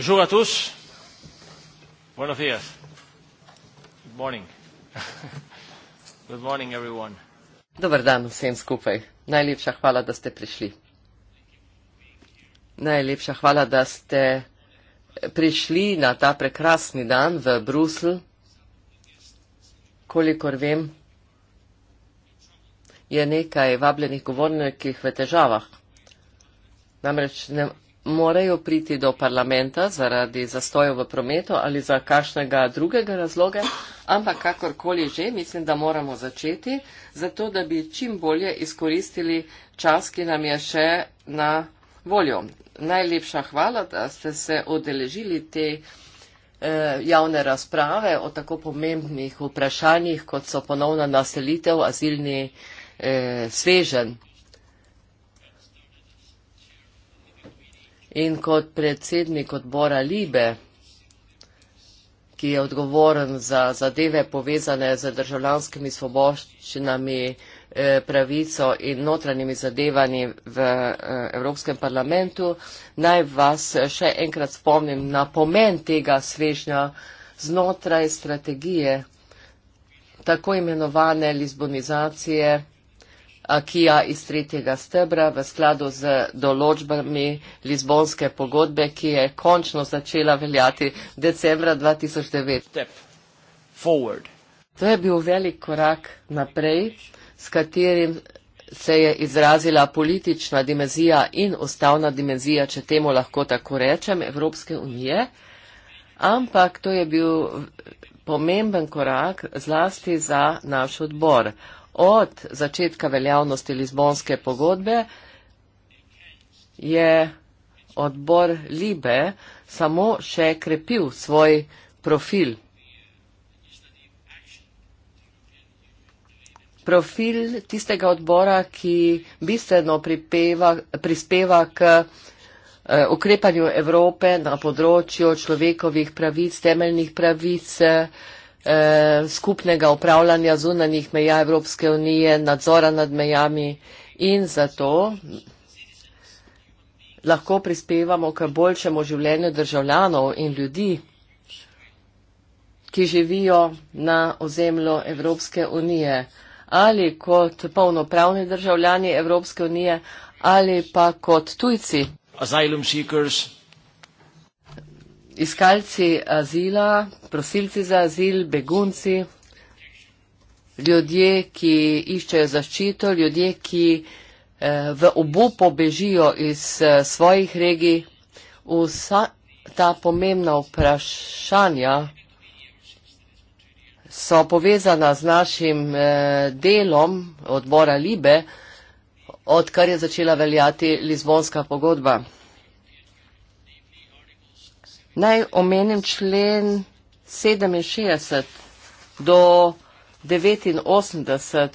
Bonjour à tous. Buenos días. Good morning. Good morning everyone. Dobar dan vsem skupaj. Najlepša hvala, da ste prišli. Najlepša hvala, da ste prišli na ta prekrasni dan v Bruslj. Kolikor vem, je nekaj vabljenih govornikih v težavah. Namreč ne, morajo priti do parlamenta zaradi zastojev v prometu ali za kakšnega drugega razloga, ampak kakorkoli že, mislim, da moramo začeti, zato da bi čim bolje izkoristili čas, ki nam je še na voljo. Najlepša hvala, da ste se odeležili te eh, javne razprave o tako pomembnih vprašanjih, kot so ponovna naselitev, azilni eh, svežen. In kot predsednik odbora Libe, ki je odgovoren za zadeve povezane z državljanskimi svoboščinami, eh, pravico in notranjimi zadevani v eh, Evropskem parlamentu, naj vas še enkrat spomnim na pomen tega svežnja znotraj strategije tako imenovane lizbonizacije 2020. Akija iz tretjega stebra v skladu z določbami Lizbonske pogodbe, ki je končno začela veljati decembra 2009. To je bil velik korak naprej, s katerim se je izrazila politična dimenzija in ustavna dimenzija, če temu lahko tako rečem, Evropske unije, ampak to je bil pomemben korak zlasti za naš odbor od začetka veljavnosti Lizbonske pogodbe je odbor Libe samo še krepil svoj profil. Profil tistega odbora, ki bistveno prispeva k eh, ukrepanju Evrope na področju človekovih pravic, temeljnih pravic, temeljnih pravic, Eh, skupnega upravljanja zunanjih meja Evropske unije, nadzora nad mejami in zato lahko prispevamo k boljšemu življenju državljanov in ljudi, ki živijo na ozemlju Evropske unije ali kot polnopravni državljani Evropske unije ali pa kot tujci. Asylum seekers, iskalci azila, prosilci za azil, begunci, ljudje, ki iščejo zaščito, ljudje, ki eh, v obu pobežijo iz eh, svojih regij, vsa ta pomembna vprašanja so povezana z našim eh, delom odbora Libe, odkar je začela veljati Lizbonska pogodba. Naj omenim člen 67 do 89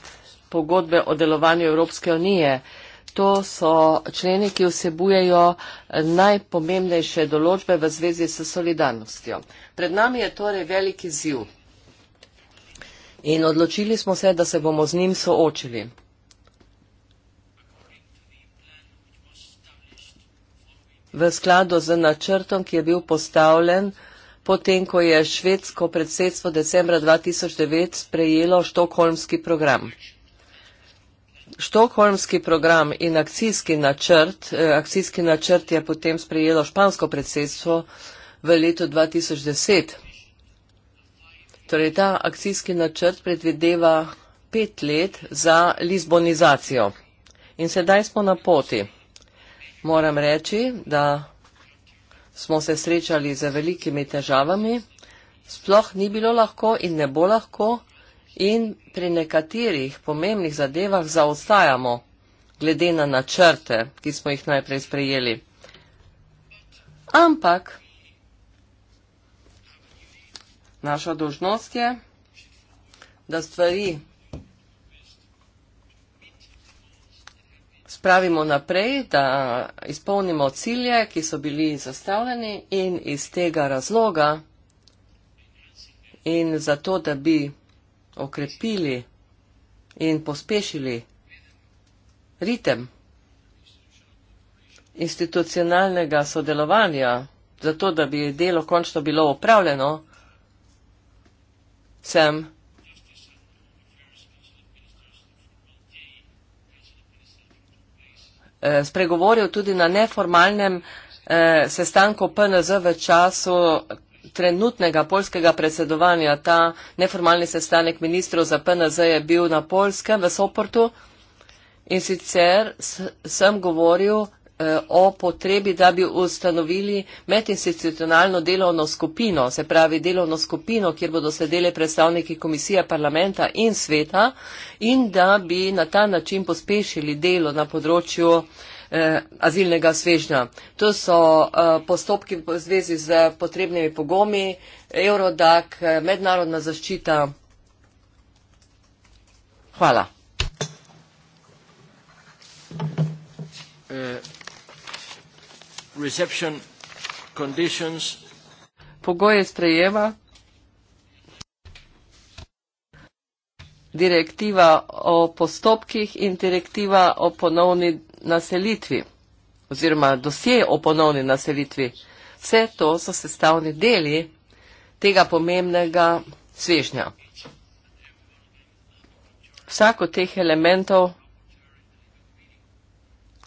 pogodbe o delovanju Evropske unije. To so člene, ki vsebujejo najpomembnejše določbe v zvezi s solidarnostjo. Pred nami je torej veliki ziv in odločili smo se, da se bomo z njim soočili. v skladu z načrtom, ki je bil postavljen potem, ko je švedsko predsedstvo decembra 2009 sprejelo štokholmski program. Štokholmski program in akcijski načrt, eh, akcijski načrt je potem sprejelo špansko predsedstvo v letu 2010. Torej, ta akcijski načrt predvideva pet let za lizbonizacijo. In sedaj smo na poti moram reči, da smo se srečali z velikimi težavami, sploh ni bilo lahko in ne bo lahko in pri nekaterih pomembnih zadevah zaostajamo, glede na načrte, ki smo jih najprej sprejeli. Ampak naša dožnost je, da stvari spravimo naprej, da izpolnimo cilje, ki so bili zastavljeni in iz tega razloga in zato, da bi okrepili in pospešili ritem institucionalnega sodelovanja, zato, da bi delo končno bilo upravljeno, sem Eh, spregovoril tudi na neformalnem eh, sestanku PNZ v času trenutnega polskega predsedovanja. Ta neformalni sestanek ministrov za PNZ je bil na Polskem v Soportu in sicer sem govoril Eh, o potrebi, da bi ustanovili medinstitucionalno delovno skupino, se pravi delovno skupino, kjer bodo sedeli predstavniki komisije parlamenta in sveta in da bi na ta način pospešili delo na področju eh, azilnega svežnja. To so eh, postopki v zvezi z potrebnimi pogomi, Eurodak, eh, mednarodna zaščita. Hvala. Eh pogoje sprejema, direktiva o postopkih in direktiva o ponovni naselitvi oziroma dosje o ponovni naselitvi. Vse to so sestavni deli tega pomembnega svežnja. Vsako teh elementov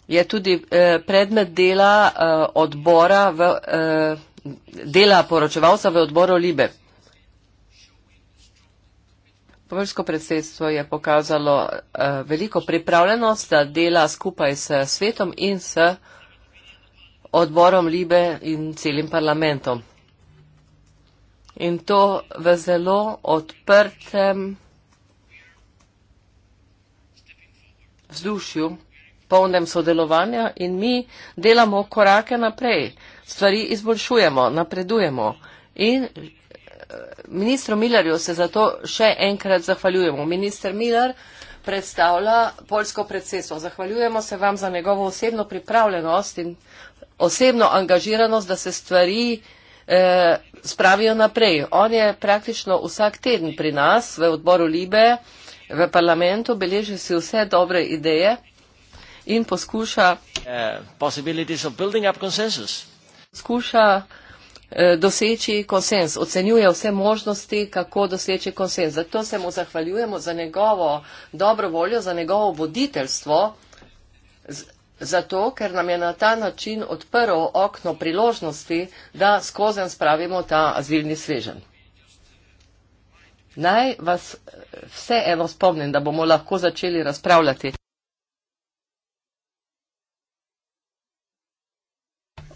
je tudi eh, predmet dela eh, odbora v, eh, dela poročevalca v odboru Libe. Poveljsko predsedstvo je pokazalo eh, veliko pripravljenost, da dela skupaj s svetom in s odborom Libe in celim parlamentom. In to v zelo odprtem vzdušju polnem sodelovanja in mi delamo korake naprej, stvari izboljšujemo, napredujemo. In eh, ministru Millerju se zato še enkrat zahvaljujemo. Minister Miller predstavlja polsko predsedstvo. Zahvaljujemo se vam za njegovo osebno pripravljenost in osebno angažiranost, da se stvari eh, spravijo naprej. On je praktično vsak teden pri nas v odboru Libe, v parlamentu, beleži si vse dobre ideje in poskuša uh, skuša eh, doseči konsens, ocenjuje vse možnosti, kako doseči konsens. Zato se mu zahvaljujemo za njegovo dobro voljo, za njegovo voditeljstvo, zato ker nam je na ta način odprl okno priložnosti, da skozen spravimo ta azilni svežen. Naj vas eh, vse eno spomnim, da bomo lahko začeli razpravljati.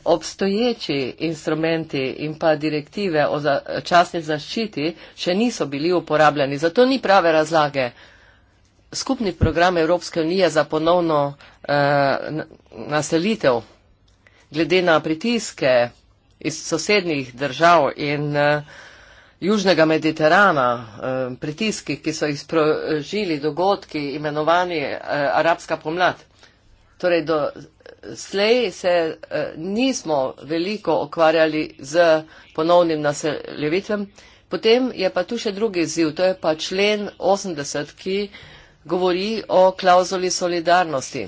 obstoječi instrumenti in pa direktive o za časni zaščiti še niso bili uporabljeni. Zato ni prave razlage. Skupni program Evropske unije za ponovno uh, naselitev glede na pritiske iz sosednjih držav in uh, Južnega Mediterana, uh, pritiski, ki so jih sprožili dogodki imenovani uh, Arabska pomlad torej do slej se eh, nismo veliko okvarjali z ponovnim naseljevitvem. Potem je pa tu še drugi ziv, to je pa člen 80, ki govori o klauzuli solidarnosti.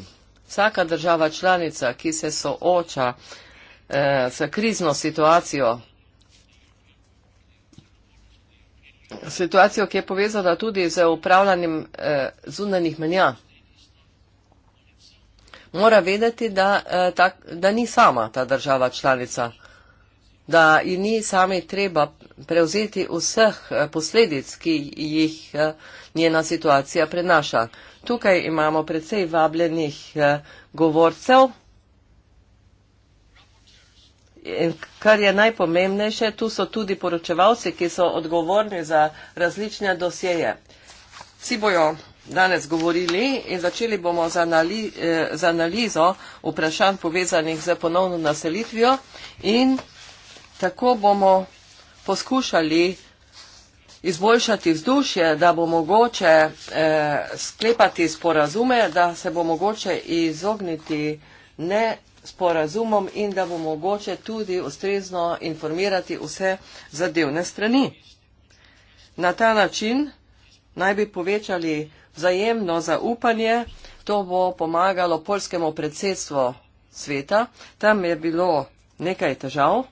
Vsaka država članica, ki se sooča eh, s krizno situacijo, situacijo, ki je povezana tudi z upravljanjem eh, zunanih menja, mora vedeti, da, eh, tak, da ni sama ta država članica, da ji ni sami treba prevzeti vseh eh, posledic, ki jih eh, njena situacija prenaša. Tukaj imamo predvsej vabljenih eh, govorcev. In kar je najpomembnejše, tu so tudi poročevalci, ki so odgovorni za različne dosjeje. Vsi bojo danes govorili in začeli bomo z, anali, eh, z analizo vprašanj povezanih z ponovno naselitvijo in tako bomo poskušali izboljšati vzdušje, da bo mogoče eh, sklepati sporazume, da se bo mogoče izogniti ne sporazumom in da bo mogoče tudi ustrezno informirati vse zadevne strani. Na ta način naj bi povečali vzajemno zaupanje, to bo pomagalo polskemu predsedstvu sveta. Tam je bilo nekaj težav,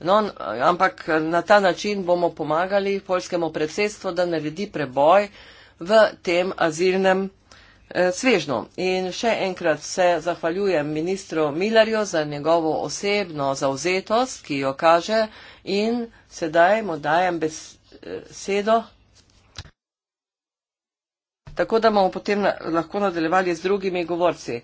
no, ampak na ta način bomo pomagali polskemu predsedstvu, da naredi preboj v tem azilnem eh, svežnu. In še enkrat se zahvaljujem ministru Millerju za njegovo osebno zauzetost, ki jo kaže in sedaj mu dajem eh, besedo. Eh, tako da bomo potem lahko nadaljevali z drugimi govorci.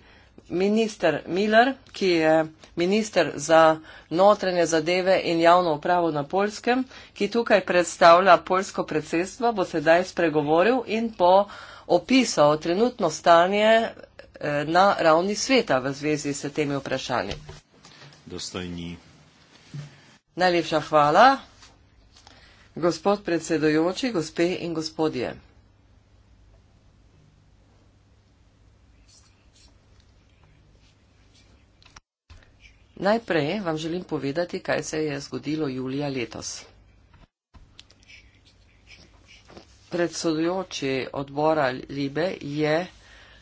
Minister Miller, ki je minister za notranje zadeve in javno upravo na Polskem, ki tukaj predstavlja polsko predsedstvo, bo sedaj spregovoril in po opisal trenutno stanje eh, na ravni sveta v zvezi s temi vprašanji. Dostojni. Najlepša hvala, gospod predsedojoči, gospe in gospodje. Najprej vam želim povedati, kaj se je zgodilo julija letos. Predsodujoči odbora Libe je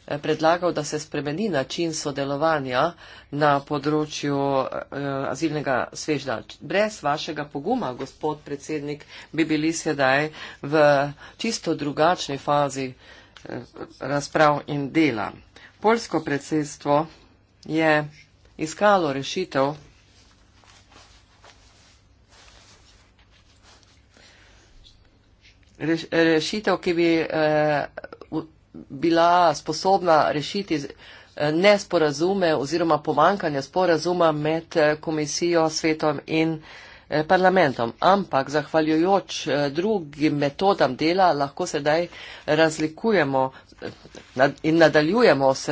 eh, predlagal, da se spremeni način sodelovanja na področju eh, azilnega svežda. Brez vašega poguma, gospod predsednik, bi bili sedaj v čisto drugačni fazi eh, razprav in dela. Polsko predsedstvo je iskalo rešitev. Rešitev, ki bi eh, bila sposobna rešiti eh, nesporazume oziroma pomankanje sporazuma med eh, komisijo, svetom in eh, Eh, parlamentom. Ampak zahvaljujoč eh, drugim metodam dela lahko sedaj razlikujemo eh, in nadaljujemo s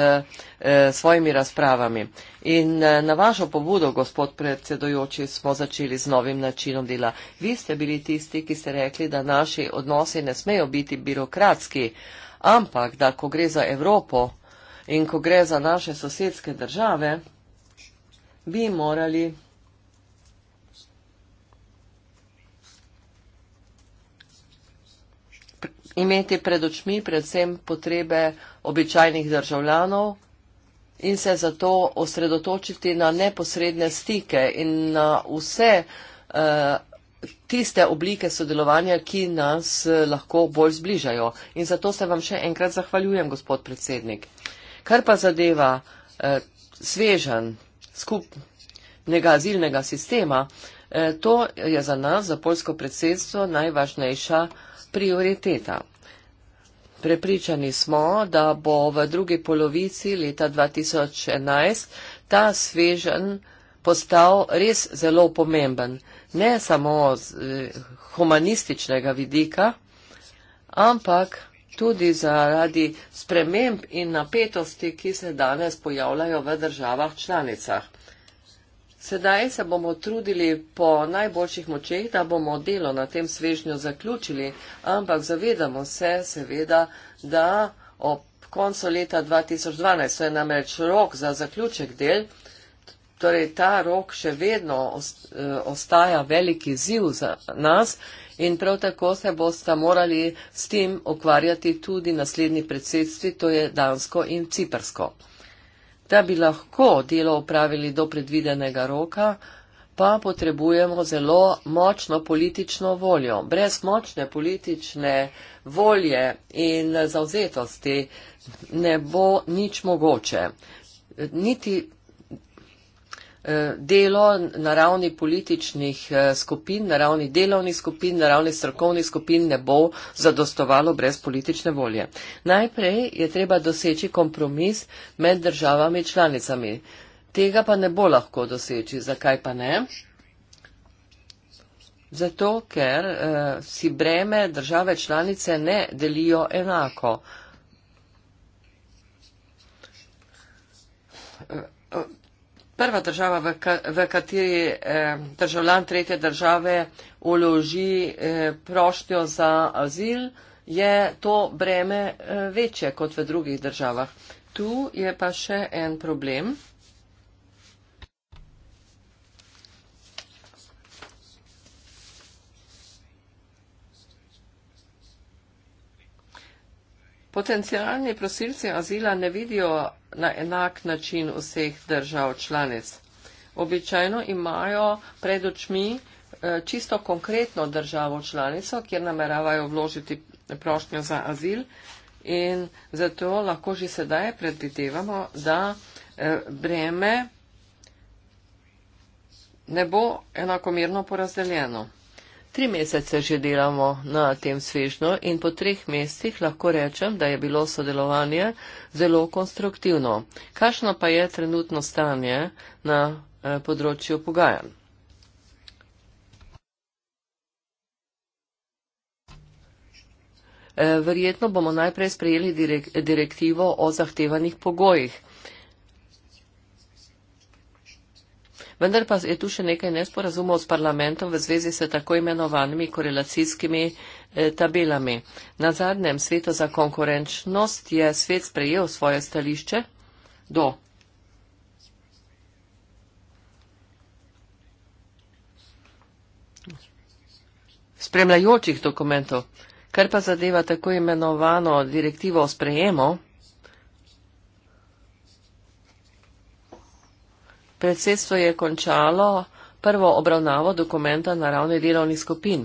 svojimi razpravami. In na vašo pobudo, gospod predsedojoči, smo začeli z novim načinom dela. Vi ste bili tisti, ki ste rekli, da naši odnosi ne smejo biti birokratski, ampak da ko gre za Evropo in ko gre za naše sosedske države, bi morali imeti pred očmi predvsem potrebe običajnih državljanov in se zato osredotočiti na neposredne stike in na vse eh, tiste oblike sodelovanja, ki nas eh, lahko bolj zbližajo. In zato se vam še enkrat zahvaljujem, gospod predsednik. Kar pa zadeva eh, svežen skupnega azilnega sistema, eh, to je za nas, za polsko predsedstvo, najvažnejša eh, prioriteta. Prepričani smo, da bo v drugi polovici leta 2011 ta svežen postal res zelo pomemben, ne samo z eh, humanističnega vidika, ampak tudi zaradi sprememb in napetosti, ki se danes pojavljajo v državah članicah. Sedaj se bomo trudili po najboljših močeh, da bomo delo na tem svežnju zaključili, ampak zavedamo se seveda, da ob koncu leta 2012, to je namreč rok za zaključek del, torej ta rok še vedno eh, ostaja veliki ziv za nas in prav tako se boste morali s tem ukvarjati tudi naslednji predsedstvi, to je Dansko in Ciprsko. Da bi lahko delo upravili do predvidenega roka, pa potrebujemo zelo močno politično voljo. Brez močne politične volje in zauzetosti ne bo nič mogoče. Niti Eh, delo na ravni političnih eh, skupin, na ravni delovnih skupin, na ravni strokovnih skupin ne bo zadostovalo brez politične volje. Najprej je treba doseči kompromis med državami članicami. Tega pa ne bo lahko doseči. Zakaj pa ne? Zato, ker uh, si breme države članice ne delijo enako. Uh, prva država, v, ka, v kateri eh, državljan tretje države uloži eh, prošnjo za azil, je to breme eh, večje kot v drugih državah. Tu je pa še en problem. Potencialni prosilci azila ne vidijo na enak način vseh držav članic. Običajno imajo pred očmi eh, čisto konkretno državo članico, kjer nameravajo vložiti prošnjo za azil in zato lahko že sedaj predvidevamo, da eh, breme ne bo enakomerno porazdeljeno. Tri mesece že delamo na tem svežnju in po treh mestih lahko rečem, da je bilo sodelovanje zelo konstruktivno. Kakšno pa je trenutno stanje na eh, področju pogajanj? Eh, verjetno bomo najprej sprejeli direktivo o zahtevanih pogojih. Vendar pa je tu še nekaj nesporazumov s parlamentom v zvezi s tako imenovanimi korelacijskimi eh, tabelami. Na zadnjem svetu za konkurenčnost je svet sprejel svoje stališče do. Spremljajočih dokumentov, kar pa zadeva tako imenovano direktivo o sprejemu, predsedstvo je končalo prvo obravnavo dokumenta na ravni delovnih skupin.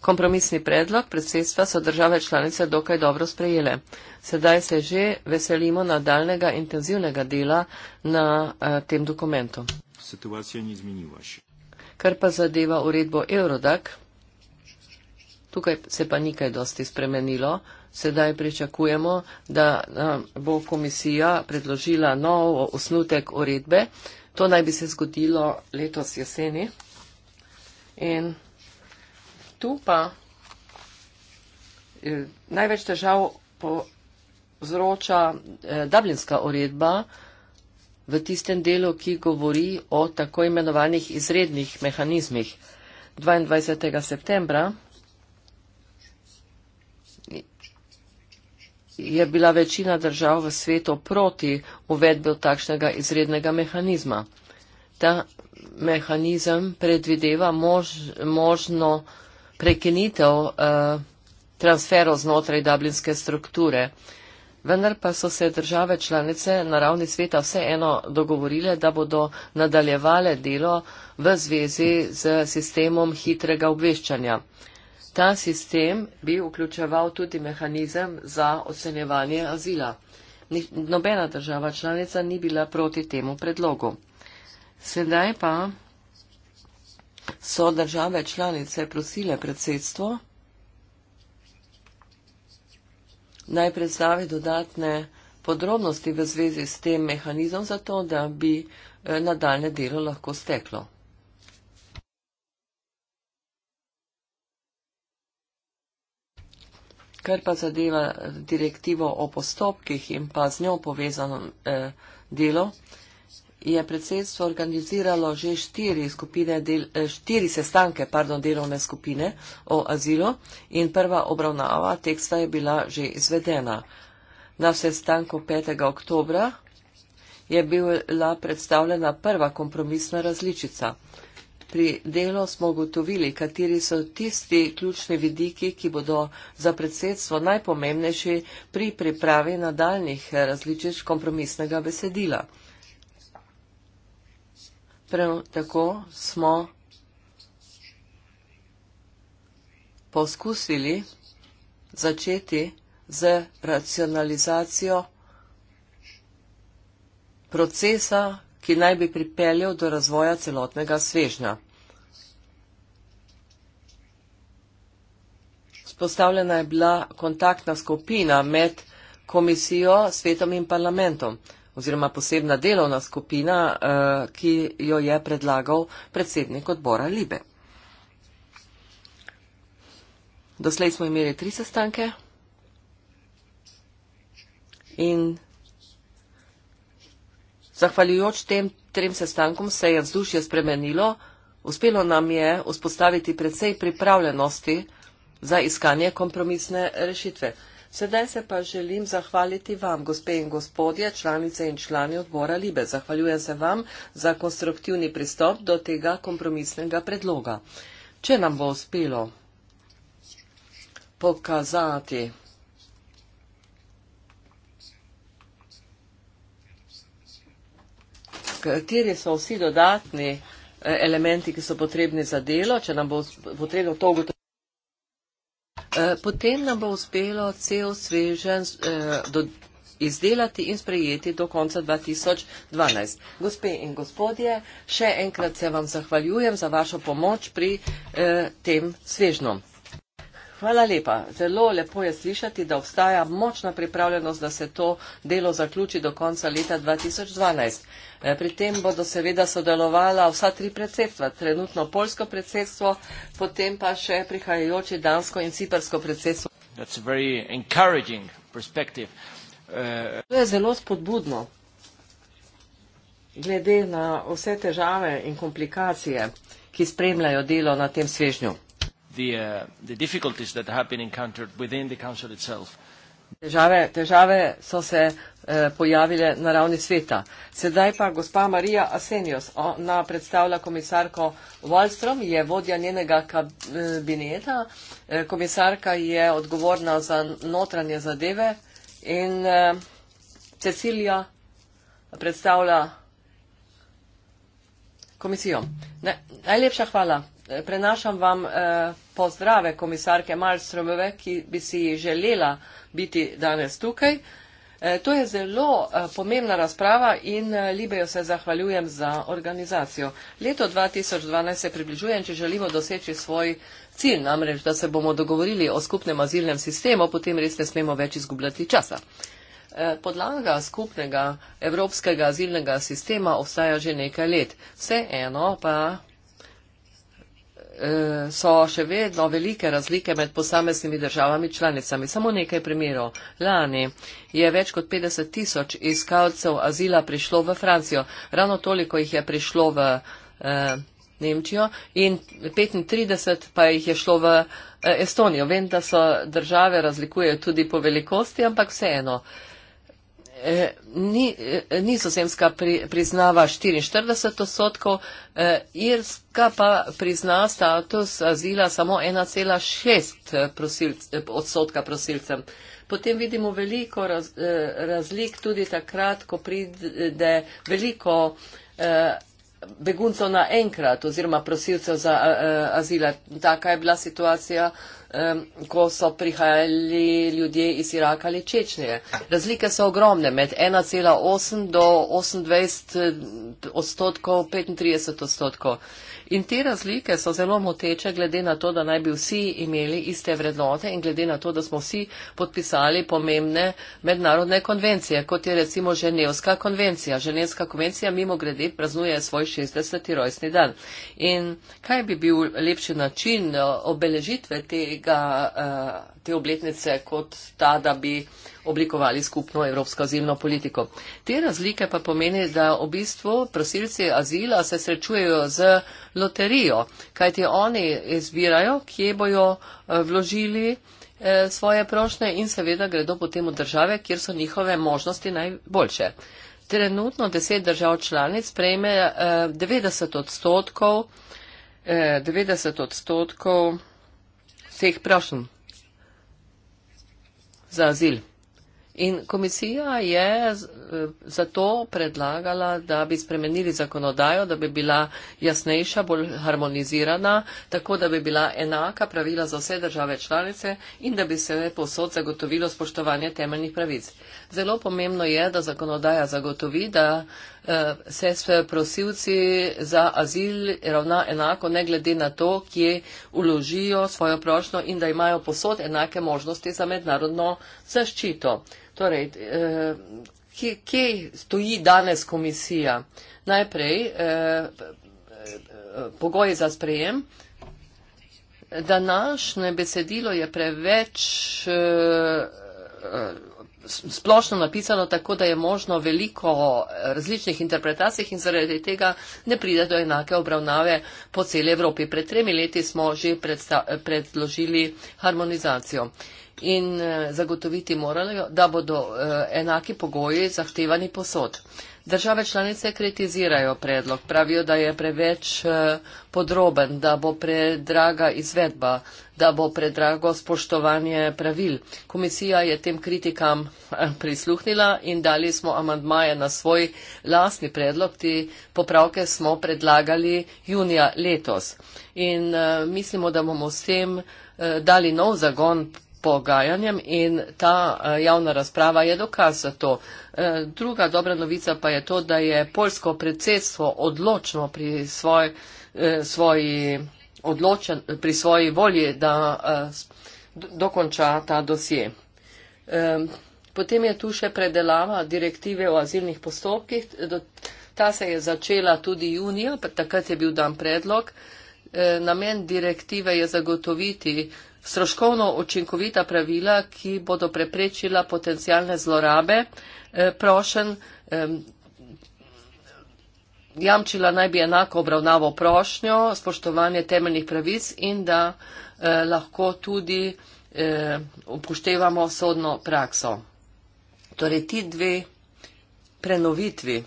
Kompromisni predlog predsedstva so države članice dokaj dobro sprejele. Sedaj se že veselimo nadaljnega intenzivnega dela na eh, tem dokumentu. Situacija ni zmenila še. Kar pa zadeva uredbo Eurodac, tukaj se pa nikaj dosti spremenilo sedaj pričakujemo, da nam bo komisija predložila nov osnutek uredbe. To naj bi se zgodilo letos jeseni. In tu pa eh, največ težav povzroča eh, Dublinska uredba v tistem delu, ki govori o tako imenovanih izrednih mehanizmih. 22. septembra je bila večina držav v svetu proti uvedbi takšnega izrednega mehanizma. Ta mehanizem predvideva mož, možno prekinitev eh, transferov znotraj dublinske strukture. Vendar pa so se države članice na ravni sveta vseeno dogovorile, da bodo nadaljevale delo v zvezi z sistemom hitrega obveščanja ta sistem bi vključeval tudi mehanizem za ocenjevanje azila. Nobena država članica ni bila proti temu predlogu. Sedaj pa so države članice prosile predsedstvo naj predstavi dodatne podrobnosti v zvezi s tem mehanizmom, zato da bi eh, nadaljne delo lahko steklo. Kar pa zadeva direktivo o postopkih in pa z njo povezano eh, delo, je predsedstvo organiziralo že štiri, skupine, eh, štiri sestanke pardon, delovne skupine o azilu in prva obravnava teksta je bila že izvedena. Na sestanku 5. oktobra je bila predstavljena prva kompromisna različica pri delu smo ugotovili, kateri so tisti ključni vidiki, ki bodo za predsedstvo najpomembnejši pri pripravi nadaljnih eh, različic kompromisnega besedila. Prav tako smo poskusili začeti z racionalizacijo procesa, ki naj bi pripeljal do razvoja celotnega svežnja. Vzpostavljena je bila kontaktna skupina med komisijo, svetom in parlamentom oziroma posebna delovna skupina, eh, ki jo je predlagal predsednik odbora Libe. Doslej smo imeli tri sestanke in zahvaljujoč tem trem sestankom se je vzdušje spremenilo, uspelo nam je vzpostaviti predvsej pripravljenosti za iskanje kompromisne rešitve. Sedaj se pa želim zahvaliti vam, gospe in gospodje, članice in člani odbora Libe. Zahvaljujem se vam za konstruktivni pristop do tega kompromisnega predloga. Če nam bo uspelo pokazati kateri so vsi dodatni eh, elementi, ki so potrebni za delo, če nam bo potrebno to ugotoviti. Eh, potem nam bo uspelo cel svežen eh, izdelati in sprejeti do konca 2012. Gospe in gospodje, še enkrat se vam zahvaljujem za vašo pomoč pri eh, tem svežnu. Hvala lepa. Zelo lepo je slišati, da obstaja močna pripravljenost, da se to delo zaključi do konca leta 2012. Eh, pri tem bodo seveda sodelovala vsa tri predsedstva, trenutno polsko predsedstvo, potem pa še prihajajoče dansko in ciprsko predsedstvo. Eh, to je zelo spodbudno, glede na vse težave in komplikacije, ki spremljajo delo na tem svežnju. The, uh, the Težave, težave so se eh, pojavile na ravni sveta. Sedaj pa gospa Marija Asenjos, ona predstavlja komisarko Wallström, je vodja njenega kabineta. Eh, komisarka je odgovorna za notranje zadeve in eh, Cecilija predstavlja komisijo. Ne, najlepša hvala. Eh, prenašam vam eh, pozdrave komisarke Malstromove, ki bi si želela biti danes tukaj. E, to je zelo e, pomembna razprava in e, Libejo se zahvaljujem za organizacijo. Leto 2012 se približujem, če želimo doseči svoj cilj, namreč, da se bomo dogovorili o skupnem azilnem sistemu, potem res ne smemo več izgubljati časa. Podlaga skupnega evropskega azilnega sistema obstaja že nekaj let. Vseeno pa E, so še vedno velike razlike med posameznimi državami članicami. Samo nekaj primerov. Lani je več kot 50 tisoč iskalcev azila prišlo v Francijo. Ravno toliko jih je prišlo v eh, Nemčijo in 35 pa jih je šlo v eh, Estonijo. Vem, da so države razlikujejo tudi po velikosti, ampak vseeno. Eh, Eh, ni, eh, nizozemska pri, priznava 44 odstotkov, eh, Irska pa prizna status azila samo 1,6 eh, odstotka prosilcem. Potem vidimo veliko raz, eh, razlik tudi takrat, ko pride veliko eh, beguncov naenkrat oziroma prosilcev za eh, azila. Taka je bila situacija. Eh, ko so prihajali ljudje iz Iraka ali Čečnje. Razlike so ogromne, med 1,8 do 28 eh, odstotkov, 35 odstotkov. In te razlike so zelo moteče, glede na to, da naj bi vsi imeli iste vrednote in glede na to, da smo vsi podpisali pomembne mednarodne konvencije, kot je recimo Ženevska konvencija. Ženevska konvencija mimo grede praznuje svoj 60. rojstni dan. In kaj bi bil lepši način eh, obeležitve tega? tega, eh, te obletnice kot ta, da bi oblikovali skupno evropsko azilno politiko. Te razlike pa pomeni, da v bistvu prosilci azila se srečujejo z loterijo, kajti oni izbirajo, kje bojo eh, vložili eh, svoje prošnje in seveda gredo potem v države, kjer so njihove možnosti najboljše. Trenutno deset držav članic prejme 90 odstotkov, 90 odstotkov vseh prošen za azil. In komisija je zato predlagala, da bi spremenili zakonodajo, da bi bila jasnejša, bolj harmonizirana, tako da bi bila enaka pravila za vse države članice in da bi se posod zagotovilo spoštovanje temeljnih pravic. Zelo pomembno je, da zakonodaja zagotovi, da eh, se s prosilci za azil ravna enako, ne glede na to, kje uložijo svojo prošlo in da imajo posod enake možnosti za mednarodno zaščito. Torej, eh, kje, kje stoji danes komisija? Najprej eh, eh, eh, pogoji za sprejem. Današnje besedilo je preveč eh, eh splošno napisano, tako da je možno veliko različnih interpretacij in zaradi tega ne pride do enake obravnave po celi Evropi. Pred tremi leti smo že predložili harmonizacijo. Eh, in eh, zagotoviti morajo, da bodo eh, enaki pogoji zahtevani posod. Države članice kritizirajo predlog, pravijo, da je preveč eh, podroben, da bo predraga izvedba, da bo predrago spoštovanje pravil. Komisija je tem kritikam prisluhnila in dali smo amandmaje na svoj lasni predlog, ti popravke smo predlagali junija letos. In mislimo, da bomo s tem dali nov zagon pogajanjem in ta eh, javna razprava je dokaz za to. Eh, druga dobra novica pa je to, da je polsko predsedstvo odločno pri svoj, eh, svoji, odločen, pri svoji volji, da dokonča ta dosje. Potem je tu še predelava direktive o azilnih postopkih. Ta se je začela tudi junija, takrat je bil dan predlog. Namen direktive je zagotoviti stroškovno učinkovita pravila, ki bodo preprečila potencijalne zlorabe eh, prošen. Jamčila naj bi enako obravnavo prošnjo, spoštovanje temeljnih pravic in da eh, lahko tudi eh, upoštevamo sodno prakso. Torej, ti dve prenovitvi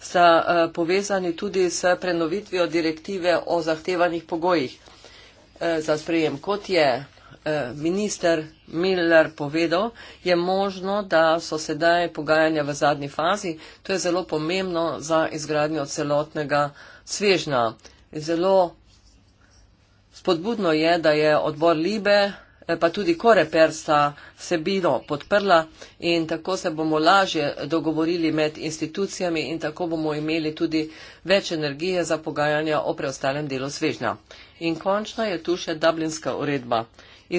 sta povezani tudi s prenovitvijo direktive o zahtevanih pogojih. Eh, za sprejem. Kot je eh, minister Miller povedal, je možno, da so sedaj pogajanja v zadnji fazi. To je zelo pomembno za izgradnjo celotnega svežna. Zelo spodbudno je, da je odbor Libe eh, pa tudi Koreperca vsebino podprla in tako se bomo lažje dogovorili med institucijami in tako bomo imeli tudi več energije za pogajanja o preostalem delu svežnja. In končno je tu še Dublinska uredba.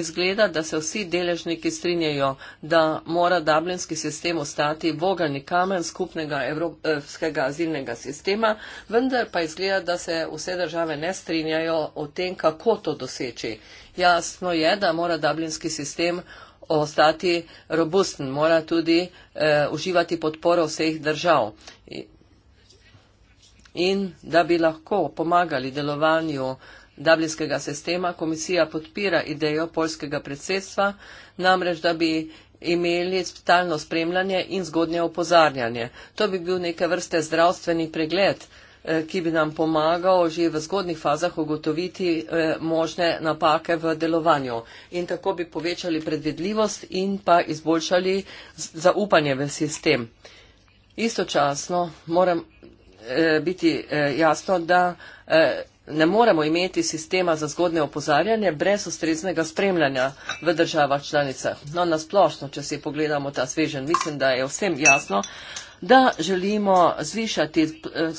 Izgleda, da se vsi deležniki strinjajo, da mora dublinski sistem ostati vogalni kamen skupnega evropskega azilnega sistema, vendar pa izgleda, da se vse države ne strinjajo o tem, kako to doseči. Jasno je, da mora dublinski sistem ostati robusten, mora tudi eh, uživati podporo vseh držav. In da bi lahko pomagali delovanju dublinskega sistema, komisija podpira idejo polskega predsedstva, namreč da bi imeli stalno spremljanje in zgodnje opozarjanje. To bi bil neke vrste zdravstveni pregled, eh, ki bi nam pomagal že v zgodnih fazah ugotoviti eh, možne napake v delovanju in tako bi povečali predvidljivost in pa izboljšali zaupanje v sistem. Istočasno moram eh, biti jasno, da Ne moremo imeti sistema za zgodne opozarjanje brez ustreznega spremljanja v državah članicah. No, nasplošno, če si pogledamo ta svežen, mislim, da je vsem jasno, da želimo zvišati eh,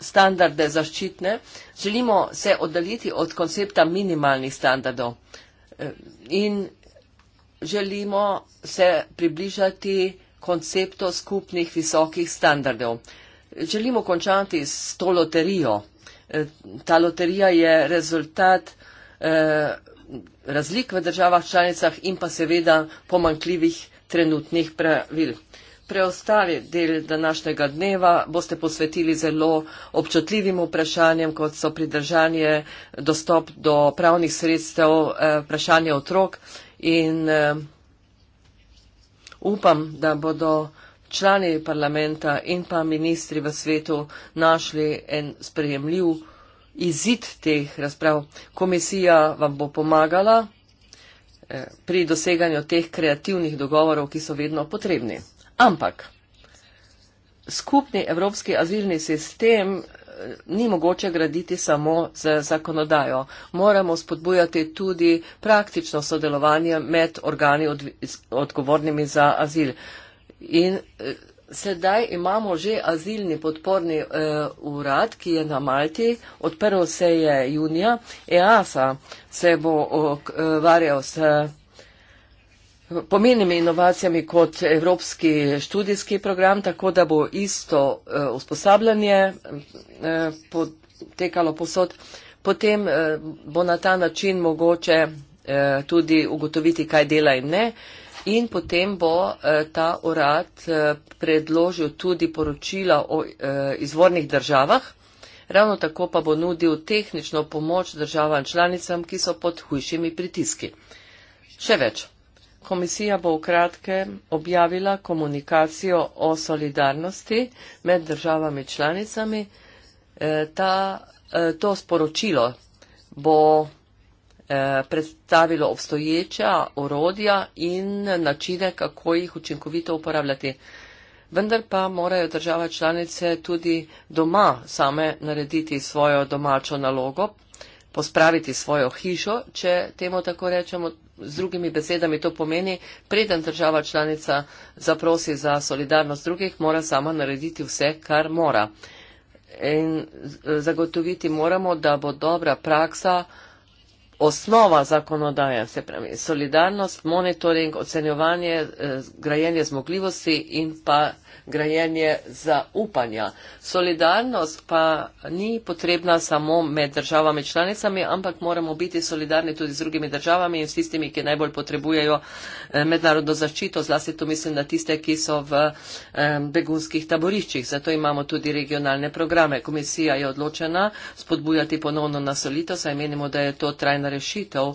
standarde zaščitne, želimo se oddaliti od koncepta minimalnih standardov eh, in želimo se približati konceptu skupnih visokih standardov. Želimo končati s to loterijo ta loterija je rezultat eh, razlik v državah članicah in pa seveda pomankljivih trenutnih pravil. Preostali del današnjega dneva boste posvetili zelo občutljivim vprašanjem, kot so pridržanje, dostop do pravnih sredstev, eh, vprašanje otrok in eh, upam, da bodo člani parlamenta in pa ministri v svetu našli en sprejemljiv izid teh razprav. Komisija vam bo pomagala eh, pri doseganju teh kreativnih dogovorov, ki so vedno potrebni. Ampak skupni evropski azilni sistem eh, ni mogoče graditi samo z zakonodajo. Moramo spodbujati tudi praktično sodelovanje med organi odgovornimi za azil. In eh, sedaj imamo že azilni podporni eh, urad, ki je na Malti. Odprl se je junija. EASA se bo ukvarjal eh, s pomenimi inovacijami kot evropski študijski program, tako da bo isto eh, usposabljanje eh, potekalo posod. Potem eh, bo na ta način mogoče eh, tudi ugotoviti, kaj dela in ne. Eh, In potem bo eh, ta urad eh, predložil tudi poročila o eh, izvornih državah. Ravno tako pa bo nudil tehnično pomoč državam članicam, ki so pod hujšimi pritiski. Še več. Komisija bo v kratke objavila komunikacijo o solidarnosti med državami članicami. Ta, to sporočilo bo Eh, predstavilo obstoječa orodja in načine, kako jih učinkovito uporabljati. Vendar pa morajo država članice tudi doma same narediti svojo domačo nalogo, pospraviti svojo hišo, če temu tako rečemo. Z drugimi besedami to pomeni, preden država članica zaprosi za solidarnost drugih, mora sama narediti vse, kar mora. In eh, zagotoviti moramo, da bo dobra praksa uh, osnova zakonodaje, se pravi solidarnost, monitoring, ocenjevanje, eh, grajenje zmogljivosti in pa grajenje zaupanja. Solidarnost pa ni potrebna samo med državami članicami, ampak moramo biti solidarni tudi z drugimi državami in s tistimi, ki najbolj potrebujejo eh, mednarodno zaščito, zlasti to mislim na tiste, ki so v begunskih taboriščih. Zato imamo tudi regionalne programe. Komisija je odločena spodbujati ponovno nasolitev, saj menimo, da je to trajna rešitev.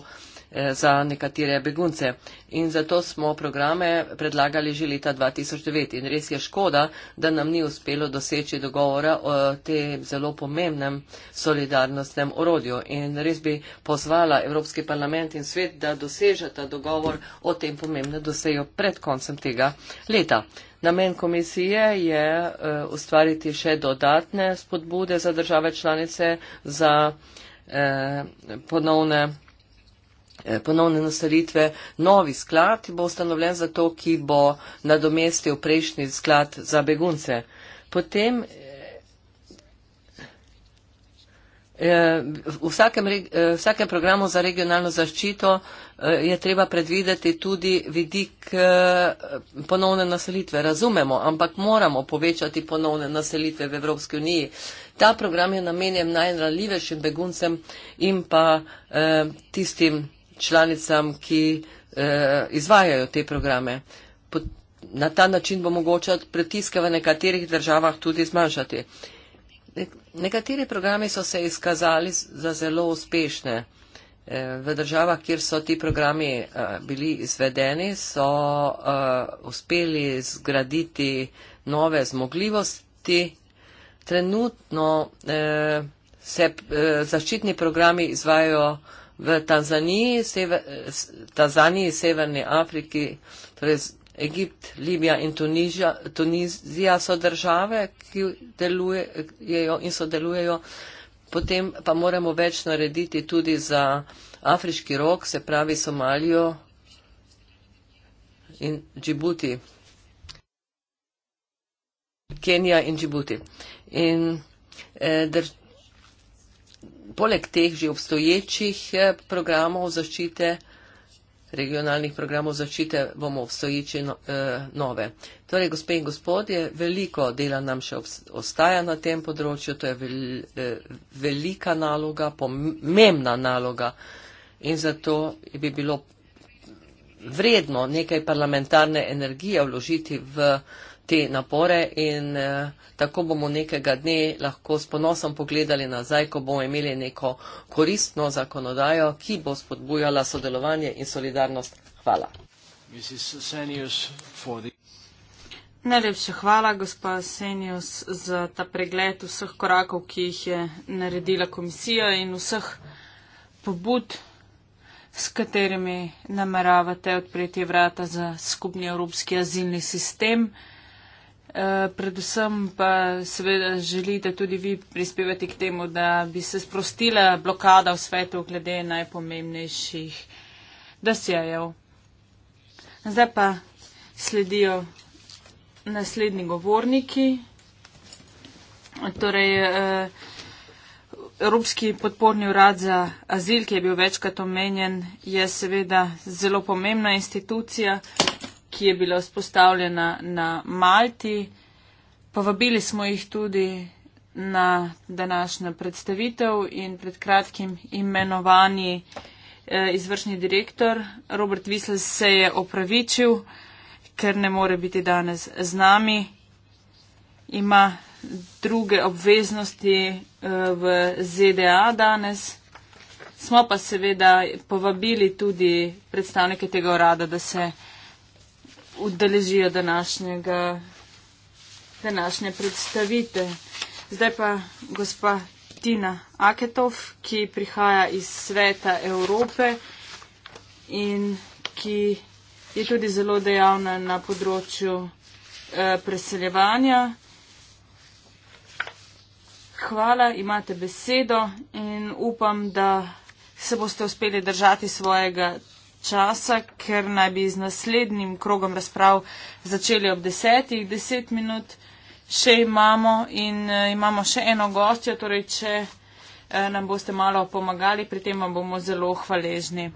Eh, za nekatere begunce. In zato smo programe predlagali že leta 2009. In res je škoda, da nam ni uspelo doseči dogovora o tem zelo pomembnem solidarnostnem orodju. In res bi pozvala Evropski parlament in svet, da dosežeta dogovor o tem pomembnem dosejo pred koncem tega leta. Namen komisije je uh, ustvariti še dodatne spodbude za države članice za uh, ponovne Eh, ponovne nastaritve. Novi sklad bo ustanovljen za to, ki bo nadomestil prejšnji sklad za begunce. Potem eh, eh, v vsakem, vsakem programu za regionalno zaščito je treba predvideti tudi vidik ponovne naselitve. Razumemo, ampak moramo povečati ponovne naselitve v Evropski uniji. Ta program je namenjen najranljivejšim beguncem in pa tistim, članicam, ki eh, izvajajo te programe. Na ta način bo mogoče pritiske v nekaterih državah tudi zmanjšati. Nekateri programi so se izkazali za zelo uspešne. Eh, v državah, kjer so ti programi eh, bili izvedeni, so eh, uspeli zgraditi nove zmogljivosti. Trenutno se zaščitni programi izvajajo v Tanzaniji, sever, Tanzaniji, Severni Afriki, torej Egipt, Libija in Tunizija, Tunizija so države, ki delujejo in sodelujejo. Potem pa moramo več narediti tudi za afriški rok, se pravi Somalijo in Džibuti. Kenija in Džibuti. In eh, poleg teh že obstoječih eh, programov zaščite, regionalnih programov zaščite, bomo obstoječi no, eh, nove. Torej, gospe in gospodje, veliko dela nam še ostaja na tem področju, to je eh, velika naloga, pomembna naloga in zato bi bilo vredno nekaj parlamentarne energije vložiti v te napore in eh, tako bomo nekega dne lahko s ponosom pogledali nazaj, ko bomo imeli neko koristno zakonodajo, ki bo spodbujala sodelovanje in solidarnost. Hvala. Najlepša hvala, gospa Senjus, za ta pregled vseh korakov, ki jih je naredila komisija in vseh pobud, s katerimi nameravate odpreti vrata za skupni evropski azilni sistem. Eh, predvsem pa seveda želite tudi vi prispevati k temu, da bi se sprostila blokada v svetu glede najpomembnejših dosjejev. Zdaj pa sledijo naslednji govorniki, torej eh, Evropski podporni urad za azil, ki je bil večkrat omenjen, je seveda zelo pomembna institucija, ki je bila vzpostavljena na Malti. Povabili smo jih tudi na današnjo predstavitev in pred kratkim imenovani eh, izvršni direktor Robert Wiesel se je opravičil, ker ne more biti danes z nami. Ima druge obveznosti eh, v ZDA danes. Smo pa seveda povabili tudi predstavnike tega urada, da se udeležijo današnjega, današnje predstavite. Zdaj pa gospa Tina Aketov, ki prihaja iz sveta Evrope in ki je tudi zelo dejavna na področju eh, preseljevanja. Hvala, imate besedo in upam, da se boste uspeli držati svojega časa, ker naj bi z naslednjim krogom razprav začeli ob desetih. Deset minut še imamo in uh, imamo še eno gostjo, torej če uh, nam boste malo pomagali, pri tem vam bomo zelo hvaležni.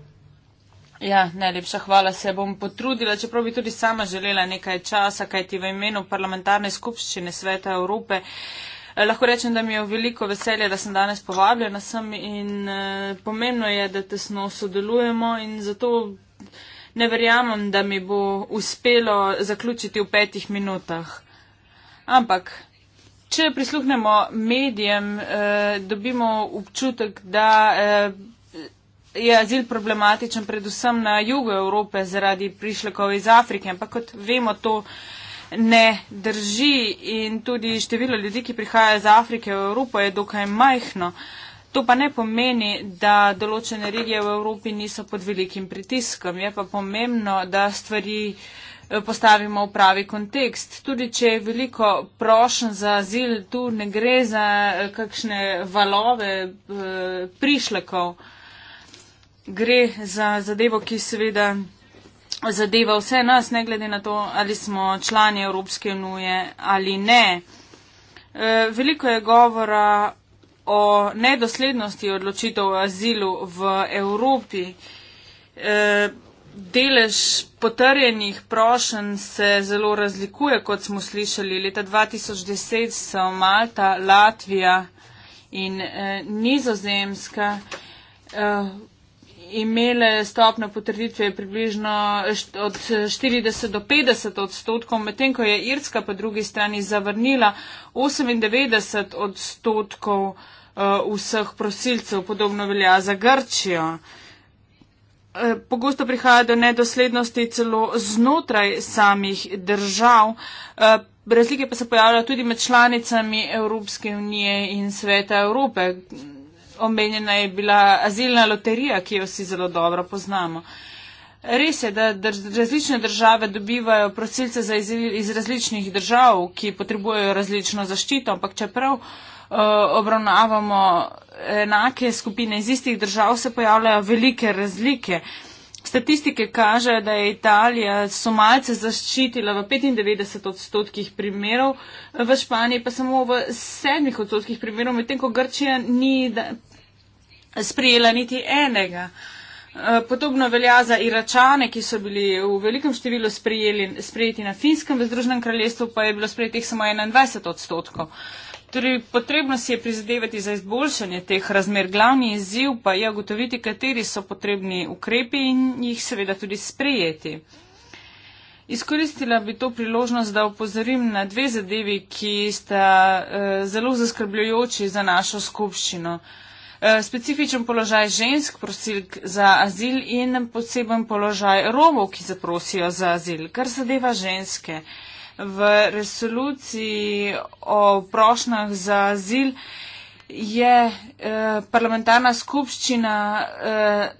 Ja, najlepša hvala se bom potrudila, čeprav bi tudi sama želela nekaj časa, kaj ti v imenu parlamentarne skupščine Sveta Evrope. Uh, Eh, lahko rečem, da mi je veliko veselje, da sem danes povabljena sem in eh, pomembno je, da tesno sodelujemo in zato ne verjamem, da mi bo uspelo zaključiti v petih minutah. Ampak, če prisluhnemo medijem, eh, dobimo občutek, da je azil problematičen predvsem na jugu Evrope zaradi prišlekov iz Afrike, ampak kot vemo to ne drži in tudi število ljudi, ki prihajajo iz Afrike v Evropo, je dokaj majhno. To pa ne pomeni, da določene regije v Evropi niso pod velikim pritiskom. Je pa pomembno, da stvari eh, postavimo v pravi kontekst. Tudi če je veliko prošen za azil, tu ne gre za eh, kakšne valove eh, prišlekov. Gre za zadevo, ki seveda zadeva vse nas, ne glede na to, ali smo člani Evropske unije ali ne. E, veliko je govora o nedoslednosti odločitev o azilu v Evropi. E, delež potrjenih prošen se zelo razlikuje, kot smo slišali. Leta 2010 so Malta, Latvija in e, Nizozemska imele stopno potrditve približno od 40 do 50 odstotkov, medtem ko je Irska po drugi strani zavrnila 98 odstotkov eh, vseh prosilcev, podobno velja za Grčijo. Eh, pogosto prihaja do nedoslednosti celo znotraj samih držav. Eh, razlike pa se pojavljajo tudi med članicami Evropske unije in sveta Evrope omenjena je bila azilna loterija, ki jo vsi zelo dobro poznamo. Res je, da drž, različne države dobivajo prosilce iz, iz različnih držav, ki potrebujejo različno zaščito, ampak čeprav uh, obravnavamo enake skupine iz istih držav, se pojavljajo velike razlike. Uh, Statistike kažejo, da je Italija somalce zaščitila v 95 odstotkih primerov, v Španiji pa samo v 7 odstotkih primerov, medtem ko Grčija ni sprijela niti enega. Eh, podobno velja za Iračane, ki so bili v velikem številu sprijeli, sprijeti na Finskem, v Združenem kraljestvu pa je bilo sprijetih samo 21 odstotkov. Tudi torej, potrebno si je prizadevati za izboljšanje teh razmer. Glavni izziv pa je ugotoviti, kateri so potrebni ukrepi in jih seveda tudi sprejeti. Izkoristila bi to priložnost, da opozorim na dve zadevi, ki sta eh, zelo zaskrbljujoči za našo skupščino. Eh, specifičen položaj žensk, prosilk za azil in poseben položaj romov, ki zaprosijo za azil. Kar zadeva ženske. Eh, v resoluciji o prošnjah za azil je eh, parlamentarna skupščina eh,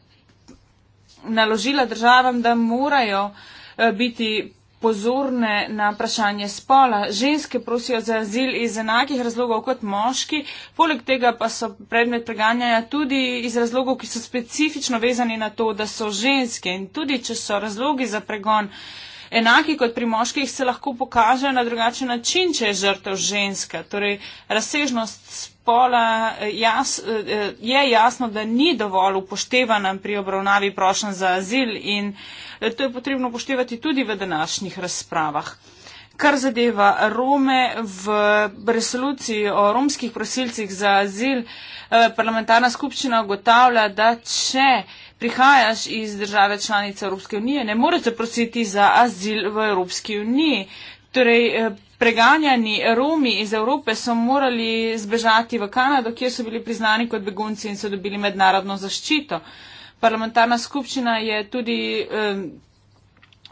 naložila državam, da morajo eh, biti pozorne na vprašanje spola. Ženske prosijo za azil iz enakih razlogov kot moški, poleg tega pa so predmet preganjanja tudi iz razlogov, ki so specifično vezani na to, da so ženske. In tudi, če so razlogi za pregon eh, enaki kot pri moških, se lahko pokaže na drugačen način, če je žrtev ženska. Torej, razsežnost spola eh, jas, eh, je jasno, da ni dovolj upoštevana pri obravnavi prošen za azil in eh, to je potrebno upoštevati tudi v današnjih razpravah. Kar zadeva Rome v resoluciji o romskih prosilcih za azil, parlamentarna skupščina ugotavlja, da če prihajaš iz države članice Evropske unije, ne moreš zaprositi za azil v Evropski uniji. Torej, eh, preganjani Romi iz Evrope so morali zbežati v Kanado, kjer so bili priznani kot begunci in so dobili mednarodno zaščito. Parlamentarna skupščina je tudi eh,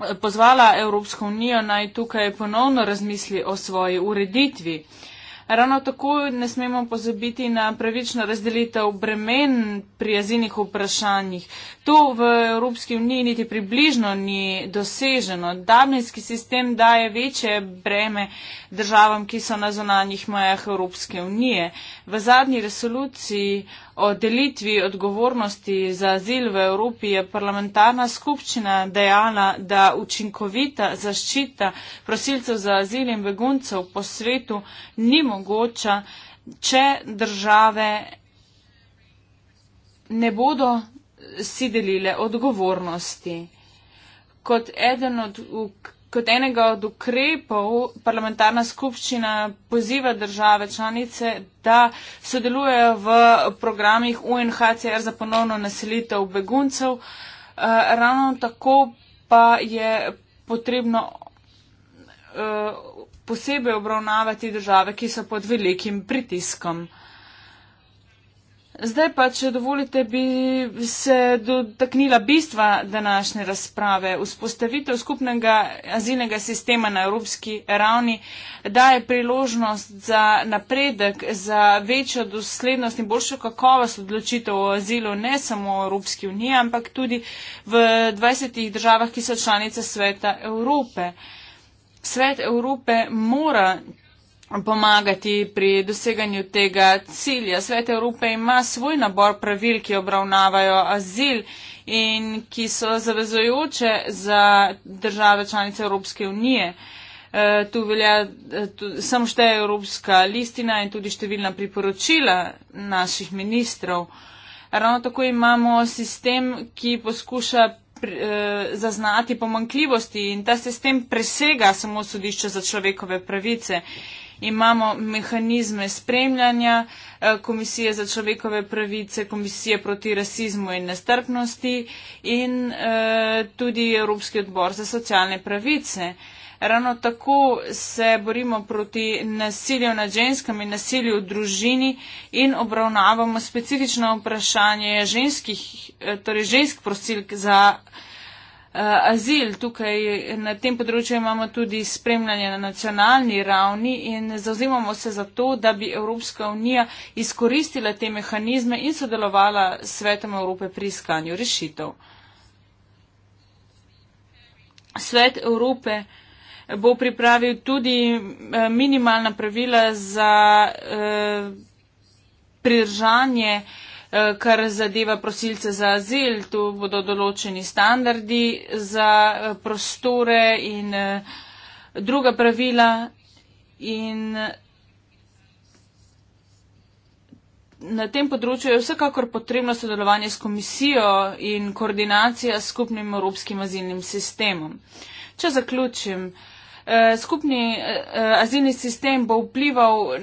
eh pozvala Evropsko unijo naj tukaj ponovno razmisli o svoji ureditvi. Eh, Ravno tako ne smemo pozabiti na pravično razdelitev bremen pri jezinih vprašanjih. To v Evropski uniji niti približno ni doseženo. Dablinski sistem daje večje breme državam, ki so na zonanjih mojah Evropske unije. V zadnji resoluciji O delitvi odgovornosti za azil v Evropi je parlamentarna skupščina dejala, da učinkovita zaščita prosilcev za azil in beguncev po svetu ni mogoča, če države ne bodo si delile odgovornosti. Kot eden od kot enega od ukrepov parlamentarna skupščina poziva države članice, da sodelujejo v programih UNHCR za ponovno naselitev beguncev. Eh, ravno tako pa je potrebno eh, posebej obravnavati države, ki so pod velikim pritiskom. Zdaj pa, če dovolite, bi se dotaknila bistva današnje razprave. Vzpostavitev skupnega azilnega sistema na evropski ravni daje priložnost za napredek, za večjo doslednost in boljšo kakovost odločitev o azilu ne samo v Evropski uniji, ampak tudi v 20 državah, ki so članice Sveta Evrope. Svet Evrope mora pomagati pri doseganju tega cilja. Svet Evrope ima svoj nabor pravil, ki obravnavajo azil in ki so zavezojoče za države članice Evropske unije. E, tu velja e, samo šteje Evropska listina in tudi številna priporočila naših ministrov. Ravno tako imamo sistem, ki poskuša e, zaznati pomankljivosti in ta sistem presega samo sodišče za človekove pravice imamo mehanizme spremljanja eh, Komisije za človekove pravice, Komisije proti rasizmu in nestrpnosti in eh, tudi Evropski odbor za socialne pravice. Ravno tako se borimo proti nasilju nad ženskami, nasilju v družini in obravnavamo specifično vprašanje ženskih, eh, torej žensk prosilk za pravice Eh, azil. Tukaj na tem področju imamo tudi spremljanje na nacionalni ravni in zauzimamo se za to, da bi Evropska unija izkoristila te mehanizme in sodelovala s Svetom Evrope pri iskanju rešitev. Svet Evrope bo pripravil tudi eh, minimalna pravila za eh, priržanje eh, Eh, kar zadeva prosilce za azil, tu bodo določeni standardi za eh, prostore in eh, druga pravila. In na tem področju je vsekakor potrebno sodelovanje s komisijo in koordinacija s skupnim evropskim azilnim sistemom. Če zaključim, Uh, skupni uh, azilni sistem bo vplival uh,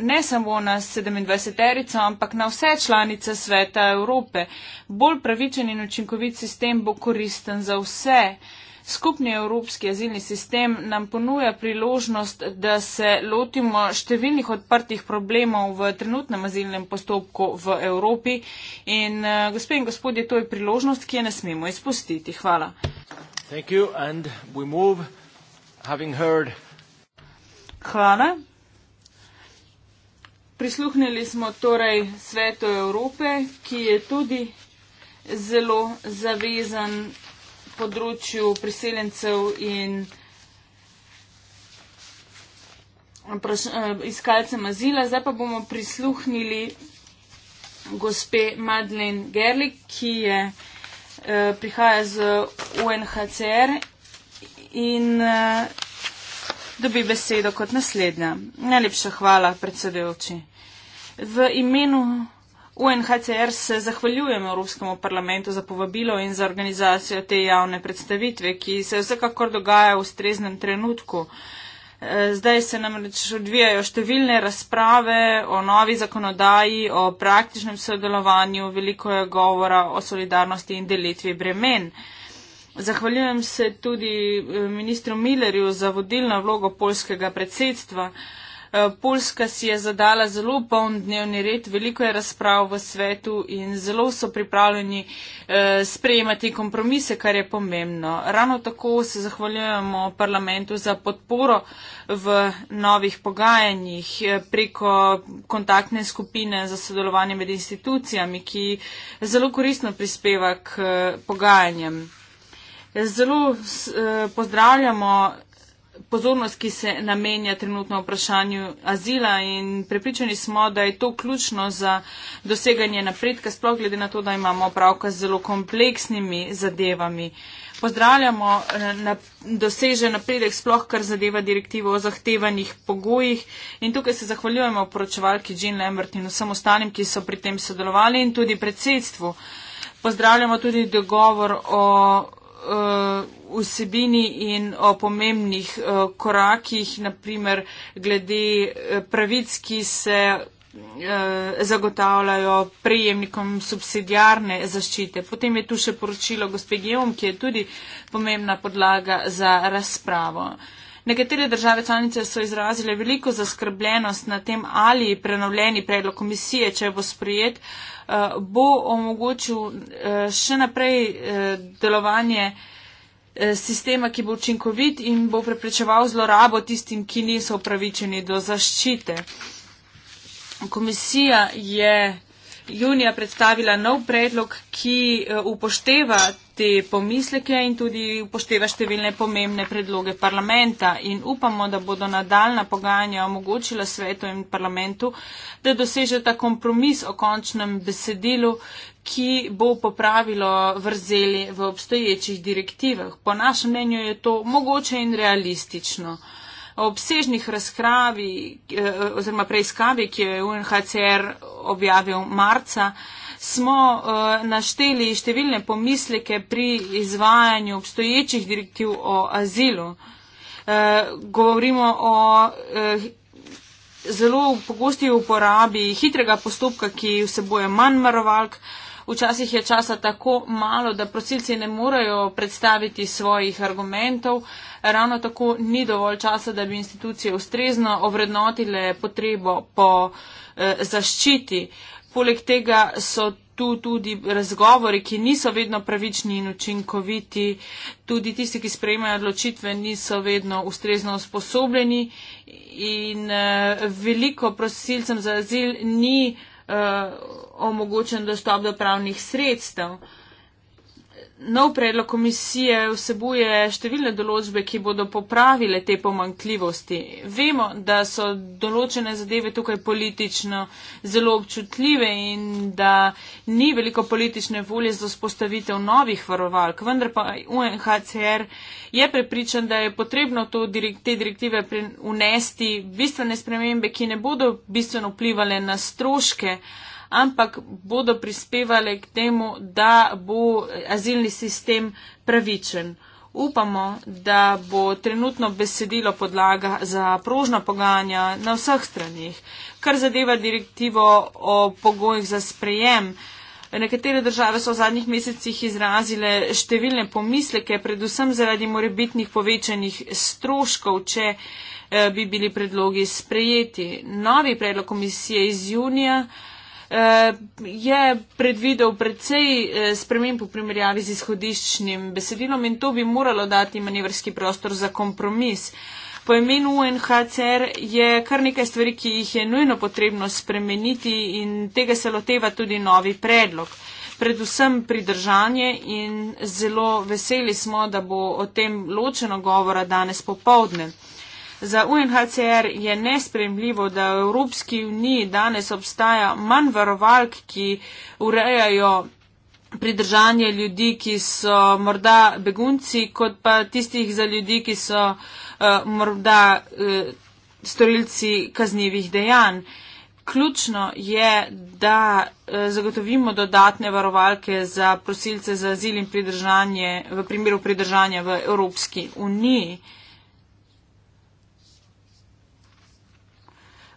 ne samo na 27-erico, ampak na vse članice sveta Evrope. Bolj pravičen in učinkovit sistem bo koristen za vse. Skupni evropski azilni sistem nam ponuja priložnost, da se lotimo številnih odprtih problemov v trenutnem azilnem postopku v Evropi. In uh, gospe in gospodje, to je priložnost, ki je ne smemo izpustiti. Hvala. Thank you and we move. Heard... Hvala. Prisluhnili smo torej svetu Evrope, ki je tudi zelo zavezan področju priseljencev in eh, eh, iskalcem azila. Zdaj pa bomo prisluhnili gospe Madeleine Gerlik, ki je, eh, prihaja z UNHCR in uh, dobi besedo kot naslednja. Najlepša hvala, predsedujoči. V imenu UNHCR se zahvaljujem Evropskemu parlamentu za povabilo in za organizacijo te javne predstavitve, ki se vsekakor dogaja v streznem trenutku. Eh, zdaj se namreč odvijajo številne razprave o novi zakonodaji, o praktičnem sodelovanju, veliko je govora o solidarnosti in delitvi bremen. Zahvaljujem se tudi eh, ministru Millerju za vodilno vlogo polskega predsedstva. Eh, Polska si je zadala zelo poln dnevni red, veliko je razprav v svetu in zelo so pripravljeni eh, sprejemati kompromise, kar je pomembno. Ravno tako se zahvaljujemo parlamentu za podporo v novih pogajanjih preko kontaktne skupine za sodelovanje med institucijami, ki zelo koristno prispeva k pogajanjem. Zelo eh, pozdravljamo pozornost, ki se namenja trenutno vprašanju azila in prepričani smo, da je to ključno za doseganje napredka, sploh glede na to, da imamo opravka z zelo kompleksnimi zadevami. Pozdravljamo eh, na, dosežen napredek, sploh kar zadeva direktivo o zahtevanih pogojih in tukaj se zahvaljujemo poročevalki Jean Lambert in vsem ostalim, ki so pri tem sodelovali in tudi predsedstvu. Pozdravljamo tudi dogovor o uh, vsebini in o pomembnih uh, korakih, naprimer glede eh, pravic, ki se zagotavljajo prejemnikom subsidijarne zaščite. Potem je tu še poročilo gospe Geom, ki je tudi pomembna podlaga za razpravo. Nekatere države članice so izrazile veliko zaskrbljenost na tem, ali prenovljeni predlog komisije, če bo sprejet, uh, Eh, bo omogočil eh, še naprej eh, delovanje sistema, ki bo učinkovit in bo preprečeval zlorabo tistim, ki niso upravičeni do zaščite. Komisija je junija predstavila nov predlog, ki upošteva te pomisleke in tudi upošteva številne pomembne predloge parlamenta in upamo, da bodo nadaljna pogajanja omogočila svetu in parlamentu, da doseže ta kompromis o končnem besedilu, ki bo popravilo vrzeli v obstoječih direktivah. Po našem mnenju je to mogoče in realistično. O obsežnih razkravi eh, oziroma preiskavi, ki jo je UNHCR objavil marca, smo uh, našteli številne pomisleke pri izvajanju obstoječih direktiv o azilu. Uh, govorimo o. Uh, Zelo pogosti uporabi hitrega postopka, ki vsebuje manj marovalk. Včasih je časa tako malo, da prosilci ne morejo predstaviti svojih argumentov. Ravno tako ni dovolj časa, da bi institucije ustrezno ovrednotile potrebo po eh, zaščiti. Eh, Poleg tega so tu tudi razgovori, ki niso vedno pravični in učinkoviti, tudi tisti, ki sprejmejo odločitve, niso vedno ustrezno usposobljeni in uh, veliko prosilcem za azil ni uh, omogočen dostop do pravnih sredstev. Uh, Nov predlog komisije vsebuje številne določbe, ki bodo popravile te pomankljivosti. Vemo, da so določene zadeve tukaj politično zelo občutljive in da ni veliko politične volje za spostavitev novih varovalk. Vendar pa UNHCR je prepričan, da je potrebno to direkt, te direktive unesti bistvene spremembe, ki ne bodo bistveno vplivali na stroške. Uh, ampak bodo prispevale k temu, da bo azilni sistem pravičen. Upamo, da bo trenutno besedilo podlaga za prožna pogajanja na vseh stranih. Kar zadeva direktivo o pogojih za sprejem, nekatere države so v zadnjih mesecih izrazile številne pomisleke, predvsem zaradi morebitnih povečanih stroškov, če eh, bi bili predlogi sprejeti. Novi predlog komisije iz junija je predvidel precej eh, sprememb v primerjavi z izhodiščnim besedilom in to bi moralo dati manevrski prostor za kompromis. Po imenu UNHCR je kar nekaj stvari, ki jih je nujno potrebno spremeniti in tega se loteva tudi novi predlog. Predvsem pridržanje in zelo veseli smo, da bo o tem ločeno govora danes popovdne. Uh, Za UNHCR je nespremljivo, da v Evropski uniji danes obstaja manj varovalk, ki urejajo pridržanje ljudi, ki so morda begunci, kot pa tistih za ljudi, ki so uh, morda uh, storilci kaznjivih dejanj. Ključno je, da uh, zagotovimo dodatne varovalke za prosilce za azil in pridržanje v primeru pridržanja v Evropski uniji. Uh,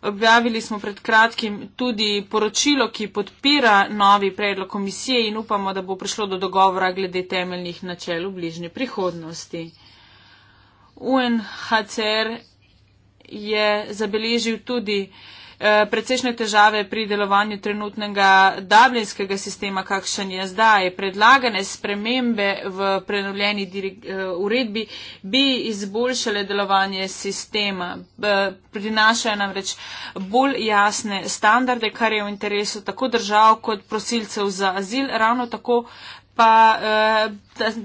Objavili smo pred kratkim tudi poročilo, ki podpira novi predlog komisije in upamo, da bo prišlo do dogovora glede temeljnih načel v bližnji prihodnosti. UNHCR je zabeležil tudi precejšnje težave pri delovanju trenutnega dablinskega sistema, kakšen je zdaj. Predlagane spremembe v prenovljeni eh, uredbi bi izboljšale delovanje sistema. Prinašajo nam reč bolj jasne standarde, kar je v interesu tako držav kot prosilcev za azil, ravno tako pa eh,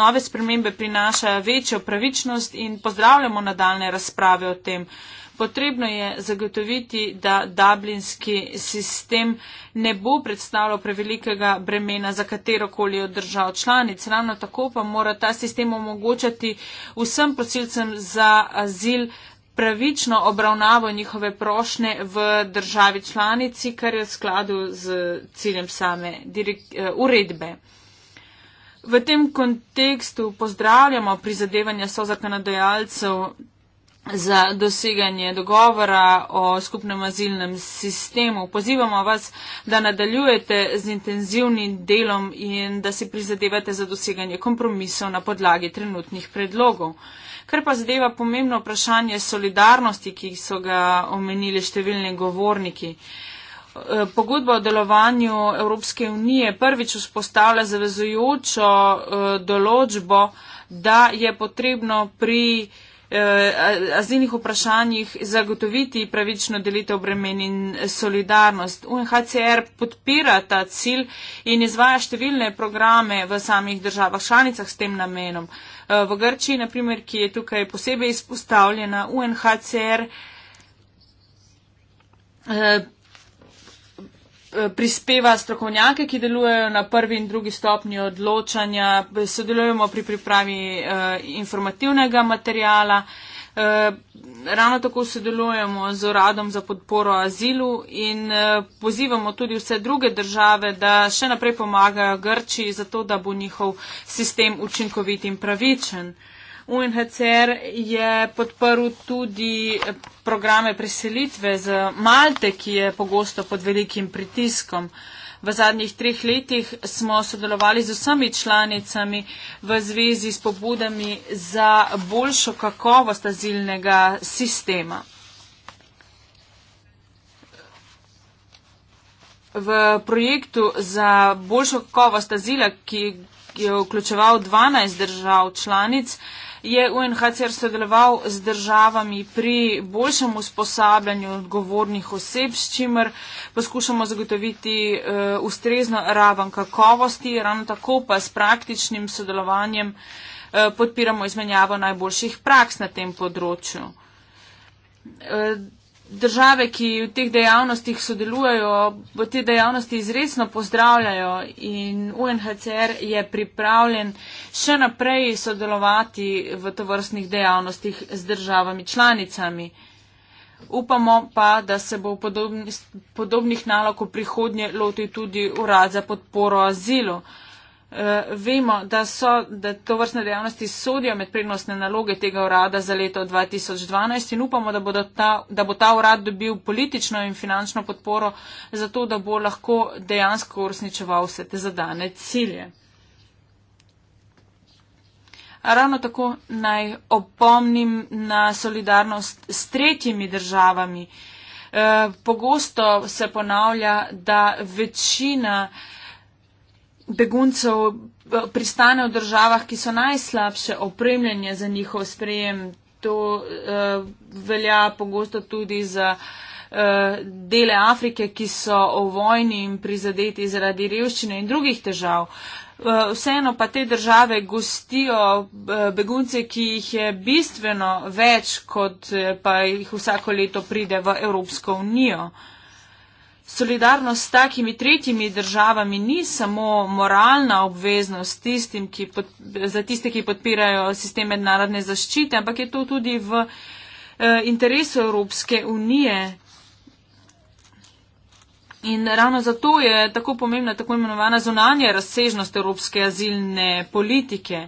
nove spremembe prinašajo večjo pravičnost in pozdravljamo nadaljne razprave o tem. Eh, Potrebno je zagotoviti, da dublinski sistem ne bo predstavljal prevelikega bremena za katerokoli od držav članic. Ravno tako pa mora ta sistem omogočati vsem prosilcem za azil pravično obravnavo njihove prošnje v državi članici, kar je v skladu z ciljem same eh, uredbe. V tem kontekstu pozdravljamo prizadevanja sozakonodajalcev za doseganje dogovora o skupnem azilnem sistemu. Pozivamo vas, da nadaljujete z intenzivnim delom in da si prizadevate za doseganje kompromisov na podlagi trenutnih predlogov. Ker pa zadeva pomembno vprašanje solidarnosti, ki so ga omenili številni govorniki. Eh, pogodba o delovanju Evropske unije prvič vzpostavlja zavezujočo eh, določbo, da je potrebno pri Eh, azilnih vprašanjih zagotoviti pravično delitev bremen in solidarnost. UNHCR podpira ta cilj in izvaja številne programe v samih državah članicah s tem namenom. Eh, v Grčiji, naprimer, ki je tukaj posebej izpostavljena, UNHCR eh, Eh, prispeva strokovnjake, ki delujejo na prvi in drugi stopni odločanja, sodelujemo pri pripravi eh, informativnega materijala. Eh, ravno tako sodelujemo z uradom za podporo azilu in pozivamo tudi vse druge države, da še naprej pomagajo Grči, zato da bo njihov sistem učinkovit in pravičen. UNHCR je podprl tudi programe preselitve z Malte, ki je pogosto pod velikim pritiskom. V zadnjih treh letih smo sodelovali z vsemi članicami v zvezi s pobudami za boljšo kakovost azilnega sistema. V projektu za boljšo kakovost azila, ki je vključeval 12 držav članic, je UNHCR sodeloval z državami pri boljšem usposabljanju odgovornih oseb, s čimer poskušamo zagotoviti uh, ustrezno raven kakovosti, ravno tako pa s praktičnim sodelovanjem uh, podpiramo izmenjavo najboljših praks na tem področju. Uh, države, ki v teh dejavnostih sodelujejo, v te dejavnosti izredno pozdravljajo in UNHCR je pripravljen še naprej sodelovati v tovrstnih dejavnostih z državami članicami. Upamo pa, da se bo podobni, podobnih nalog v prihodnje loti tudi urad za podporo azilu. Uh, vemo, da, so, da to vrstne dejavnosti sodijo med prednostne naloge tega urada za leto 2012 in upamo, da, ta, da bo ta urad dobil politično in finančno podporo za to, da bo lahko dejansko uresničeval vse te zadane cilje. Ravno tako naj opomnim na solidarnost s tretjimi državami. Uh, pogosto se ponavlja, da večina uh, beguncev eh, pristane v državah, ki so najslabše opremljene za njihov sprejem. To uh, velja pogosto tudi za eh, dele Afrike, ki so o vojni in prizadeti zaradi revščine in drugih težav. Vseeno pa te države gostijo begunce, ki jih je bistveno več, kot pa jih vsako leto pride v Evropsko unijo. Uh, solidarnost s takimi tretjimi državami ni samo moralna obveznost tistim, pod, za tiste, ki podpirajo sistem mednarodne zaščite, ampak je to tudi v eh, interesu Evropske unije. In ravno zato je tako pomembna tako imenovana zunanja razsežnost Evropske azilne politike.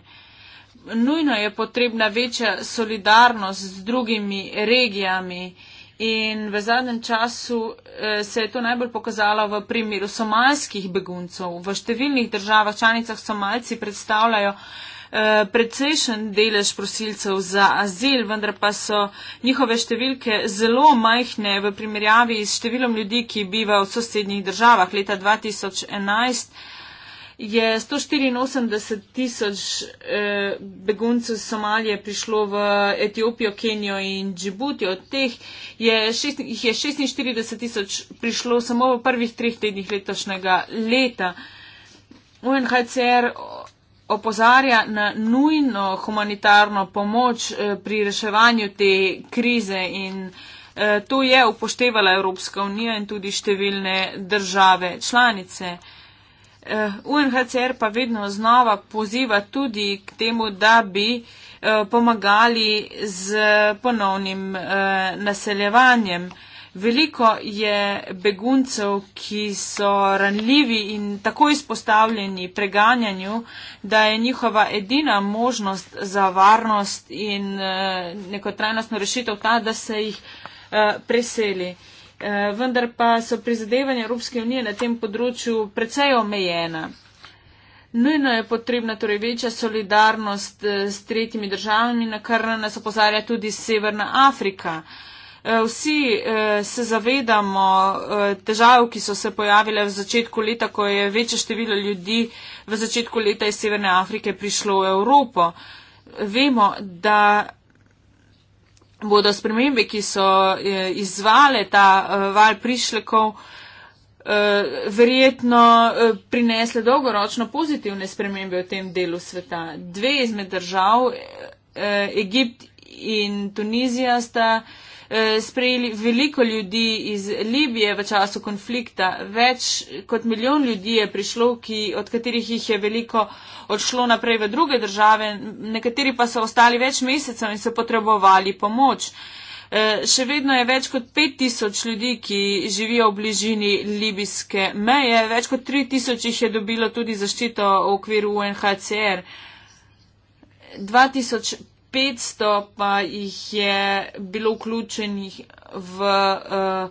Nujno je potrebna večja solidarnost z drugimi regijami, eh, In v zadnjem času eh, se je to najbolj pokazalo v primeru somalskih beguncev. V številnih državah članicah somalci predstavljajo eh, precejšen delež prosilcev za azil, vendar pa so njihove številke zelo majhne v primerjavi s številom ljudi, ki bivajo v sosednjih državah. Leta 2011 je 184 tisoč eh, beguncev iz Somalije prišlo v Etiopijo, Kenijo in Džibuti. Od teh je, šest, je 46 tisoč prišlo samo v prvih treh tednih letošnjega leta. UNHCR opozarja na nujno humanitarno pomoč eh, pri reševanju te krize in eh, to je upoštevala Evropska unija in tudi številne države članice. Eh, UNHCR pa vedno znova poziva tudi k temu, da bi eh, pomagali z ponovnim eh, naseljevanjem. Veliko je beguncev, ki so ranljivi in tako izpostavljeni preganjanju, da je njihova edina možnost za varnost in neko trajnostno rešitev ta, da se jih preseli. Eh, vendar pa so prizadevanja Evropske unije na tem področju precej omejena. Nujno je potrebna torej večja solidarnost eh, s tretjimi državami, na kar nas opozarja tudi Severna Afrika. Eh, vsi se zavedamo težav, ki so se pojavile v začetku leta, ko je večje število ljudi v začetku leta iz Severne Afrike prišlo v Evropo. Vemo, da bodo spremembe, ki so eh, izvale ta eh, val prišlekov, eh, verjetno prinesle dolgoročno pozitivne spremembe v tem delu sveta. Dve izmed držav, Egipt in Tunizija, sta. Eh, sprejeli veliko ljudi iz Libije v času konflikta. Več kot milijon ljudi je prišlo, ki, od katerih jih je veliko odšlo naprej v druge države, nekateri pa so ostali več mesecev in so potrebovali pomoč. Eh, še vedno je več kot 5000 ljudi, ki živijo v bližini libijske meje, več kot 3000 jih je dobilo tudi zaščito v okviru UNHCR. 2000 500 pa jih je bilo vključenih v uh,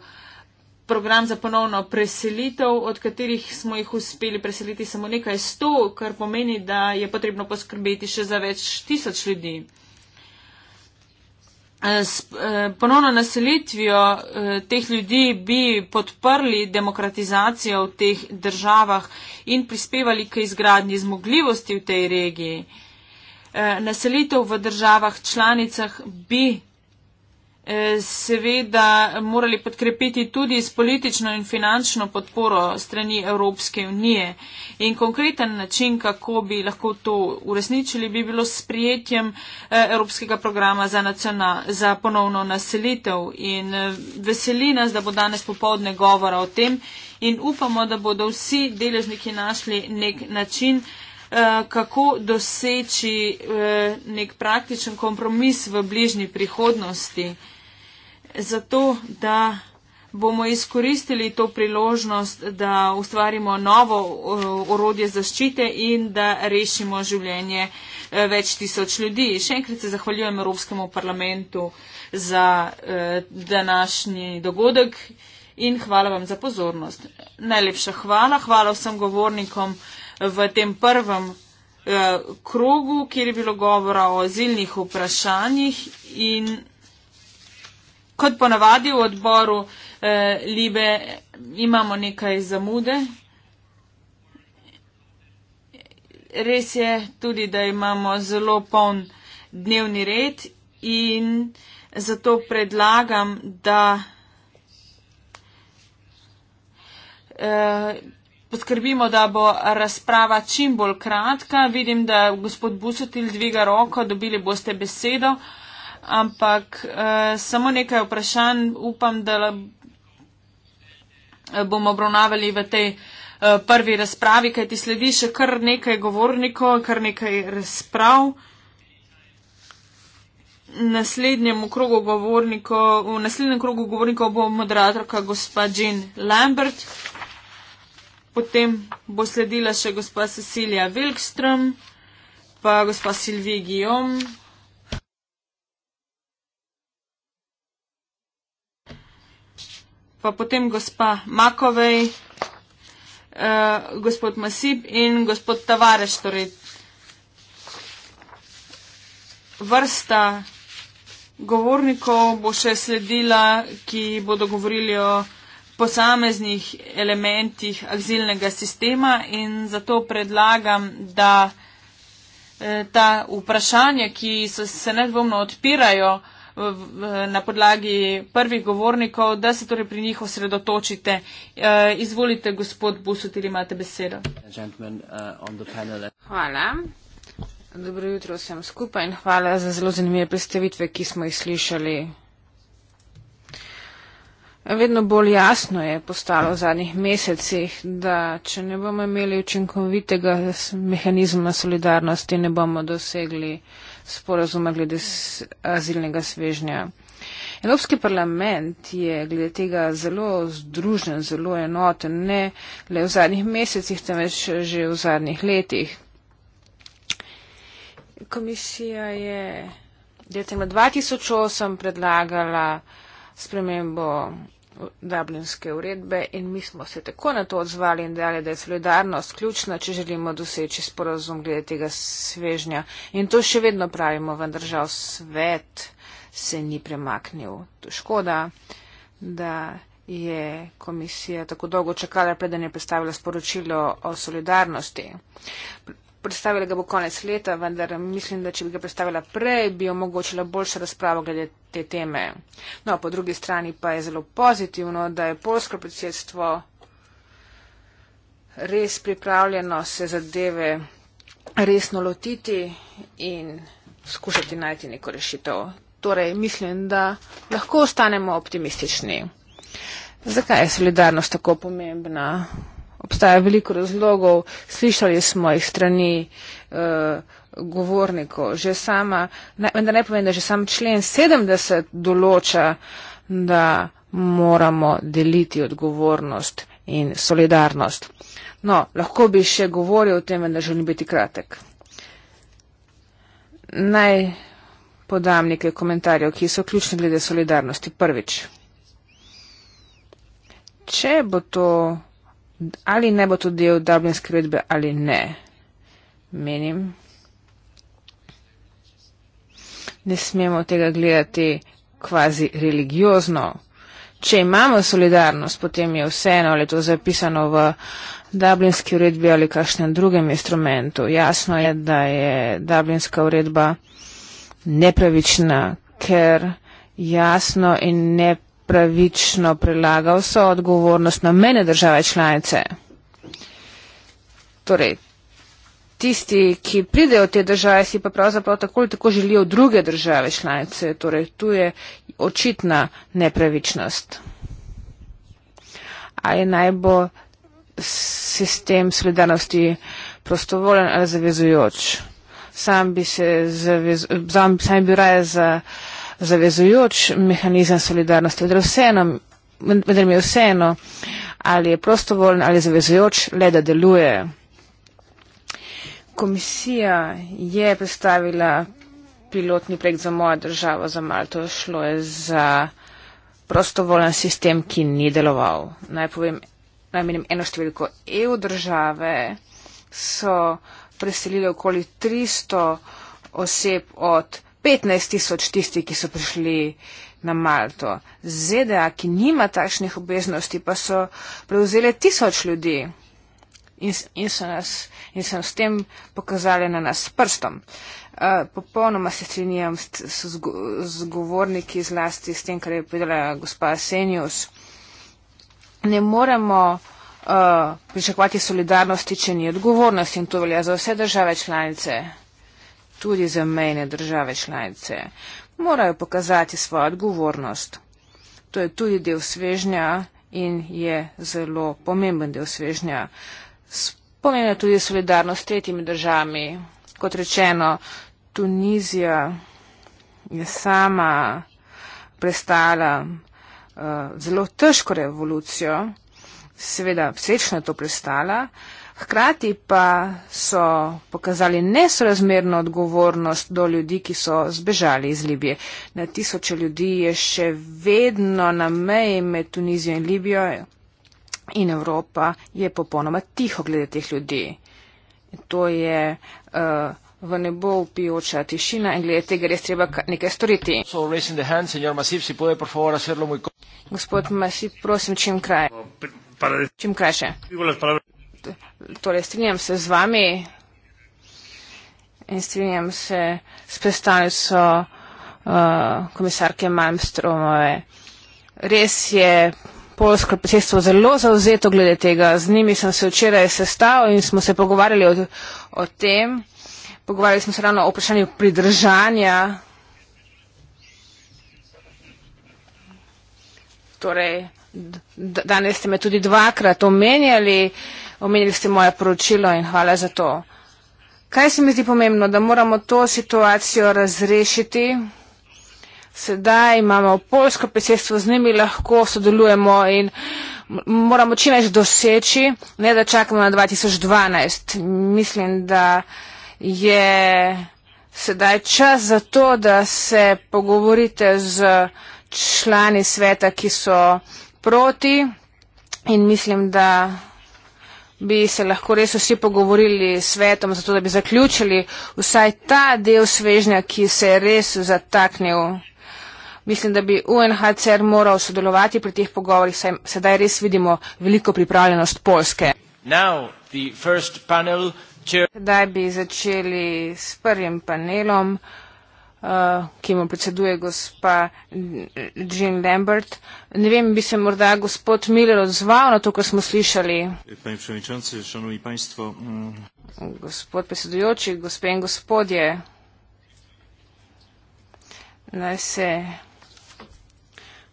program za ponovno preselitev, od katerih smo jih uspeli preseliti samo nekaj sto, kar pomeni, da je potrebno poskrbeti še za več tisoč ljudi. Eh, s eh, ponovno naselitvijo teh ljudi bi podprli demokratizacijo v teh državah in prispevali k izgradnji zmogljivosti v tej regiji. Eh, naselitev v državah članicah bi eh, seveda morali podkrepiti tudi s politično in finančno podporo strani Evropske unije. In konkreten način, kako bi lahko to uresničili, bi bilo s prijetjem eh, Evropskega programa za, nacional, za ponovno naselitev. In veseli nas, da bo danes popovdne govora o tem in upamo, da bodo vsi deležniki našli nek način, Eh, kako doseči eh, nek praktičen kompromis v bližnji prihodnosti, zato da bomo izkoristili to priložnost, da ustvarimo novo eh, orodje zaščite in da rešimo življenje več tisoč ljudi. Še enkrat se zahvaljujem Evropskemu parlamentu za današnji dogodek. In hvala vam za pozornost. Najlepša hvala, hvala vsem govornikom v tem prvem eh, krogu, kjer je bilo govora o azilnih vprašanjih in kot ponavadi v odboru eh, Libe imamo nekaj zamude. Res je tudi, da imamo zelo poln dnevni red in zato predlagam, da. Eh, poskrbimo, da bo razprava čim bolj kratka. Vidim, da gospod Busotil dviga roko, dobili boste besedo, ampak eh, samo nekaj vprašanj upam, da bomo obravnavali v tej eh, prvi razpravi, kajti sledi še kar nekaj govornikov, kar nekaj razprav. Krogu v naslednjem krogu govornikov bo moderatorka gospa Jean Lambert potem bo sledila še gospa Cecilija Wilkström, pa gospa Sylvie Guillaume. Pa potem gospa Makovej, eh, gospod Masip in gospod Tavareš. Torej vrsta govornikov bo še sledila, ki bodo govorili o posameznih elementih azilnega sistema in zato predlagam, da eh, ta vprašanja, ki so, se nedvomno odpirajo na podlagi prvih govornikov, da se torej pri njih osredotočite. Eh, izvolite, gospod Busut, ali imate besedo. Eh, hvala. Dobro jutro vsem skupaj in hvala za zelo zanimive predstavitve, ki smo jih slišali Vedno bolj jasno je postalo v zadnjih mesecih, da če ne bomo imeli učinkovitega mehanizma solidarnosti, ne bomo dosegli sporozuma glede azilnega svežnja. Evropski parlament je glede tega zelo združen, zelo enoten, ne le v zadnjih mesecih, temveč že v zadnjih letih. Komisija je leta 2008 predlagala spremembo Dublinske uredbe in mi smo se tako na to odzvali in dejali, da je solidarnost ključna, če želimo doseči sporozum glede tega svežnja. In to še vedno pravimo, vendar žal svet se ni premaknil. To škoda, da je komisija tako dolgo čakala, preden je predstavila sporočilo o solidarnosti predstavila ga bo konec leta, vendar mislim, da če bi ga predstavila prej, bi omogočila boljšo razpravo glede te teme. No, po drugi strani pa je zelo pozitivno, da je polsko predsedstvo res pripravljeno se zadeve resno lotiti in skušati najti neko rešitev. Torej, mislim, da lahko ostanemo optimistični. Zakaj je solidarnost tako pomembna? Obstaja veliko razlogov, slišali smo jih strani uh, govornikov, že sama, vendar ne povem, da že sam člen 70 določa, da moramo deliti odgovornost in solidarnost. No, lahko bi še govoril o tem, vendar želim biti kratek. Naj podam nekaj komentarjev, ki so ključni glede solidarnosti. Prvič, če bo to ali ne bo to del Dublinske uredbe ali ne. Menim, ne smemo tega gledati kvazi religiozno. Če imamo solidarnost, potem je vseeno, ali je to zapisano v Dublinski uredbi ali kakšnem drugem instrumentu. Jasno je, da je Dublinska uredba nepravična, ker jasno in nepravična pravično prelagal so odgovornost na mene države članice. Torej, tisti, ki pridejo v te države, si pa pravzaprav tako ali tako želijo druge države članice. Torej, tu je očitna nepravičnost. Ali naj bo sistem solidarnosti prostovoljen ali zavezujoč? Sam bi se zavezoval, sam bi raje za zavezujoč mehanizem solidarnosti, vendar, vseeno, vendar mi je vseeno, ali je prostovoljno ali zavezujoč, le da deluje. Komisija je predstavila pilotni projekt za mojo državo, za Malto. Šlo je za prostovoljen sistem, ki ni deloval. Naj povem, naj menim eno številko. EU države so preselile okoli 300 oseb od 15 tisoč tisti, ki so prišli na Malto. ZDA, ki nima takšnih obveznosti, pa so prevzeli tisoč ljudi in, in, so nas, in so s tem pokazali na nas prstom. Uh, popolnoma se strinjam s, s, s, z govorniki zlasti s tem, kar je povedala gospa Senjus. Ne moremo uh, pričakovati solidarnosti, če ni odgovornosti in to velja za vse države članice tudi za mejne države članice. Morajo pokazati svojo odgovornost. To je tudi del svežnja in je zelo pomemben del svežnja. Pomembna je tudi solidarnost s tretjimi državami. Kot rečeno, Tunizija je sama prestala uh, zelo težko revolucijo, seveda srečno je to prestala, uh, Hkrati pa so pokazali nesrazmerno odgovornost do ljudi, ki so zbežali iz Libije. Na tisoče ljudi je še vedno na meji med Tunizijo in Libijo in Evropa je popolnoma tiho glede teh ljudi. To je uh, v nebo upijoča tišina in glede tega res treba nekaj storiti. Hand, Masip, si puede, favor, Gospod Masip, prosim, čim, kraj. čim krajše torej strinjam se z vami in strinjam se s predstavnico uh, komisarke Malmstromove. Res je polsko predsedstvo zelo zauzeto glede tega. Z njimi sem se včeraj sestal in smo se pogovarjali o, o tem. Pogovarjali smo se ravno o vprašanju pridržanja. Torej, danes ste me tudi dvakrat omenjali. Uh, omenili ste moje poročilo in hvala za to. Kaj se mi zdi pomembno, da moramo to situacijo razrešiti? Sedaj imamo polsko predsedstvo, z njimi lahko sodelujemo in moramo čim več doseči, ne da čakamo na 2012. Mislim, da je sedaj čas za to, da se pogovorite z člani sveta, ki so proti in mislim, da bi se lahko res vsi pogovorili s svetom, zato da bi zaključili vsaj ta del svežnja, ki se je res zataknil. Mislim, da bi UNHCR moral sodelovati pri teh pogovorih, saj sedaj res vidimo veliko pripravljenost Polske. Sedaj bi začeli s prvim panelom uh, ki mu predseduje gospa Jean Lambert. Ne vem, bi se morda gospod Miller odzval na to, kar smo slišali. Pani predsedujoči, šanovni panjstvo. Mm. Gospod predsedujoči, gospe in gospodje, naj se.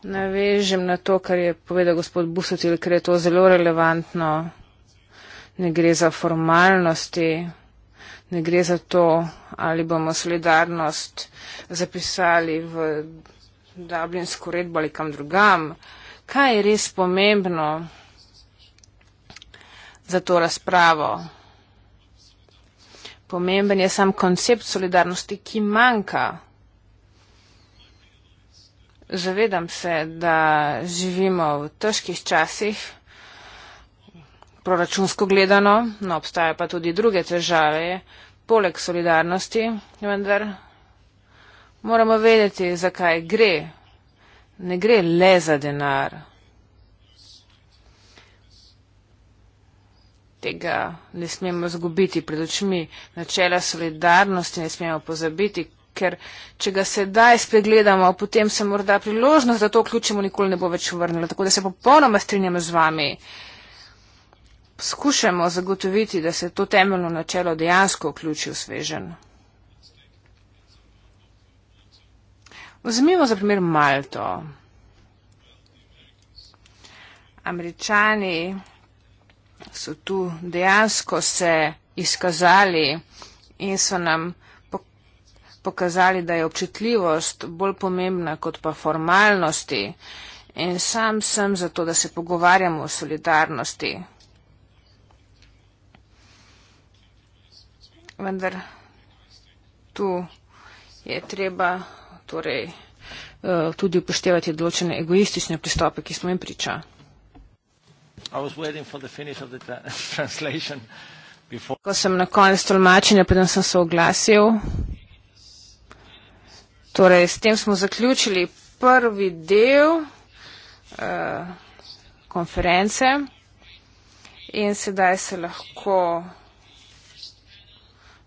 Navežem na to, kar je povedal gospod Busotil, ker je to zelo relevantno. Ne gre za formalnosti ne gre za to, ali bomo solidarnost zapisali v Dublinsko redbo ali kam drugam. Kaj je res pomembno za to razpravo? Pomemben je sam koncept solidarnosti, ki manjka. Zavedam se, da živimo v težkih časih proračunsko gledano, no obstaja pa tudi druge težave, poleg solidarnosti, vendar moramo vedeti, zakaj gre. Ne gre le za denar. Tega ne smemo zgubiti pred očmi. Načela solidarnosti ne smemo pozabiti, ker če ga sedaj spregledamo, potem se morda priložnost, da to vključimo, nikoli ne bo več vrnila. Tako da se popolnoma strinjam z vami skušamo zagotoviti, da se to temeljno načelo dejansko vključi v svežen. Vzmimo za primer Malto. Američani so tu dejansko se izkazali in so nam pokazali, da je občutljivost bolj pomembna kot pa formalnosti. In sam sem zato, da se pogovarjamo o solidarnosti. vendar tu je treba torej, eh, tudi upoštevati določene egoistične pristope, ki smo jim priča. Ko sem na konec tolmačenja, preden sem se oglasil, torej s tem smo zaključili prvi del uh, konference in sedaj se lahko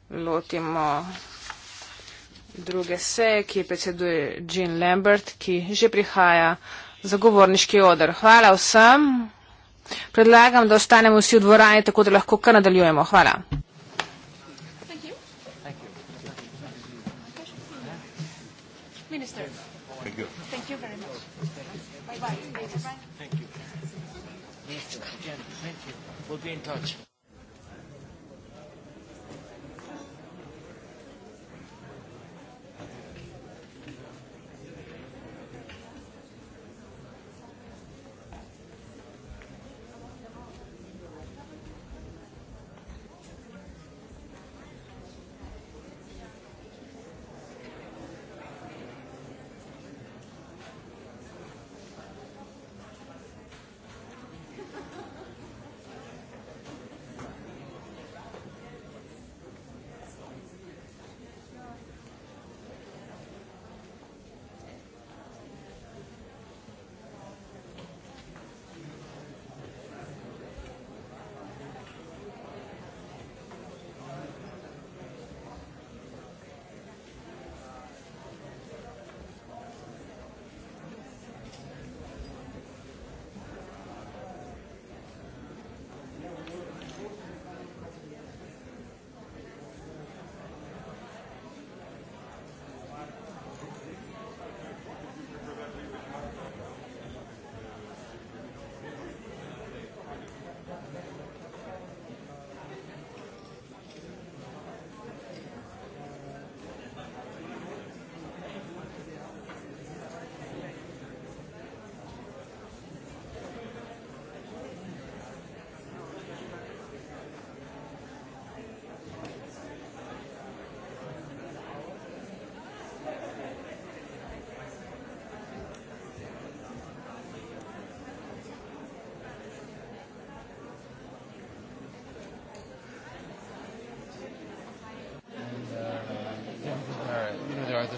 lotimo druge seje, ki predseduje Jean Lambert, ki že prihaja za govorniški odr. Hvala vsem. Predlagam, da ostanemo vsi v dvorani, tako da lahko kar nadaljujemo. Hvala. Thank you. We'll be in touch.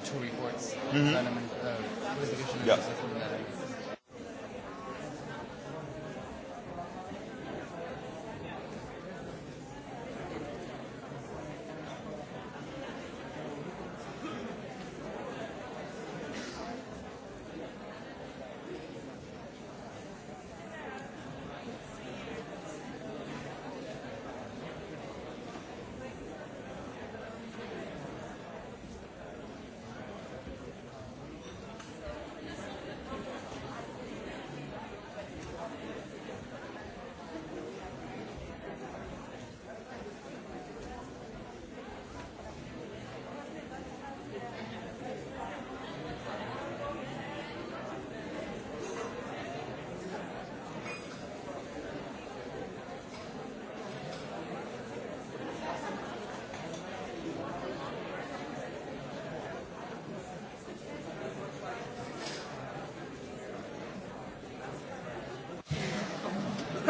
two reports mm-hmm.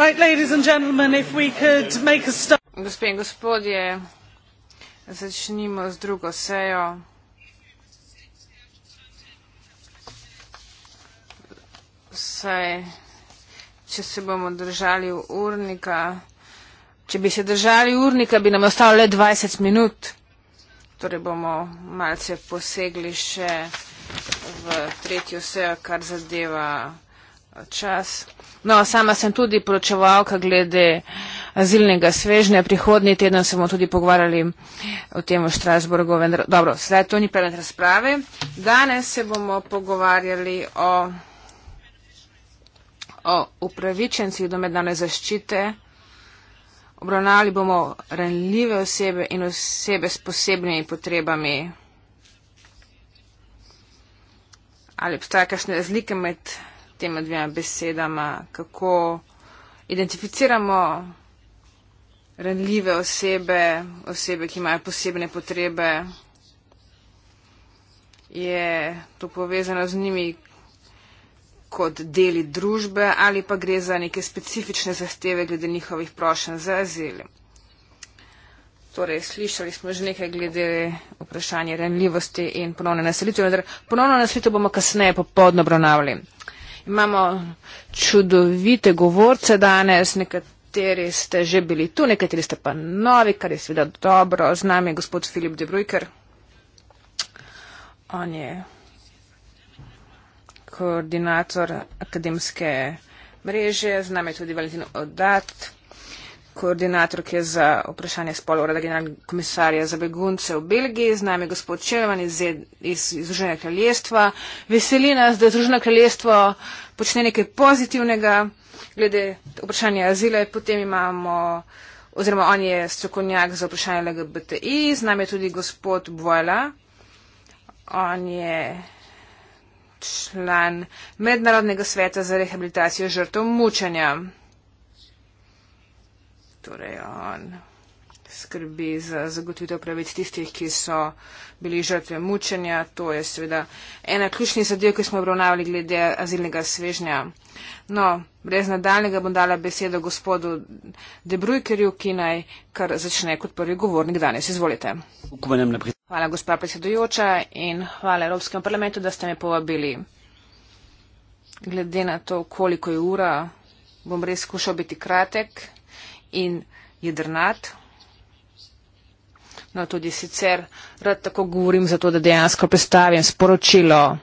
Right, ladies and gentlemen, if we could make a start. Gospe in gospodje, začnimo z drugo sejo. Saj, če se bomo držali urnika, če bi se držali urnika, bi nam ostalo le 20 minut. Torej bomo malce posegli še v tretjo sejo, kar zadeva čas. No, sama sem tudi poročevalka glede azilnega svežnja. Prihodnji teden se bomo tudi pogovarjali o tem v Štrasburgu. Vendar, dobro, sedaj to ni predmet razprave. Danes se bomo pogovarjali o, o upravičencih do mednarodne zaščite. Obravnali bomo ranljive osebe in osebe s posebnimi potrebami. Ali obstaja kakšne razlike med tema dvema besedama, kako identificiramo ranljive osebe, osebe, ki imajo posebne potrebe. Je to povezano z njimi kot deli družbe ali pa gre za neke specifične zahteve glede njihovih prošenj za azil. Torej, slišali smo že nekaj glede vprašanja renljivosti in ponovne naselitve, vendar ponovno naselitev bomo kasneje popodno obravnavali. Imamo čudovite govorce danes, nekateri ste že bili tu, nekateri ste pa novi, kar je seveda dobro. Z nami je gospod Filip De Brujker. On je koordinator akademske mreže, z nami je tudi Valentin Odat, koordinatorke za vprašanje spolov, rada generalni komisarja za begunce v Belgiji, z nami gospod Čevan iz Združenega kraljestva. Veseli nas, da Združeno kraljestvo počne nekaj pozitivnega glede vprašanja azila, potem imamo, oziroma on je strokovnjak za vprašanje LGBTI, z nami je tudi gospod Bojla, on je član Mednarodnega sveta za rehabilitacijo žrtev mučenja torej on skrbi za zagotovitev pravic tistih, ki so bili žrtve mučenja. To je seveda ena ključnih zadev, ki smo obravnavali glede azilnega svežnja. No, brez nadaljnega bom dala besedo gospodu Debrujkerju, ki naj kar začne kot prvi govornik danes. Izvolite. Hvala, gospa predsedujoča, in hvala Evropskemu parlamentu, da ste me povabili. Glede na to, koliko je ura, bom res skušal biti kratek in jedrnat. No, tudi sicer rad tako govorim, zato da dejansko predstavim sporočilo.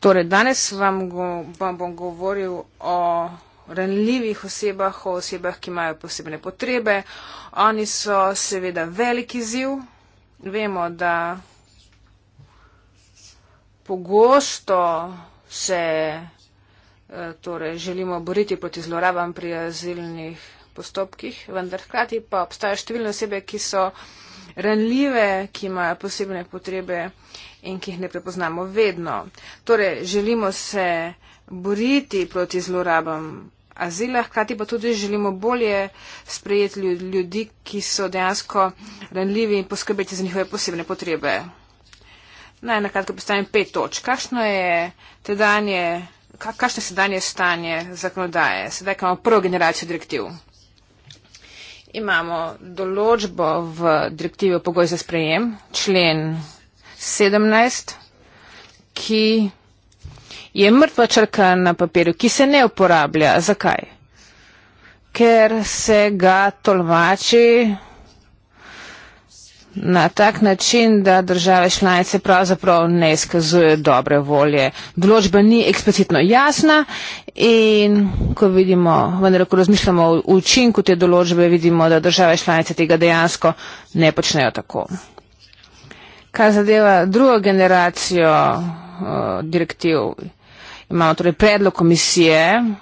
Torej, danes vam, go, vam bom govoril o ranljivih osebah, o osebah, ki imajo posebne potrebe. Oni so seveda veliki ziv. Vemo, da pogosto se Eh, torej želimo boriti proti zlorabam pri azilnih postopkih, vendar hkrati pa obstajajo številne osebe, ki so ranljive, ki imajo posebne potrebe in ki jih ne prepoznamo vedno. Torej, želimo se boriti proti zlorabam azila, hkrati pa tudi želimo bolje sprejeti ljudi, ki so dejansko ranljivi in poskrbeti za njihove posebne potrebe. Naj na kratko postavim pet točk. Kakšno je tedanje kakšno je sedanje stanje zakonodaje, sedaj, ko imamo prvo generacijo direktiv. Imamo določbo v direktivi o pogoji za sprejem, člen 17, ki je mrtva črka na papirju, ki se ne uporablja. Zakaj? Ker se ga tolmači na tak način, da države članice pravzaprav ne izkazuje dobre volje. Določba ni eksplicitno jasna in ko vidimo, vendar ko razmišljamo o učinku te določbe, vidimo, da države članice tega dejansko ne počnejo tako. Kar zadeva drugo generacijo uh, direktiv, imamo torej predlog komisije,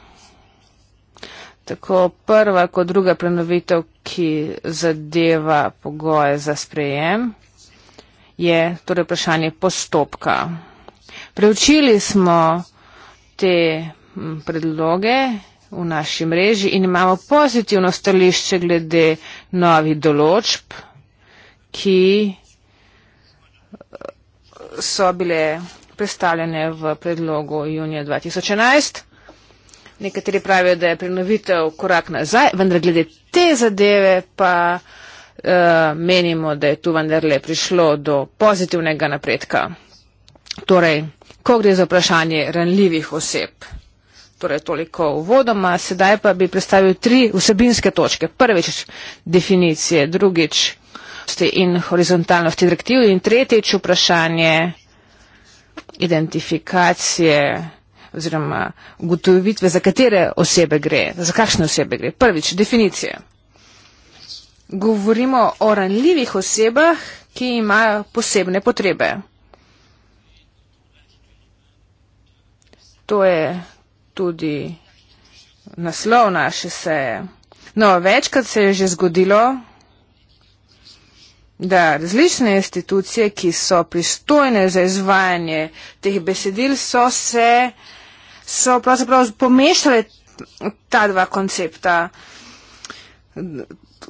tako prva kot druga prenovitev, ki zadeva pogoje za sprejem, je torej vprašanje postopka. Preučili smo te predloge v naši mreži in imamo pozitivno stališče glede novih določb, ki eh, so bile predstavljene v predlogu junija 2011. Nekateri pravijo, da je prenovitev korak nazaj, vendar glede te zadeve pa uh, menimo, da je tu vendarle prišlo do pozitivnega napredka. Torej, ko gre za vprašanje ranljivih oseb. Torej, toliko uvodoma, sedaj pa bi predstavil tri vsebinske točke. Prvič definicije, drugič in horizontalnosti direktiv in tretjič vprašanje identifikacije oziroma ugotovitve, za katere osebe gre, za kakšne osebe gre. Prvič, definicije. Govorimo o ranljivih osebah, ki imajo posebne potrebe. To je tudi naslov naše seje. No, večkrat se je že zgodilo, da različne institucije, ki so pristojne za izvajanje teh besedil, so se uh, so pravzaprav pomešale ta dva koncepta,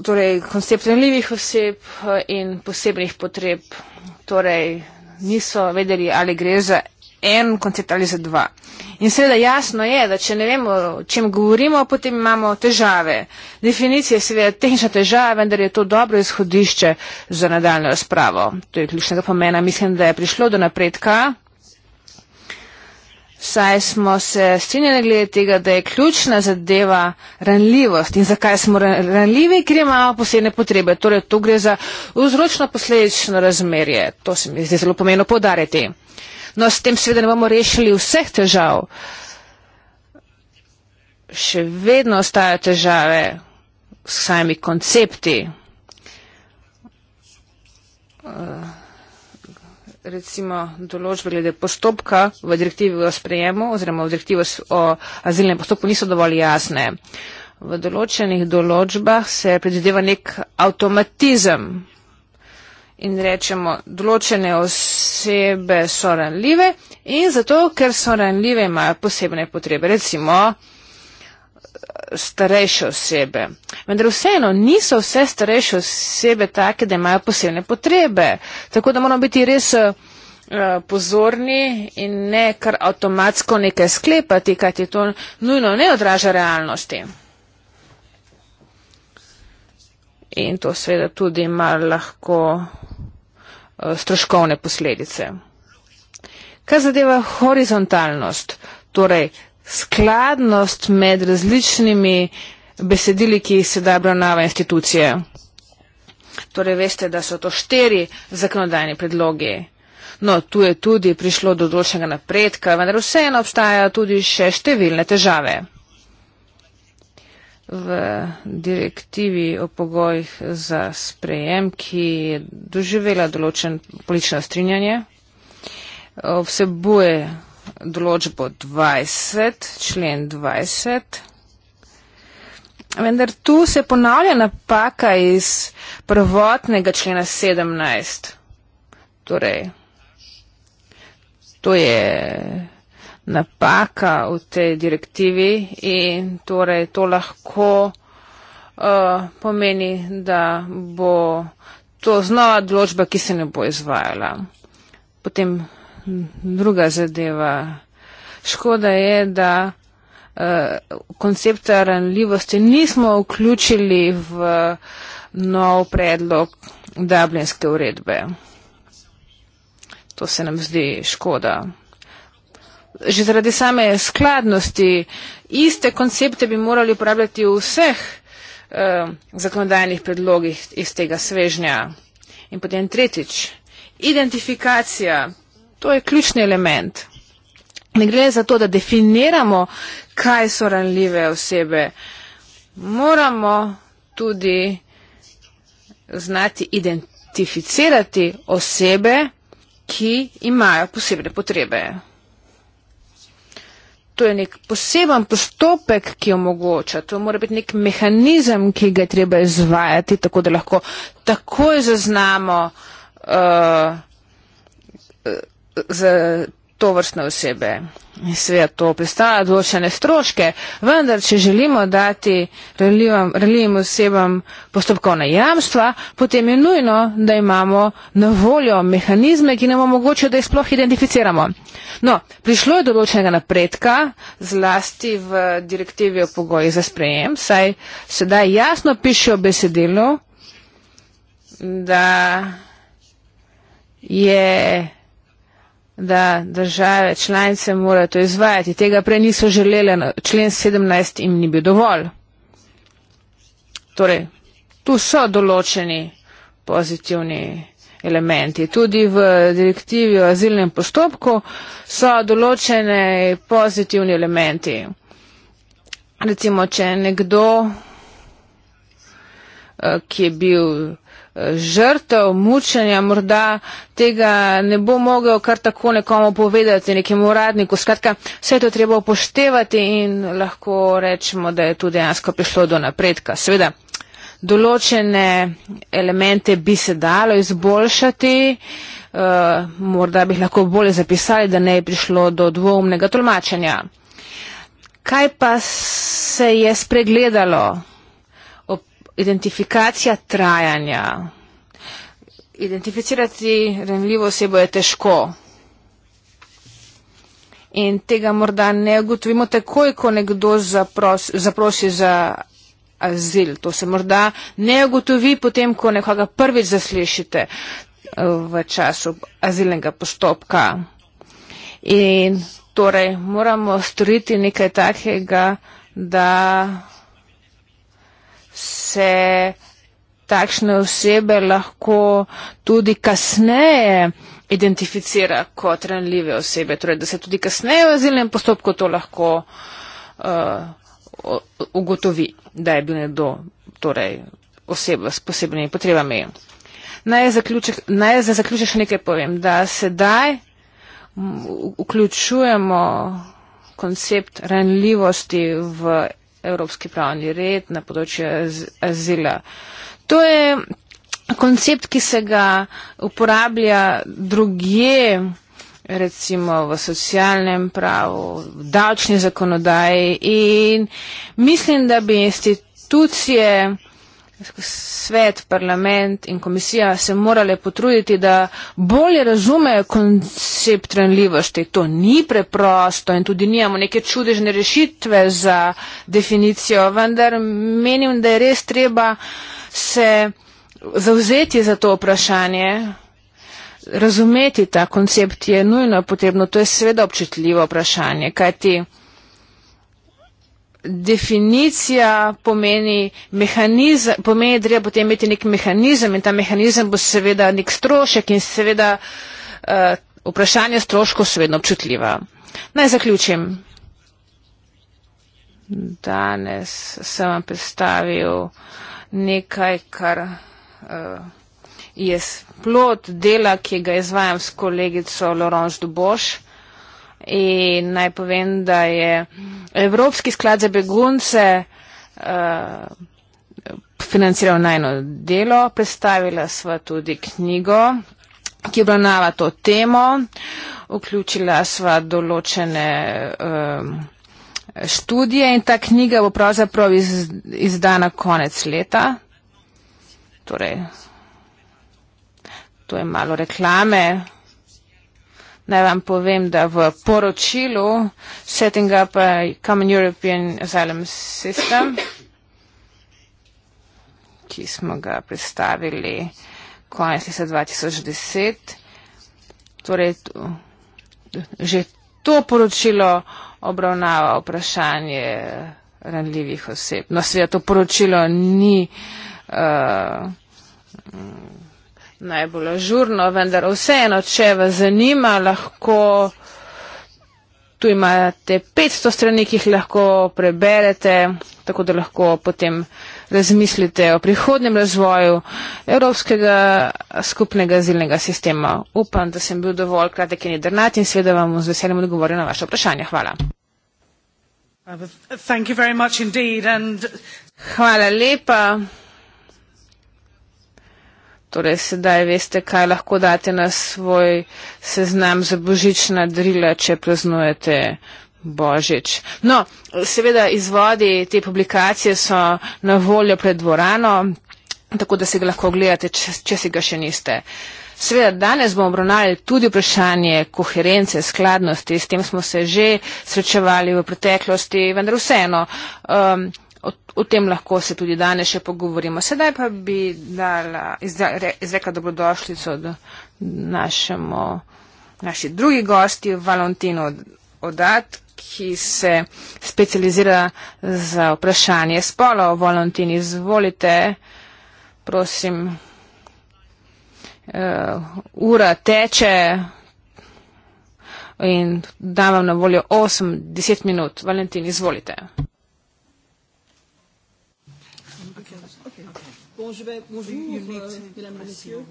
torej koncept renljivih oseb eh, in posebnih potreb, torej niso vedeli, ali gre za en koncept ali za dva. In seveda jasno je, da če ne vemo, o čem govorimo, potem imamo težave. Definicija je seveda tehnična težava, vendar je to dobro izhodišče za nadaljno razpravo. To je ključnega pomena. Mislim, da je prišlo do napredka, saj smo se strinjali glede tega, da je ključna zadeva ranljivost in zakaj smo ranljivi, ker imamo posebne potrebe. Torej, tu gre za vzročno posledično razmerje. To se mi zdi zelo pomeno podariti. No, s tem seveda ne bomo rešili vseh težav. Še vedno ostajajo težave s samimi koncepti. Uh recimo določbe glede postopka v direktivi o sprejemu oziroma v direktivi o azilnem postopku niso dovolj jasne. V določenih določbah se predvideva nek avtomatizem in rečemo, določene osebe so ranljive in zato, ker so ranljive, imajo posebne potrebe. Recimo, starejše osebe. Vendar vseeno niso vse starejše osebe take, da imajo posebne potrebe. Tako da moramo biti res eh, pozorni in ne kar avtomatsko nekaj sklepati, kajti to nujno ne odraža realnosti. In to seveda tudi ima lahko eh, stroškovne posledice. Kaj zadeva horizontalnost, torej skladnost med različnimi besedili, ki se da obravnava institucije. Torej veste, da so to štiri zakonodajni predlogi. No, tu je tudi prišlo do določenega napredka, vendar vseeno obstajajo tudi še številne težave. V direktivi o pogojih za sprejem, ki je doživela določen politično strinjanje, vsebuje določbo 20, člen 20. Vendar tu se ponavlja napaka iz prvotnega člena 17. Torej, to je napaka v tej direktivi in torej to lahko uh, pomeni, da bo to znova določba, ki se ne bo izvajala. Potem druga zadeva. Škoda je, da uh, koncepta ranljivosti nismo vključili v nov predlog Dublinske uredbe. To se nam zdi škoda. Že zaradi same skladnosti iste koncepte bi morali uporabljati v vseh uh, zakonodajnih predlogih iz tega svežnja. In potem tretjič, identifikacija To je ključni element. Ne gre za to, da definiramo, kaj so ranljive osebe. Moramo tudi znati identificirati osebe, ki imajo posebne potrebe. To je nek poseben postopek, ki omogoča, to mora biti nek mehanizem, ki ga je treba izvajati, tako da lahko takoj zaznamo, uh, za to vrstne osebe. In sveda to predstavlja določene stroške, vendar, če želimo dati reljivim osebam postopkovna jamstva, potem je nujno, da imamo na voljo mehanizme, ki nam omogočajo, da jih sploh identificiramo. No, prišlo je določenega napredka, zlasti v direktivi o pogojih za sprejem, saj sedaj jasno piše v besedilu, da je da države članice morajo to izvajati. Tega prej niso želele, no, člen 17 jim ni bil dovolj. Torej, tu so določeni pozitivni elementi. Tudi v direktivi o azilnem postopku so določene pozitivni elementi. Recimo, če nekdo, eh, ki je bil žrtev, mučenja, morda tega ne bo mogel kar tako nekomu povedati, nekemu uradniku. Skratka, vse to treba upoštevati in lahko rečemo, da je tudi dejansko prišlo do napredka. Seveda, določene elemente bi se dalo izboljšati, eh, morda bi lahko bolje zapisali, da ne bi prišlo do dvomnega tolmačenja. Kaj pa se je spregledalo? identifikacija trajanja. Identificirati renljivo osebo je težko. In tega morda ne ugotovimo takoj, ko nekdo zapros, zaprosi za azil. To se morda ne ugotovi potem, ko nekoga prvič zaslišite eh, v času azilnega postopka. In torej moramo storiti nekaj takega, da se takšne osebe lahko tudi kasneje identificira kot ranljive osebe, torej da se tudi kasneje v azilnem postopku to lahko uh, ugotovi, da je bil nekdo torej, oseba s posebnimi potrebami. Naj za zaključek še nekaj povem, da sedaj vključujemo koncept ranljivosti v evropski pravni red na področju azila. To je koncept, ki se ga uporablja drugje, recimo v socialnem pravu, v davčni zakonodaji in mislim, da bi institucije, svet, parlament in komisija se morale potruditi, da bolje razumejo koncept ranljivosti. To ni preprosto in tudi nijamo neke čudežne rešitve za definicijo, vendar menim, da je res treba se zauzeti za to vprašanje. Razumeti ta koncept je nujno potrebno, to je seveda občutljivo vprašanje, kajti definicija pomeni mehanizem, pomeni, da treba potem imeti nek mehanizem in ta mehanizem bo seveda nek strošek in seveda uh, eh, vprašanje stroškov so vedno občutljiva. Naj zaključim. Danes sem vam predstavil nekaj, kar uh, je plot dela, ki ga izvajam s kolegico Laurence Duboš. In naj povem, da je Evropski sklad za begunce uh, financiral najno delo, predstavila sva tudi knjigo, ki obravnava to temo, vključila sva določene uh, študije in ta knjiga bo pravzaprav iz, izdana konec leta. Torej, to je malo reklame. Naj vam povem, da v poročilu Setting up a Common European Asylum System, ki smo ga predstavili konec leta 2010, torej že to poročilo obravnava vprašanje ranljivih oseb. No, sveto poročilo ni. Uh, najbolj ažurno, vendar vseeno, če vas zanima, lahko tu imate 500 strani, ki jih lahko preberete, tako da lahko potem razmislite o prihodnem razvoju Evropskega skupnega zilnega sistema. Upam, da sem bil dovolj kratek in jedrnat in seveda vam z veseljem odgovorim na vaše vprašanje. Hvala. Hvala lepa. Torej, sedaj veste, kaj lahko date na svoj seznam za božična drila, če praznujete božič. No, seveda izvodi te publikacije so na voljo pred dvorano, tako da se ga lahko gledate, če, če si ga še niste. Seveda, danes bomo obravnali tudi vprašanje koherence, skladnosti, s tem smo se že srečevali v preteklosti, vendar vseeno. Um, O tem lahko se tudi danes še pogovorimo. Sedaj pa bi dala, izrekla dobrodošlico do našemu, naši drugi gosti, Valentino Odat, ki se specializira za vprašanje spola. Valentin, izvolite, prosim, uh, ura teče in dam vam na voljo 8-10 minut. Valentin, izvolite. Bon, je vais, bonjour, euh, mesdames et messieurs.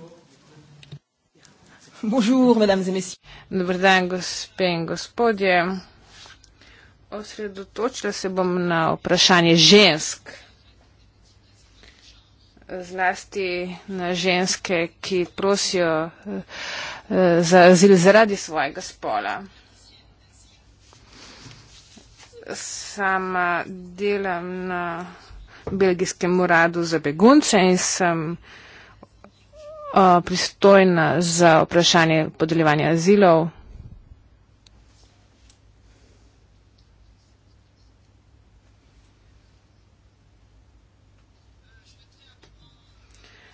Bonjour, mesdames et messieurs. Dobr dan, gospe in gospodje. Osredotočila se bom na vprašanje žensk. Zlasti na ženske, ki prosijo eh, za azil zaradi svojega spola. Sama delam na belgijskem uradu za begunce in sem o, uh, pristojna za vprašanje podeljevanja azilov.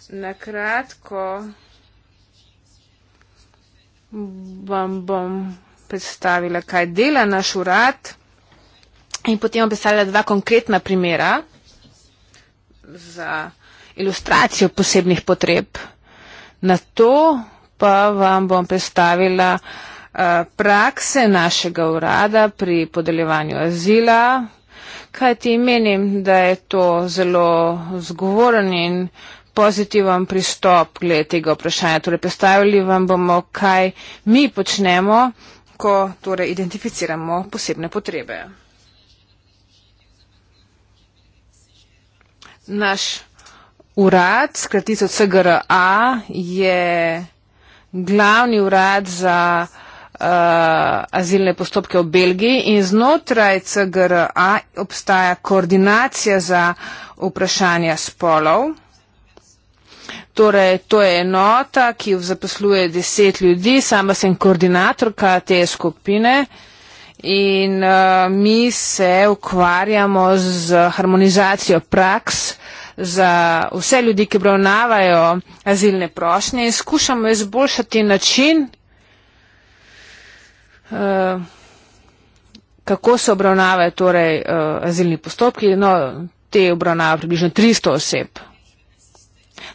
Na kratko vam bom predstavila, kaj dela naš urad in potem vam predstavila dva konkretna primera za ilustracijo posebnih potreb. Na to pa vam bom predstavila eh, prakse našega urada pri podeljevanju azila, kaj ti menim, da je to zelo zgovoren in pozitiven pristop glede tega vprašanja. Torej, predstavili vam bomo, kaj mi počnemo, ko torej identificiramo posebne potrebe. Naš urad, skratico CGRA, je glavni urad za uh, azilne postopke v Belgiji in znotraj CGRA obstaja koordinacija za vprašanja spolov. Torej, to je enota, ki zaposluje deset ljudi, sama sem koordinatorka te skupine in uh, mi se ukvarjamo z harmonizacijo praks za vse ljudi, ki obravnavajo azilne prošnje in skušamo izboljšati način, uh, kako se obravnavajo torej, uh, azilni postopki. No, te obravnava približno 300 oseb.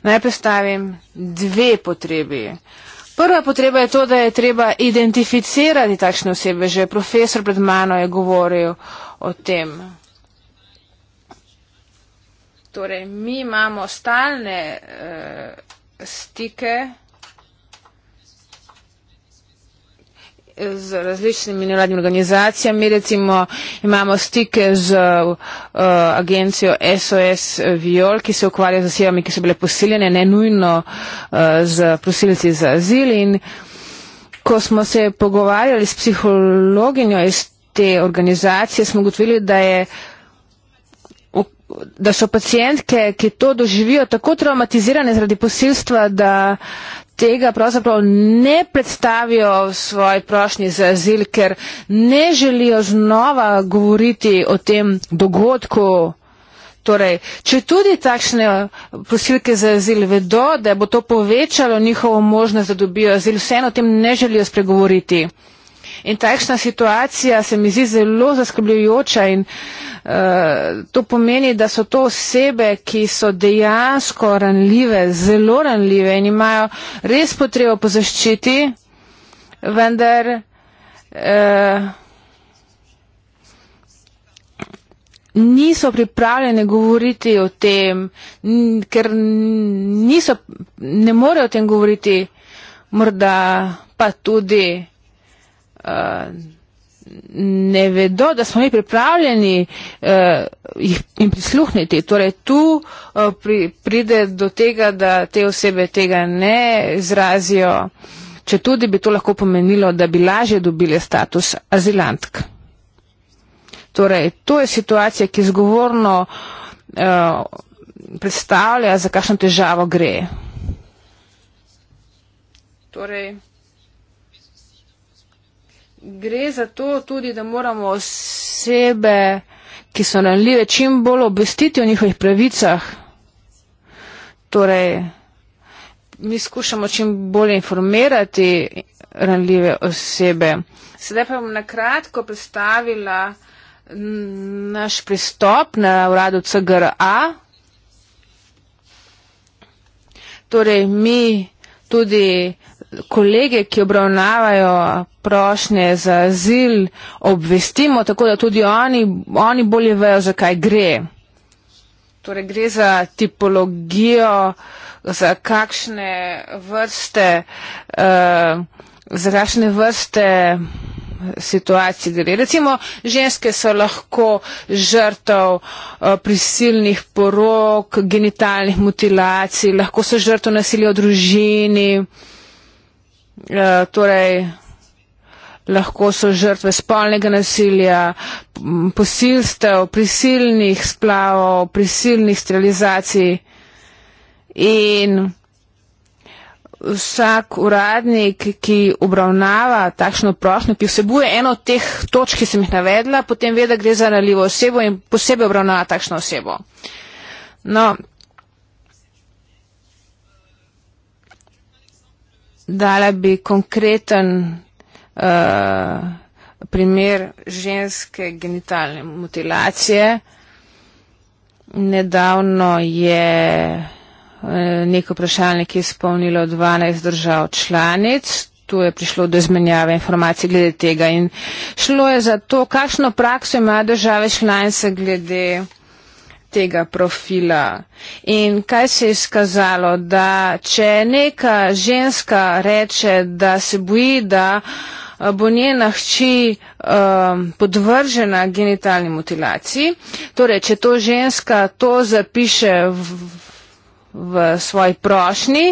Najprej stavim dve potrebi. Uh, Prva potreba je to, da je treba identificirati takšne osebe. Že profesor pred mano je govoril o tem. Torej, mi imamo stalne uh, stike. z različnimi nevladnimi organizacijami. Recimo imamo stike z uh, agencijo SOS Viol, ki se ukvarja z osebami, ki so bile posiljene, ne nujno uh, z prosilci za azil. In ko smo se pogovarjali s psihologinjo iz te organizacije, smo ugotovili, da je da so pacijentke, ki to doživijo, tako traumatizirane zaradi posilstva, da tega pravzaprav ne predstavijo v svoj prošnji za azil, ker ne želijo znova govoriti o tem dogodku. Torej, če tudi takšne prosilke za azil vedo, da bo to povečalo njihovo možnost, da dobijo azil, vseeno o tem ne želijo spregovoriti. In takšna situacija se mi zdi zelo zaskrbljujoča in uh, to pomeni, da so to osebe, ki so dejansko ranljive, zelo ranljive in imajo res potrebo po zaščiti, vendar. Eh, niso pripravljeni govoriti o tem, ker niso, ne morejo o tem govoriti, morda pa tudi ne vedo, da smo mi pripravljeni uh, jih, jim prisluhniti. Torej, tu uh, pri, pride do tega, da te osebe tega ne izrazijo, če tudi bi to lahko pomenilo, da bi lažje dobile status azilantk. Torej, to je situacija, ki zgovorno uh, predstavlja, za kakšno težavo gre. Torej, gre za to tudi, da moramo osebe, ki so ranljive, čim bolj obvestiti o njihovih pravicah. Torej, mi skušamo čim bolje informirati ranljive osebe. Sedaj pa bom na kratko predstavila naš pristop na uradu CGRA. Torej, mi tudi kolege, ki obravnavajo prošnje za azil, obvestimo, tako da tudi oni, oni bolje vejo, zakaj gre. Torej, gre za tipologijo, za kakšne vrste, uh, za kakšne vrste situacij gre. Recimo, ženske so lahko žrtev uh, prisilnih porok, genitalnih mutilacij, lahko so žrtev nasilja v družini. Uh, Eh, torej lahko so žrtve spolnega nasilja, posilstev, prisilnih splavov, prisilnih sterilizacij in vsak uradnik, ki obravnava takšno prošnjo, ki vsebuje eno od teh točk, ki sem jih navedla, potem ve, da gre za naljivo osebo in posebej obravnava takšno osebo. No, dala bi konkreten uh, primer ženske genitalne mutilacije. Nedavno je eh, nek vprašalnik izpolnilo 12 držav članic. Tu je prišlo do izmenjave informacij glede tega in šlo je za to, kakšno prakso imajo države članice glede tega profila. In kaj se je skazalo, da če neka ženska reče, da se boji, da eh, bo njena hči um, podvržena genitalni mutilaciji, torej, če to ženska to zapiše v, v svoji prošnji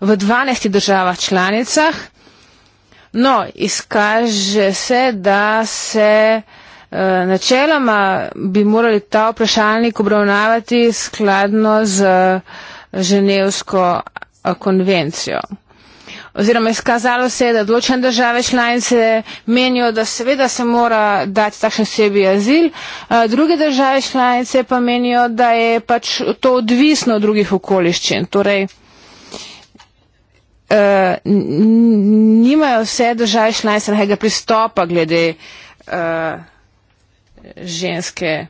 v 12 državah članicah, no, izkaže se, da se Eh, načeloma bi morali ta vprašalnik obravnavati skladno z eh, Ženevsko eh, konvencijo. Oziroma izkazalo se je, da določene države članice menijo, da seveda se mora dati takšen sebi azil, druge države članice pa menijo, da je pač to odvisno od drugih okoliščin. Torej, nimajo vse države članice nekega pristopa glede ženske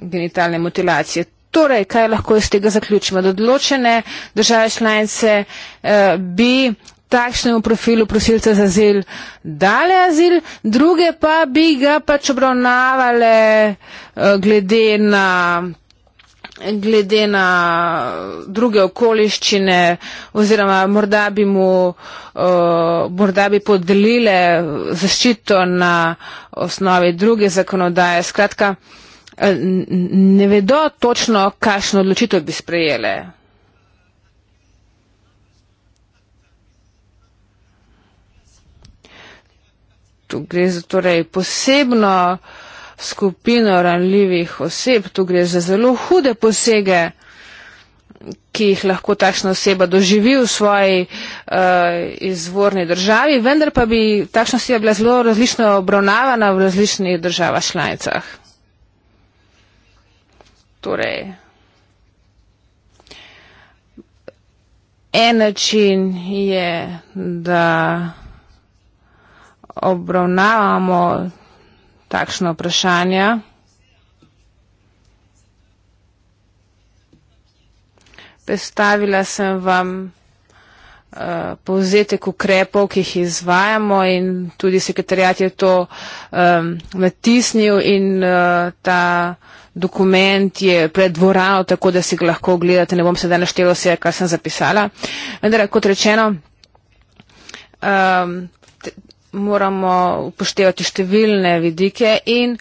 genitalne mutilacije. Torej, kaj lahko iz tega zaključimo? Da odločene države članice eh, bi takšnemu profilu prosilca za azil dale azil, druge pa bi ga pač obravnavale eh, glede na glede na druge okoliščine oziroma morda bi mu uh, morda bi podelile zaščito na osnovi druge zakonodaje. Skratka, eh, ne vedo točno, kakšno odločitev bi sprejele. Tu gre za torej posebno uh, skupino ranljivih oseb. Tu gre za zelo hude posege, ki jih lahko takšna oseba doživi v svoji uh, izvorni državi, vendar pa bi takšna oseba bila zelo različno obravnavana v različnih državah članicah. Torej, en način je, da obravnavamo takšna vprašanja. Predstavila sem vam eh, povzetek ukrepov, ki jih izvajamo in tudi sekretarjat je to um, natisnil in uh, ta dokument je pred dvorano, tako da si ga lahko ogledate. Ne bom se danes štelo vse, kar sem zapisala. Vendar, kot rečeno, um, moramo upoštevati številne vidike in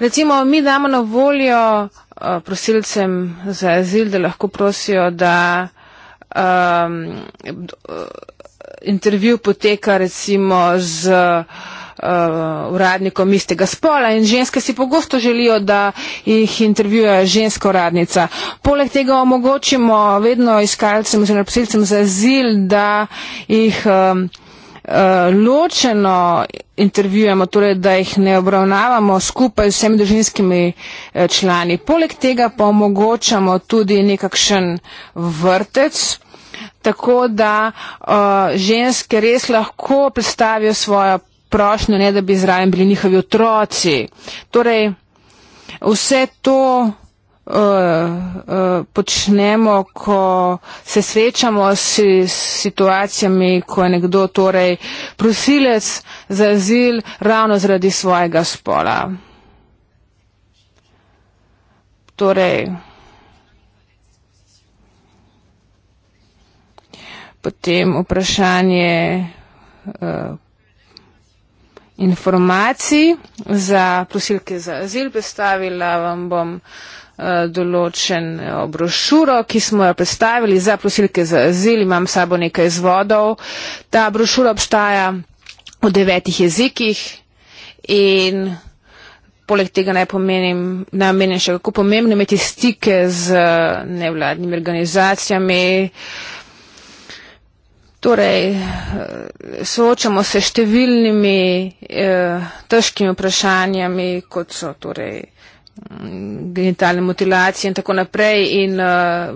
recimo mi damo na voljo eh, prosilcem za azil, da lahko prosijo, da um, intervju poteka recimo z uh, uradnikom istega spola in ženske si pogosto želijo, da jih intervjuje ženska uradnica. Poleg tega omogočimo vedno iskalcem oziroma prosilcem za azil, da jih um, Eh, ločeno intervjujemo, torej da jih ne obravnavamo skupaj z vsemi družinskimi eh, člani. Poleg tega pa omogočamo tudi nekakšen vrtec, tako da uh, ženske res lahko predstavijo svojo prošnjo, ne da bi zraven bili njihovi otroci. Torej, vse to uh, uh, počnemo, ko se srečamo s, s situacijami, ko je nekdo torej prosilec za azil ravno zaradi svojega spola. Torej, potem vprašanje. Uh, informacij za prosilke za azil predstavila. Vam bom eh, določeno eh, brošuro, ki smo jo predstavili za prosilke za azil. Imam sabo nekaj izvodov. Ta brošura obstaja v devetih jezikih in poleg tega naj pomenim, naj omenim še kako pomembno imeti stike z eh, nevladnimi organizacijami. Uh, Torej, soočamo se številnimi eh, težkimi vprašanjami, kot so torej, mm, genitalne mutilacije in tako naprej in eh,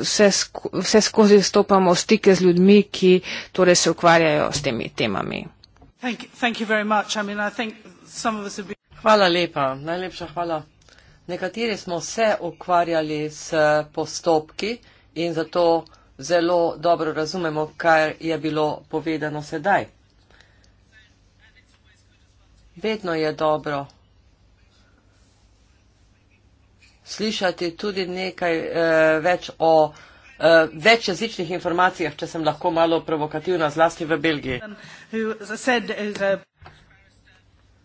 vse, sko vse skozi stopamo stike z ljudmi, ki torej, se ukvarjajo s temi temami. Thank you, thank you I mean, been... Hvala lepa, najlepša hvala. Nekateri smo se ukvarjali s eh, postopki in zato zelo dobro razumemo, kar je bilo povedano sedaj. Vedno je dobro slišati tudi nekaj eh, več o eh, večjezičnih informacijah, če sem lahko malo provokativna, zlasti v Belgiji.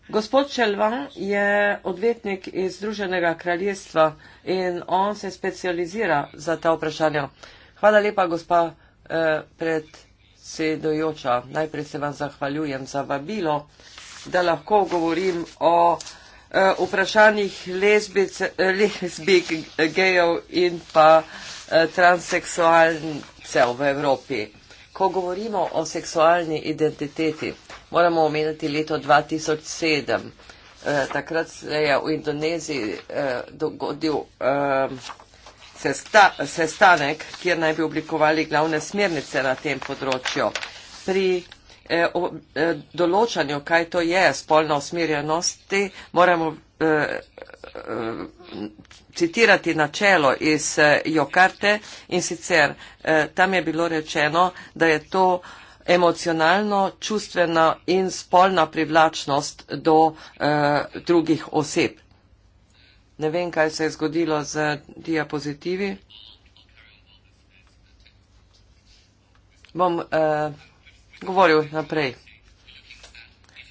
Gospod Šelvan je odvetnik iz Združenega kraljestva in on se specializira za ta vprašanja. Eh, Hvala lepa, gospa eh, predsedojoča. Najprej se vam zahvaljujem za vabilo, da lahko govorim o eh, vprašanjih lesbic, lesbik, gejev in pa eh, transseksualcev v Evropi. Ko govorimo o seksualni identiteti, moramo omeniti leto 2007. Eh, takrat se je v Indoneziji eh, dogodil. Eh, sesta, sestanek, kjer naj bi oblikovali glavne smernice na tem področju. Pri eh, o, eh, določanju, kaj to je spolna usmerjenost, moramo eh, eh, citirati načelo iz eh, Jokarte in sicer eh, tam je bilo rečeno, da je to emocionalno, čustvena in spolna privlačnost do eh, drugih oseb. Ne vem, kaj se je zgodilo z diapozitivi. Bom eh, govoril naprej.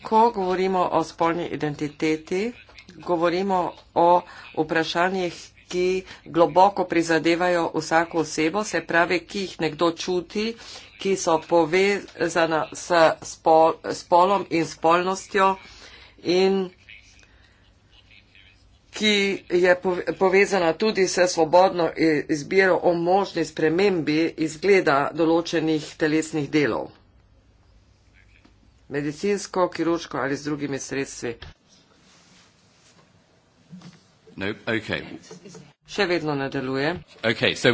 Ko govorimo o spolni identiteti, govorimo o vprašanjih, ki globoko prizadevajo vsako osebo, se pravi, ki jih nekdo čuti, ki so povezana s spol, spolom in spolnostjo in spolnostjo ki je povezana tudi s svobodno izbiro o možni spremembi izgleda določenih telesnih delov. Medicinsko, kirurško ali z drugimi sredstvi. No, okay še vedno ne deluje. Okay, so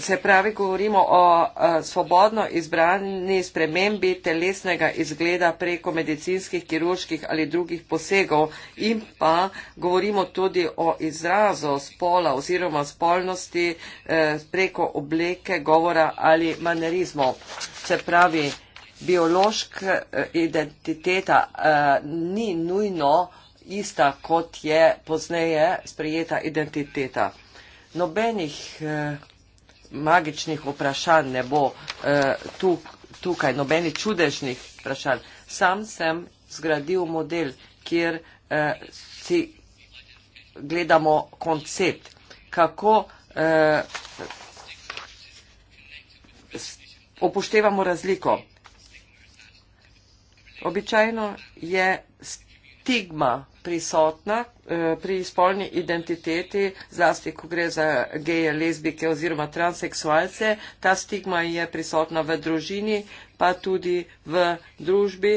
Se pravi, govorimo o uh, svobodno izbrani spremembi telesnega izgleda preko medicinskih, kirurških ali drugih posegov in pa govorimo tudi o izrazu spola oziroma spolnosti uh, preko obleke, govora ali manerizmov. Se pravi, biološka uh, identiteta uh, ni nujno uh, ista, kot je pozneje sprejeta identiteta. Nobenih eh, magičnih vprašanj ne bo eh, tuk, tukaj, nobenih čudežnih vprašanj. Sam sem zgradil model, kjer eh, si gledamo koncept, kako eh, upoštevamo razliko. Običajno je stigma prisotna eh, pri spolni identiteti, zlasti ko gre za geje, lezbike oziroma transeksualce, ta stigma je prisotna v družini, pa tudi v družbi.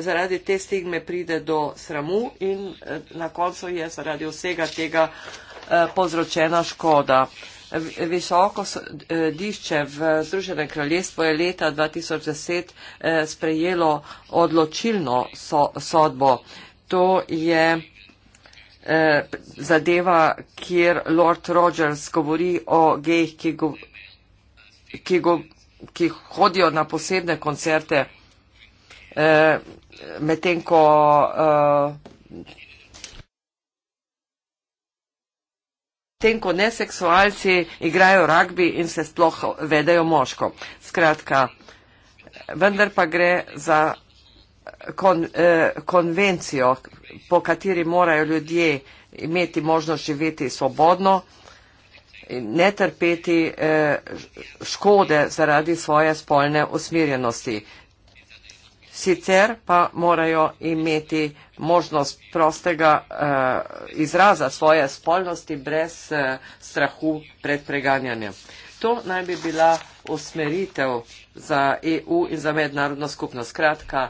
Zaradi te stigme pride do sramu in eh, na koncu je zaradi vsega tega eh, povzročena škoda. Visoko sodišče eh, v Združenem kraljestvu je leta 2010 eh, sprejelo odločilno sodbo. To je eh, zadeva, kjer Lord Rogers govori o gejih, ki, go, ki, go, ki hodijo na posebne koncerte, medtem ko medtem ko neseksualci igrajo ragbi in se sploh vedejo moško. Skratka, vendar pa gre za eh, kon, eh, konvencijo, po kateri morajo ljudje imeti možnost živeti svobodno in ne trpeti eh, škode zaradi svoje spolne usmirjenosti sicer pa morajo imeti možnost prostega uh, izraza svoje spolnosti brez uh, strahu pred preganjanjem. To naj bi bila usmeritev za EU in za mednarodno skupnost. Skratka,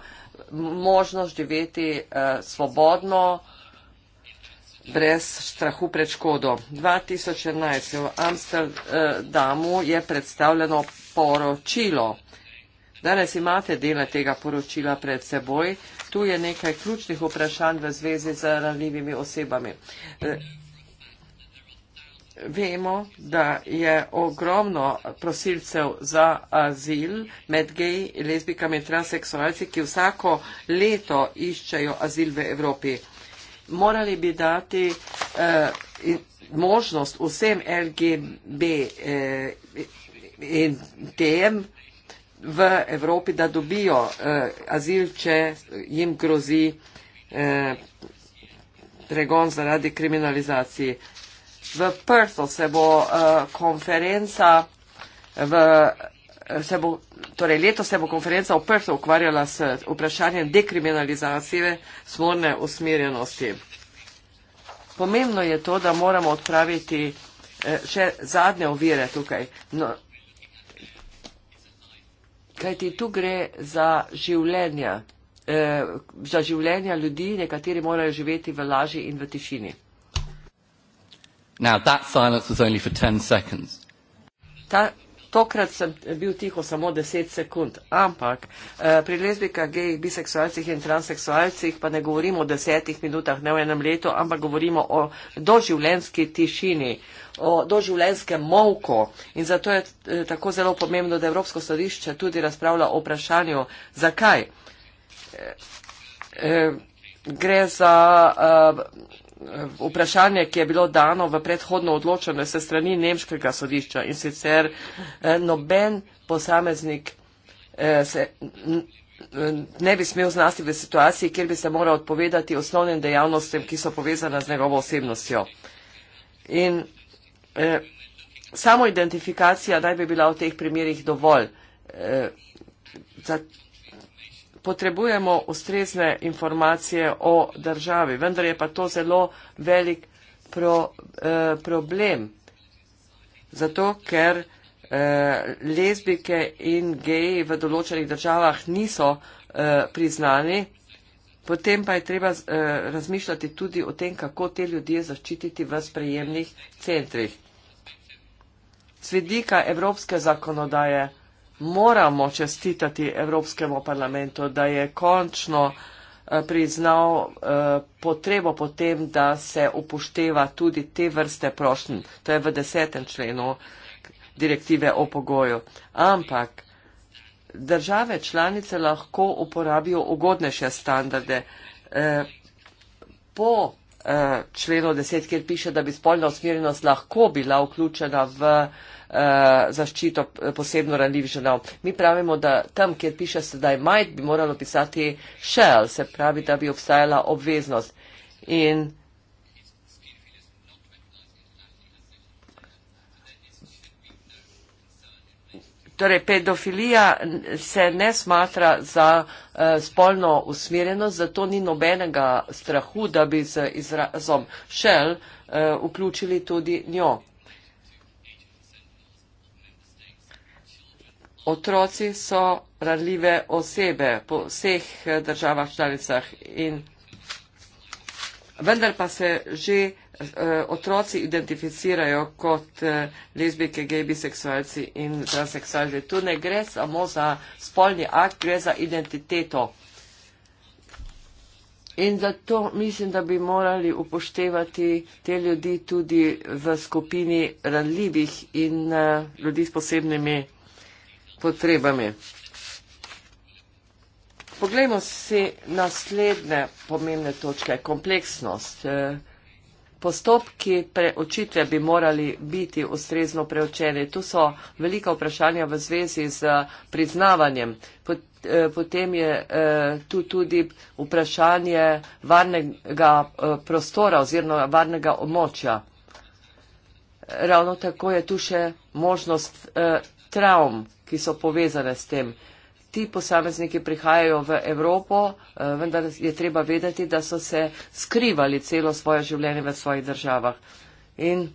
možnost živeti uh, svobodno brez strahu pred škodo. 2011 v Amsterdamu je predstavljeno poročilo. Danes imate dele tega poročila pred seboj. Tu je nekaj ključnih vprašanj v zvezi z ranljivimi osebami. E, vemo, da je ogromno prosilcev za azil med geji, lesbikami in transseksualci, ki vsako leto iščejo azil v Evropi. Morali bi dati eh, možnost vsem LGB eh, in tem, v Evropi, da dobijo eh, azil, če jim grozi eh, pregon zaradi kriminalizacije. V Prstu se bo eh, konferenca, v, se bo, torej leto se bo konferenca v Prstu ukvarjala s vprašanjem dekriminalizacije smorne usmerjenosti. Pomembno je to, da moramo odpraviti eh, še zadnje ovire tukaj. No, kajti tu gre za življenja, eh, za življenja ljudi, nekateri morajo živeti v laži in v tišini. Now, Ta Tokrat sem bil tiho samo 10 sekund, ampak eh, pri lezbikah, gejih, biseksualcih in transeksualcih pa ne govorimo o desetih minutah, ne v enem letu, ampak govorimo o doživljenski tišini, o doživljenskem molku. In zato je eh, tako zelo pomembno, da Evropsko sodišče tudi razpravlja o vprašanju, zakaj. Eh, eh, gre za. Eh, vprašanje, ki je bilo dano v predhodno odločanje se strani nemškega sodišča in sicer eh, noben posameznik eh, se ne bi smel znati v situaciji, kjer bi se moral odpovedati osnovnim dejavnostem, ki so povezane z njegovo osebnostjo. In eh, samo identifikacija naj bi bila v teh primerjih dovolj potrebujemo ustrezne informacije o državi, vendar je pa to zelo velik pro, eh, problem, zato ker eh, lezbike in geji v določenih državah niso eh, priznani, potem pa je treba eh, razmišljati tudi o tem, kako te ljudje zaščititi v sprejemnih centrih. Svedika evropske zakonodaje moramo čestitati Evropskemu parlamentu, da je končno eh, priznal eh, potrebo potem, da se upošteva tudi te vrste prošnj. To je v desetem členu direktive o pogoju. Ampak države članice lahko uporabijo ugodnejše standarde. Eh, po členu deset, kjer piše, da bi spolna usmerjenost lahko bila vključena v Eh, zaščito posebno ranljivih žrtev. Mi pravimo, da tam, kjer piše sedaj might, bi moralo pisati shall, se pravi, da bi obstajala obveznost. In Torej, pedofilija se ne smatra za uh, spolno usmerjenost, zato ni nobenega strahu, da bi z izrazom šel uh, eh, vključili tudi njo. otroci so radljive osebe po vseh eh, državah članicah in vendar pa se že eh, otroci identificirajo kot eh, lezbijke, gej, biseksualci in transseksualci. Tu ne gre samo za spolni akt, gre za identiteto. In zato mislim, da bi morali upoštevati te ljudi tudi v skupini radljivih in ljudi s posebnimi potrebami. Poglejmo si naslednje pomembne točke. Kompleksnost. E, postopki preučitve bi morali biti ustrezno preučeni. Tu so velika vprašanja v zvezi z priznavanjem. E, potem je e, tu tudi vprašanje varnega prostora oziroma varnega območja. Ravno tako je tu še možnost travm ki so povezane s tem. Ti posamezniki prihajajo v Evropo, eh, vendar je treba vedeti, da so se skrivali celo svoje življenje v svojih državah. In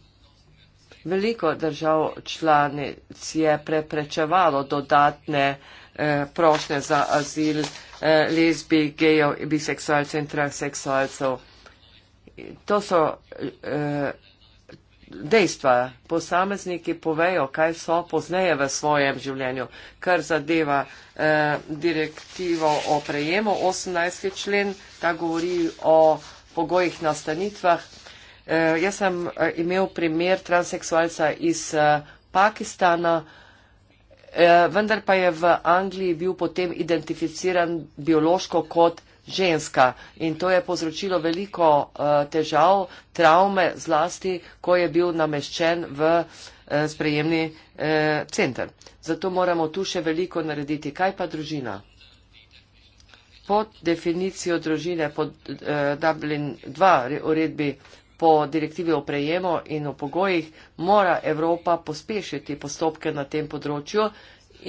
veliko držav članic je preprečevalo dodatne eh, prošnje za azil eh, lesbi, gejev, biseksualcev in transseksualcev. To so. Eh, dejstva, posamezniki povejo, kaj so pozneje v svojem življenju, kar zadeva eh, direktivo o prejemu, 18. člen, ta govori o pogojih na stanitvah. Eh, jaz sem eh, imel primer transseksualca iz eh, Pakistana, eh, vendar pa je v Angliji bil potem identificiran biološko kot ženska in to je povzročilo veliko eh, težav, travme zlasti, ko je bil nameščen v eh, sprejemni eh, center. Zato moramo tu še veliko narediti. Kaj pa družina? Pod definicijo družine, pod Dublin 2 uredbi, po direktivi o prejemu in o pogojih, mora Evropa pospešiti postopke na tem področju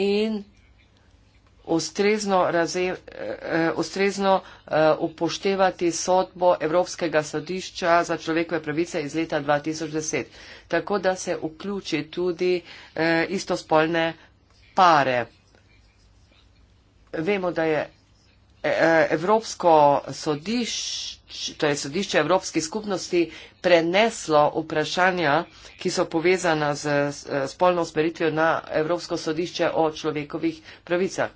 in ustrezno, raze, uh, ustrezno uh, upoštevati sodbo Evropskega sodišča za človekove pravice iz leta 2010, tako da se vključi tudi uh, istospolne pare. Vemo, da je Evropsko sodišče, to je sodišče Evropske skupnosti, preneslo vprašanja, ki so povezana z spolno usmeritvijo na Evropsko sodišče o človekovih pravicah.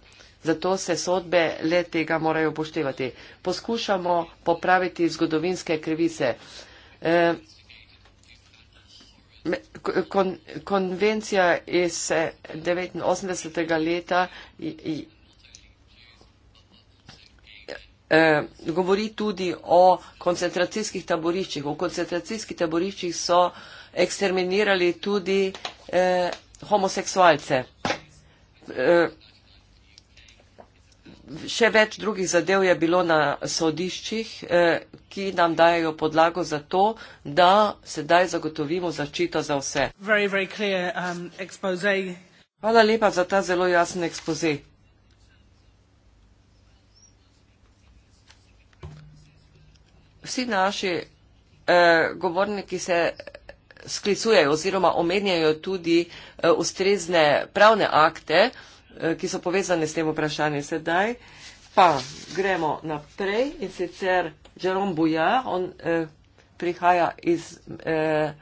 Zato se sodbe le tega morajo upoštevati. Poskušamo popraviti zgodovinske krivice. E, kon, konvencija iz 89. E, leta i, i, e, govori tudi o koncentracijskih taboriščih. V koncentracijskih taboriščih so eksterminirali tudi e, homoseksualce. E, še več drugih zadev je bilo na sodiščih, eh, ki nam dajo podlago za to, da sedaj zagotovimo zaščito za vse. Very, very clear, um, Hvala lepa za ta zelo jasen ekspoze. Vsi naši eh, govorniki se sklicujejo oziroma omenjajo tudi eh, ustrezne pravne akte, eh, Eh, ki so povezane s tem vprašanjem. Sedaj pa gremo naprej in sicer Jerome Bujar, on eh, prihaja iz eh,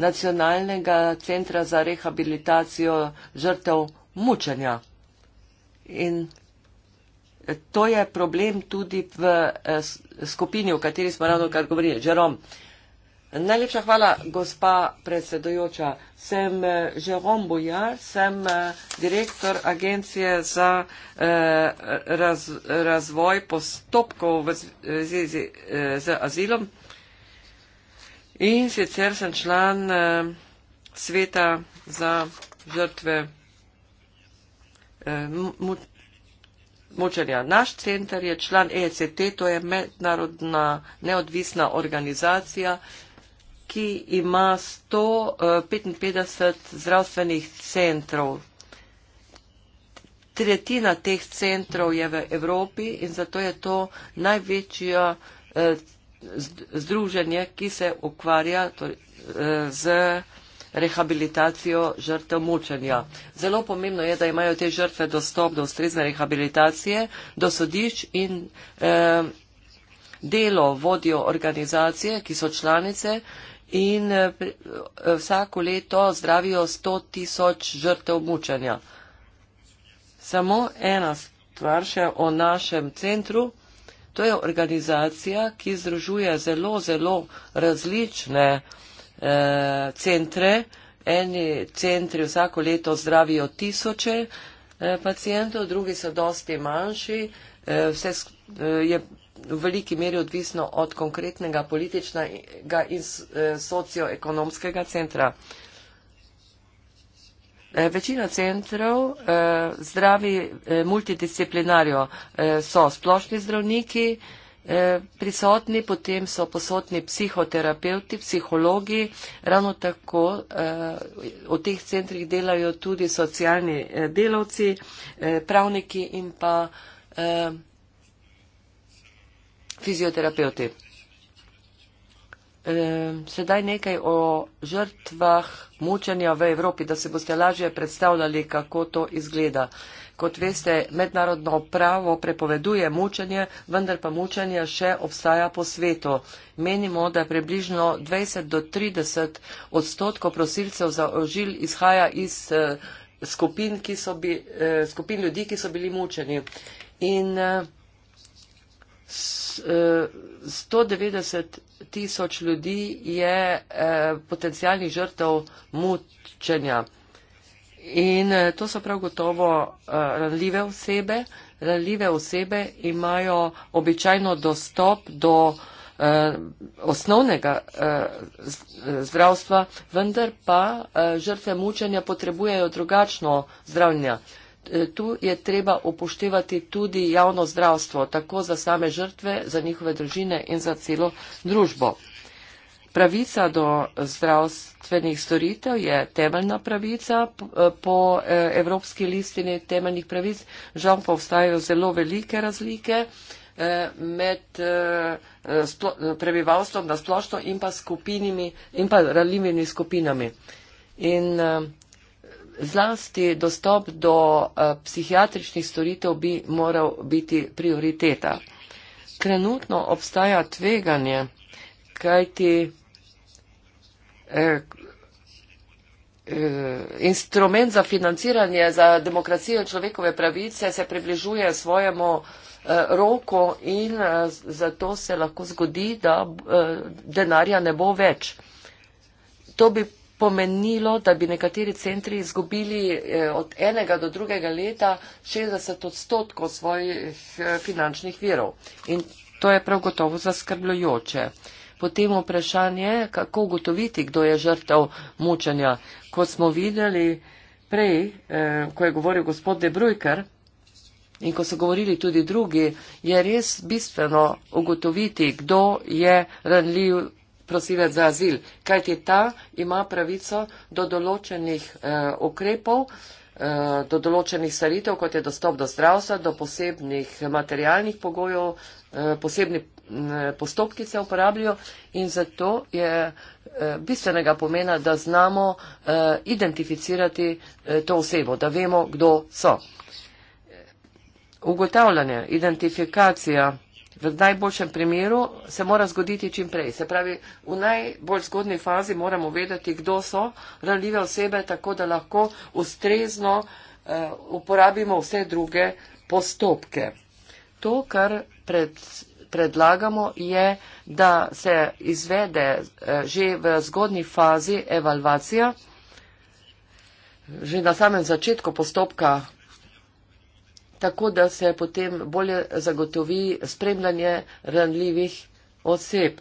Nacionalnega centra za rehabilitacijo žrtev mučenja. In eh, to je problem tudi v eh, skupini, o kateri smo ravno kar govorili. Jerome, Najlepša hvala, gospa predsedojoča. Sem Žerom eh, Bojar, sem eh, direktor Agencije za eh, raz, razvoj postopkov v zvezi eh, z azilom in sicer sem član eh, sveta za žrtve eh, mu, mučenja. Naš center je član ECT, to je mednarodna neodvisna organizacija, ki ima 155 eh, zdravstvenih centrov. Tretjina teh centrov je v Evropi in zato je to največje eh, združenje, ki se ukvarja torej, eh, z rehabilitacijo žrtev mučenja. Zelo pomembno je, da imajo te žrtve dostop do ustrezne rehabilitacije, do sodišč in eh, delo vodijo organizacije, ki so članice in eh, eh, vsako leto zdravijo 100 tisoč žrtev mučanja. Samo ena stvar še o našem centru. To je organizacija, ki združuje zelo, zelo različne eh, centre. Eni centri vsako leto zdravijo tisoče eh, pacijentov, drugi so dosti manjši. Eh, vse eh, je v veliki meri odvisno od konkretnega političnega in eh, socioekonomskega centra. Eh, večina centrov eh, zdravi multidisciplinarjo so splošni zdravniki prisotni, potem so posotni psihoterapeuti, psihologi, ravno tako v teh centrih delajo tudi socialni delavci, pravniki in pa fizioterapeuti. Ehm, sedaj nekaj o žrtvah mučenja v Evropi, da se boste lažje predstavljali, kako to izgleda. Kot veste, mednarodno pravo prepoveduje mučenje, vendar pa mučenje še obstaja po svetu. Menimo, da približno 20 do 30 odstotkov prosilcev za ožil izhaja iz eh, skupin, bi, eh, skupin ljudi, ki so bili mučeni. In, eh, 190 tisoč ljudi je eh, potencijalnih žrtev mučenja. In eh, to so prav gotovo eh, ranljive osebe. Ranljive osebe imajo običajno dostop do osnovnega zdravstva, vendar pa žrtve mučenja potrebujejo drugačno zdravljenje. Eh, tu je treba upoštevati tudi javno zdravstvo, tako za same žrtve, za njihove družine in za celo družbo. Pravica do zdravstvenih storitev je temeljna pravica eh, po eh, Evropski listini temeljnih pravic. Žal pa obstajajo zelo velike razlike med prebivalstvom na splošno in pa, skupinimi, in pa ranljivimi skupinami. In zlasti dostop do eh, psihiatričnih storitev bi moral biti prioriteta. Trenutno obstaja tveganje, kajti eh, eh, instrument za financiranje za demokracijo in človekove pravice se približuje svojemu roku in zato se lahko zgodi, da denarja ne bo več. To bi pomenilo, da bi nekateri centri izgubili eh, od enega do drugega leta 60 odstotkov svojih eh, finančnih virov. In to je prav gotovo zaskrbljujoče. Potem vprašanje, kako ugotoviti, kdo je žrtev mučenja. Ko smo videli prej, eh, ko je govoril gospod De Brujker in ko so govorili tudi drugi, je res bistveno ugotoviti, kdo je ranljiv prosilec za azil, kajti ta ima pravico do določenih eh, ukrepov, eh, do določenih saritev, kot je dostop do zdravstva, do posebnih materialnih pogojev, eh, posebni mm, eh, postopki se uporabljajo in zato je eh, bistvenega pomena, da znamo eh, identificirati to osebo, da vemo, kdo so. Ugotavljanje, identifikacija v najboljšem primeru se mora zgoditi čim prej. Se pravi, v najbolj zgodni fazi moramo vedeti, kdo so ranljive osebe, tako da lahko ustrezno uh, uporabimo vse druge postopke. To, kar pred, predlagamo, je, da se izvede uh, že v zgodni fazi evalvacija, že na samem začetku postopka tako da se potem bolje zagotovi spremljanje ranljivih oseb.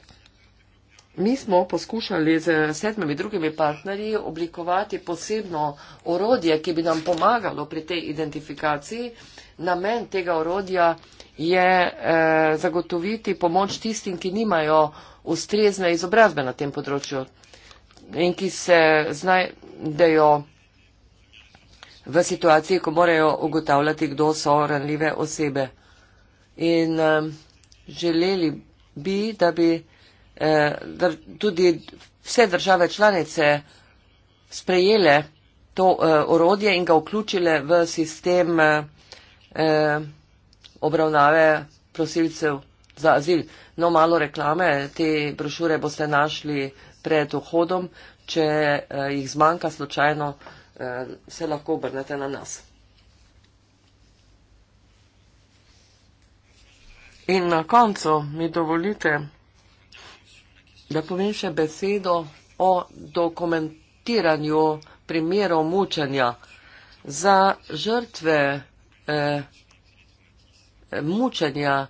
Mi smo poskušali z sedmimi drugimi partnerji oblikovati posebno orodje, ki bi nam pomagalo pri tej identifikaciji. Namen tega orodja je eh, zagotoviti pomoč tistim, ki nimajo ustrezne izobrazbe na tem področju in ki se znajdejo v situaciji, ko morajo ugotavljati, kdo so ranljive osebe. In uh, želeli bi, da bi uh, dr tudi vse države članice sprejele to uh, orodje in ga vključile v sistem uh, uh, obravnave prosilcev za azil. No, malo reklame, te brošure boste našli pred vhodom, če uh, jih zmanjka slučajno. Uh, Eh, se lahko obrnete na nas. In na koncu mi dovolite, da povem še besedo o dokumentiranju primerov mučenja za žrtve eh, mučenja.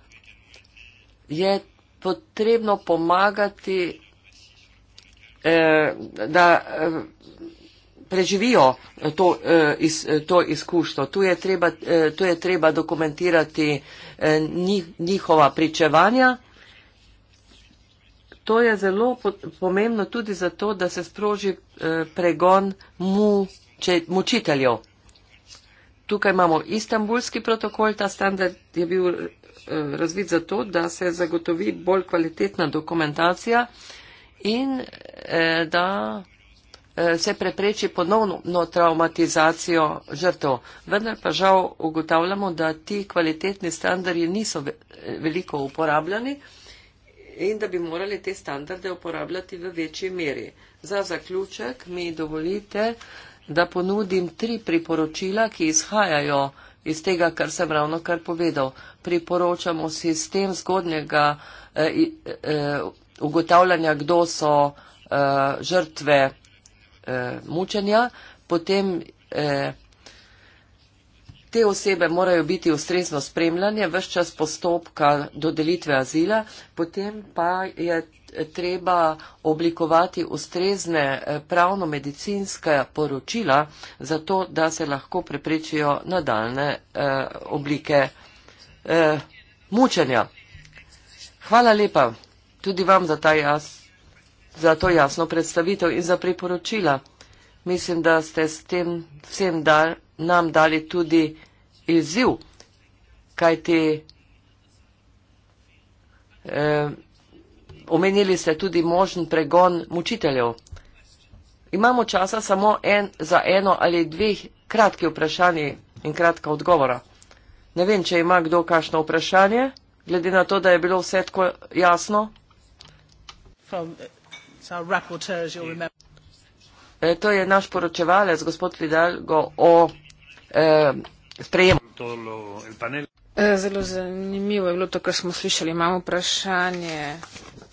Je potrebno pomagati, eh, da. Eh, preživijo eh, to, eh, iz, eh, to izkušnjo. Tu, tu je treba dokumentirati njihova pričevanja. To je zelo pomembno tudi zato, da se sproži pregon mučiteljev. Tukaj imamo istambulski protokol, ta standard je bil razvit zato, da se zagotovi bolj kvalitetna dokumentacija in da Eh, se prepreči ponovno no traumatizacijo žrtev. Vendar pa žal ugotavljamo, da ti kvalitetni standardi niso eh, veliko uporabljani in da bi morali te standarde uporabljati v večji meri. Za zaključek mi dovolite, da ponudim tri priporočila, ki izhajajo iz tega, kar sem ravno kar povedal. Priporočamo sistem zgodnjega eh, eh, eh, ugotavljanja, kdo so eh, žrtve eh, mučenja, potem eh, te osebe morajo biti ustrezno spremljanje v vse čas postopka dodelitve azila, potem pa je treba oblikovati ustrezne eh, pravno-medicinske poročila, zato da se lahko preprečijo nadaljne eh, oblike eh, mučenja. Hvala lepa tudi vam za ta jaz za to jasno predstavitev in za priporočila. Mislim, da ste s tem vsem dal, nam dali tudi izziv, kaj ti eh, omenili ste tudi možen pregon mučiteljev. Imamo časa samo en, za eno ali dveh kratki vprašanji in kratka odgovora. Ne vem, če ima kdo kakšno vprašanje, glede na to, da je bilo vse tako jasno. From, uh, E, to je naš poročevalec, gospod Fidalgo, o eh, sprejemu. E, zelo zanimivo je bilo to, kar smo slišali. Imamo vprašanje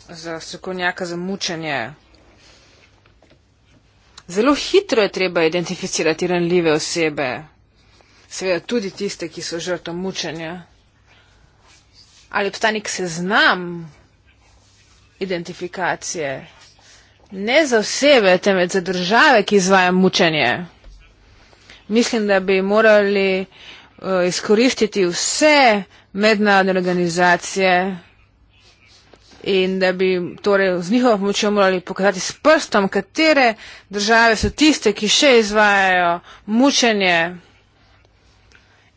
za strokovnjaka za mučenje. Zelo hitro je treba identificirati ranljive osebe, seveda tudi tiste, ki so žrtvo mučenja. Ali obstaja nek seznam identifikacije Ne za osebe, temveč za države, ki izvaja mučenje. Mislim, da bi morali uh, izkoristiti vse mednarodne organizacije in da bi torej z njihovo pomočjo morali pokazati s prstom, katere države so tiste, ki še izvajajo mučenje.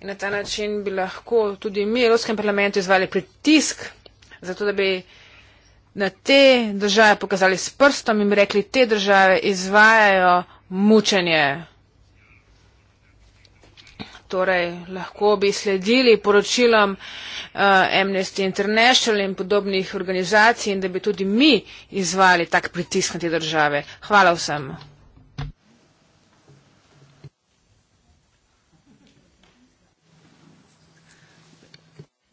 In na ta način bi lahko tudi mi v Evropskem parlamentu izvali pritisk, zato da bi na te države pokazali s prstom in rekli, te države izvajajo mučenje. Torej, lahko bi sledili poročilom uh, Amnesty International in podobnih organizacij in da bi tudi mi izvali tak pritisk na te države. Hvala vsem.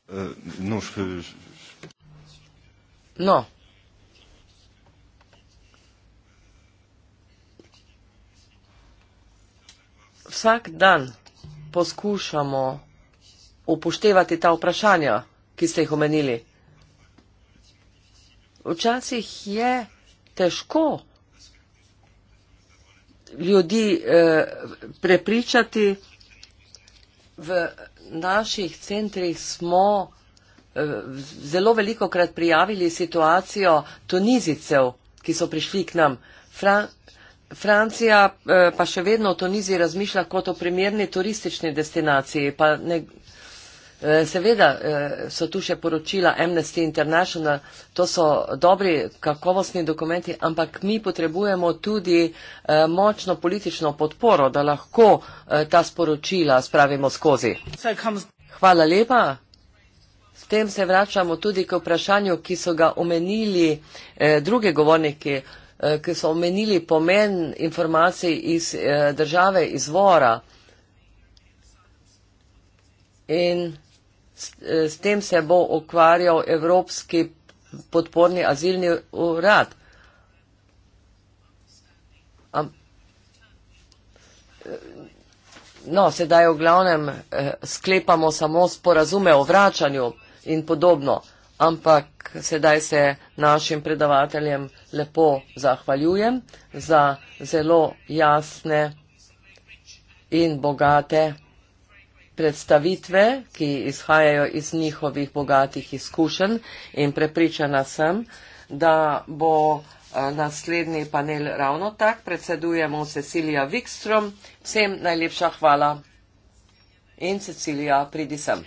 Uh, no, No. Vsak dan poskušamo upoštevati ta vprašanja, ki ste jih omenili. Včasih je težko ljudi eh, prepričati, v naših centrih smo zelo veliko krat prijavili situacijo tunizicev, ki so prišli k nam. Fran Francija eh, pa še vedno v Tuniziji razmišlja kot o primerni turistični destinaciji. Ne, eh, seveda eh, so tu še poročila Amnesty International, to so dobri kakovostni dokumenti, ampak mi potrebujemo tudi močno politično podporo, da lahko ta sporočila spravimo skozi. Hvala lepa. S tem se vračamo tudi k vprašanju, ki so ga omenili eh, druge govorniki, eh, ki so omenili pomen informacij iz eh, države izvora. In s, eh, s tem se bo ukvarjal Evropski podporni azilni urad. Am, eh, no, sedaj v glavnem eh, sklepamo samo sporazume o vračanju in podobno. Ampak sedaj se našim predavateljem lepo zahvaljujem za zelo jasne in bogate predstavitve, ki izhajajo iz njihovih bogatih izkušenj in prepričana sem, da bo eh, naslednji panel ravno tak. Predsedujemo Cecilija Wikstrom. Vsem najlepša hvala. In Cecilija, pridi sem.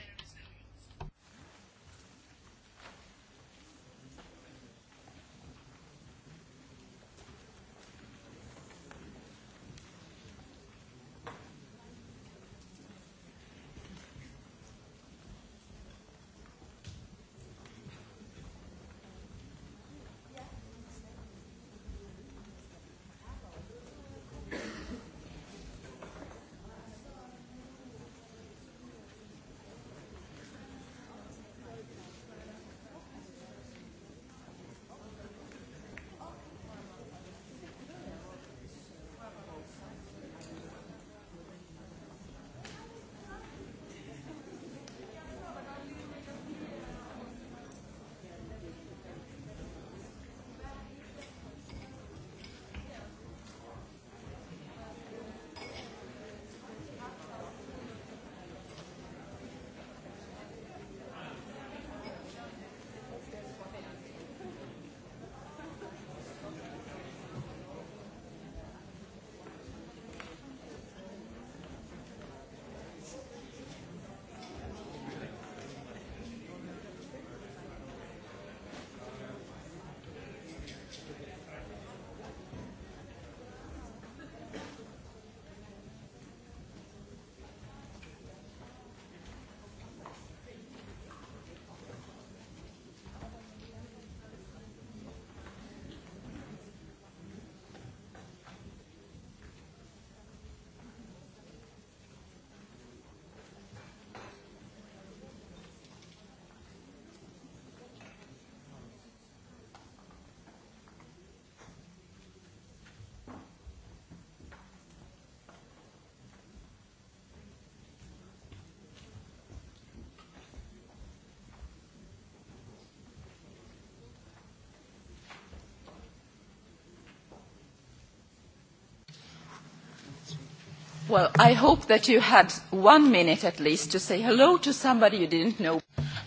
Well, I hope that you had one minute at least to say hello to somebody you didn't know.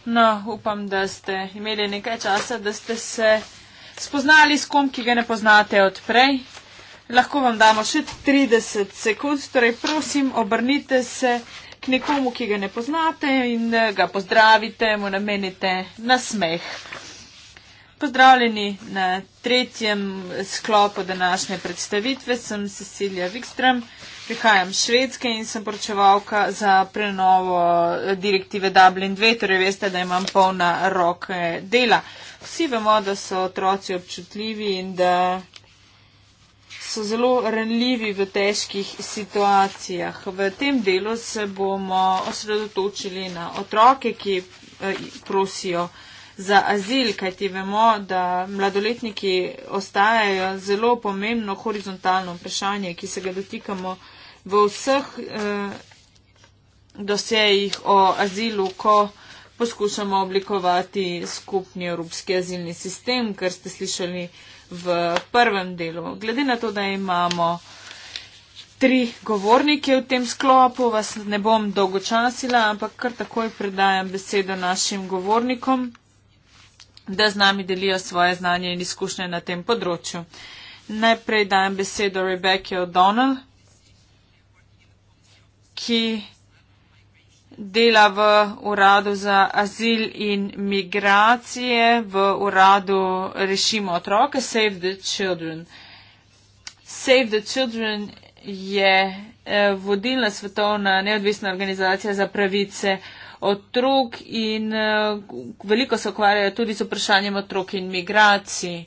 No, upam, da ste imeli nekaj časa, da ste se spoznali s kom, ki ga ne poznate odprej. Lahko vam damo še 30 sekund, torej prosim, obrnite se k nekomu, ki ga ne poznate in eh, ga pozdravite, mu namenite nasmeh pozdravljeni na tretjem sklopu današnje predstavitve. Sem Cecilija Wikström, prihajam iz Švedske in sem poročevalka za prenovo direktive Dublin 2, torej veste, da imam polna roke dela. Vsi vemo, da so otroci občutljivi in da so zelo ranljivi v težkih situacijah. V tem delu se bomo osredotočili na otroke, ki eh, prosijo za azil, kajti vemo, da mladoletniki ostajajo zelo pomembno horizontalno vprašanje, ki se ga dotikamo v vseh eh, dosejih o azilu, ko poskušamo oblikovati skupni evropski azilni sistem, kar ste slišali v prvem delu. Glede na to, da imamo tri govornike v tem sklopu, vas ne bom dolgočasila, ampak kar takoj predajam besedo našim govornikom da z nami delijo svoje znanje in izkušnje na tem področju. Najprej dajem besedo Rebecca O'Donnell, ki dela v uradu za azil in migracije, v uradu Rešimo otroke, Save the Children. Save the Children je eh, vodilna svetovna neodvisna organizacija za pravice otrok otrok in eh, veliko se ukvarjajo tudi z vprašanjem otrok in migracij.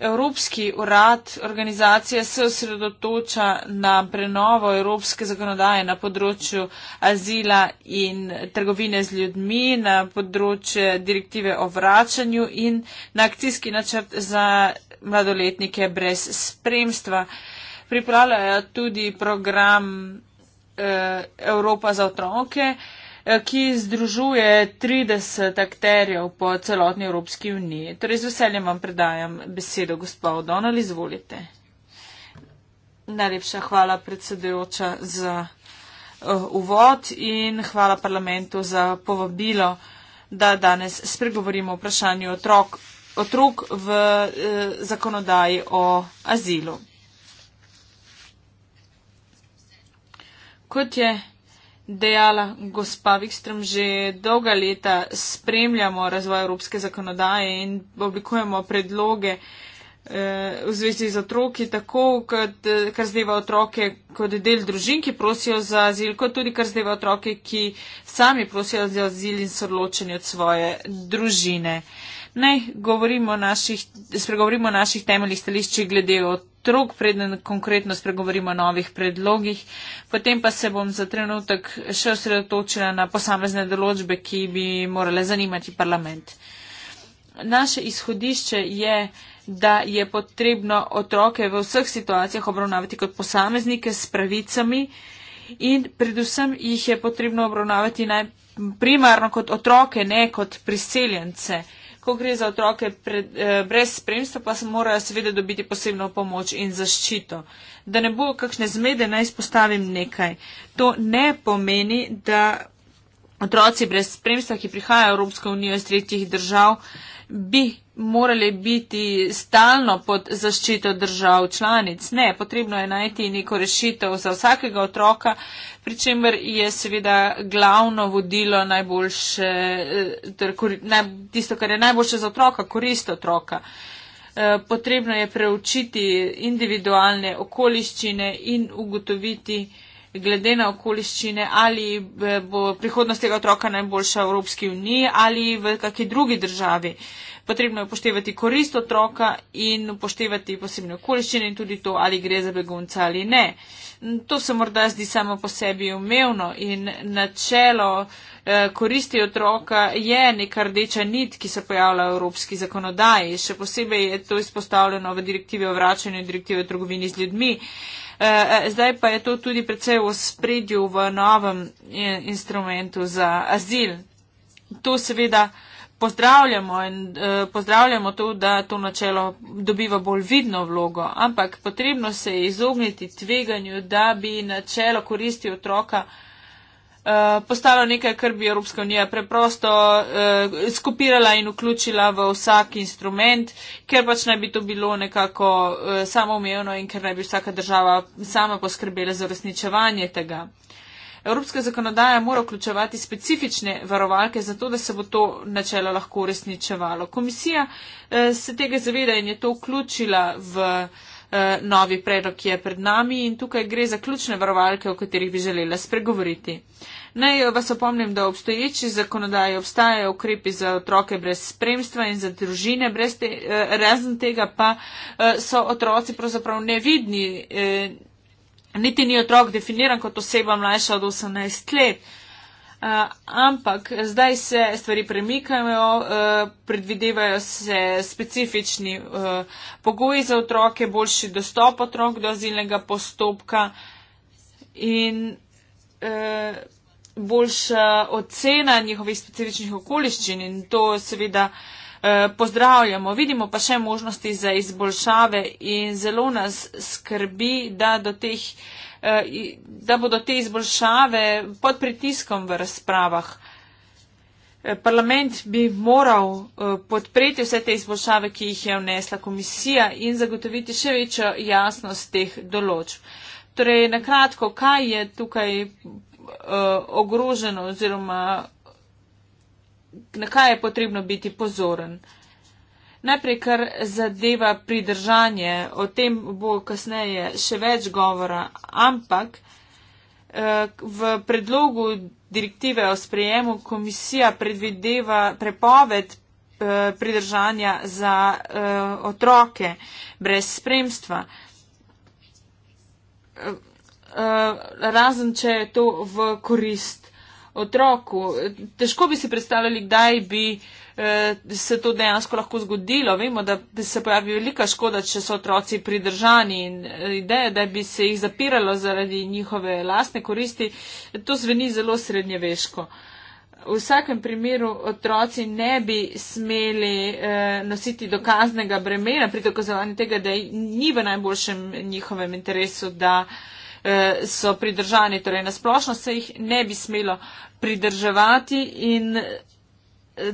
Evropski urad organizacije se osredotoča na prenovo evropske zakonodaje na področju azila in trgovine z ljudmi, na področje direktive o vračanju in na akcijski načrt za mladoletnike brez spremstva. Pripravljajo tudi program eh, Evropa za otroke, Eh, ki združuje 30 akterjev po celotni Evropski uniji. Torej, z veseljem vam predajam besedo, gospod Donald, izvolite. Najlepša hvala predsedujoča za eh, uvod in hvala parlamentu za povabilo, da danes spregovorimo o vprašanju otrok, otrok v eh, zakonodaji o azilu. Kot je dejala gospa Vikström, že dolga leta spremljamo razvoj evropske zakonodaje in oblikujemo predloge eh, v zvezi z otroki, tako kot eh, kar zdeva otroke kot del družin, ki prosijo za azil, kot tudi kar zdeva otroke, ki sami prosijo za azil in so ločeni od svoje družine. Naj spregovorimo o naših temeljih stališčih glede otroka drug, preden konkretno spregovorimo o novih predlogih. Potem pa se bom za trenutek še osredotočila na posamezne določbe, ki bi morale zanimati parlament. Naše izhodišče je, da je potrebno otroke v vseh situacijah obravnavati kot posameznike s pravicami in predvsem jih je potrebno obravnavati primarno kot otroke, ne kot priseljence. Uh, ko gre za otroke pred, eh, brez spremstva, pa se morajo seveda dobiti posebno pomoč in zaščito. Da ne bo kakšne zmede, naj izpostavim nekaj. To ne pomeni, da otroci brez spremstva, ki prihajajo Evropsko unijo iz tretjih držav, eh, bi morali biti stalno pod zaščito držav članic. Ne, potrebno je najti neko rešitev za vsakega otroka, pri čemer je seveda glavno vodilo najboljše, eh, torej, tisto, kar je najboljše za otroka, korist otroka. Eh, potrebno je preučiti individualne okoliščine in ugotoviti, glede na okoliščine, ali eh, bo prihodnost tega otroka najboljša v Evropski uniji ali v kakšni drugi državi. Potrebno je upoštevati korist otroka in upoštevati posebne okoliščine in tudi to, ali gre za begunca ali ne. To se morda zdi samo po sebi umevno in načelo eh, koristi otroka je neka rdeča nit, ki se pojavlja v evropski zakonodaji. Še posebej je to izpostavljeno v direktivi o vračanju in direktivi o trgovini z ljudmi. Eh, eh, zdaj pa je to tudi precej v spredju v novem eh, instrumentu za azil. To seveda pozdravljamo in pozdravljamo to, da to načelo dobiva bolj vidno vlogo, ampak potrebno se je izogniti tveganju, da bi načelo koristi otroka. Eh, postalo nekaj, kar bi Evropska unija preprosto uh, skopirala in vključila v vsak instrument, ker pač naj bi to bilo nekako uh, samoumevno in ker naj bi vsaka država sama poskrbela za resničevanje tega. Evropska zakonodaja mora vključevati specifične varovalke, zato da se bo to načelo lahko uresničevalo. Komisija eh, se tega zaveda in je to vključila v eh, Eh, novi predlog, ki je pred nami in tukaj gre za ključne varovalke, o katerih bi želela spregovoriti. Naj vas opomnim, da obstoječi zakonodaji obstajajo ukrepi za otroke brez spremstva in za družine, te, eh, razen tega pa eh, so otroci pravzaprav nevidni. Eh, niti ni otrok definiran kot oseba mlajša od 18 let. Eh, Eh, ampak zdaj se stvari premikajo, eh, predvidevajo se specifični eh, pogoji za otroke, boljši dostop otrok do azilnega postopka in boljša ocena njihovih specifičnih okoliščin in to seveda pozdravljamo. Vidimo pa še možnosti za izboljšave in zelo nas skrbi, da do teh Eh, da bodo te izboljšave pod pritiskom v razpravah. Eh, parlament bi moral eh, podpreti vse te izboljšave, ki jih je vnesla komisija in zagotoviti še večjo jasnost teh določb. Torej, na kratko, kaj je tukaj ogroženo oziroma na kaj je potrebno biti pozoren. Najprej, kar zadeva pridržanje, o tem bo kasneje še več govora, ampak eh, v predlogu direktive o sprejemu komisija predvideva prepoved eh, pridržanja za eh, otroke brez spremstva. Razen, če je to v korist otroku. Težko bi si predstavljali, kdaj bi uh, Eh, se to dejansko lahko zgodilo. Vemo, da se pojavi velika škoda, če so otroci pridržani in eh, ideje, da bi se jih zapiralo zaradi njihove lastne koristi, to zveni zelo srednjeveško. V vsakem primeru otroci ne bi smeli eh, nositi dokaznega bremena pri dokazovanju tega, da ni v najboljšem njihovem interesu, da eh, so pridržani. Torej, nasplošno se jih ne bi smelo pridrževati in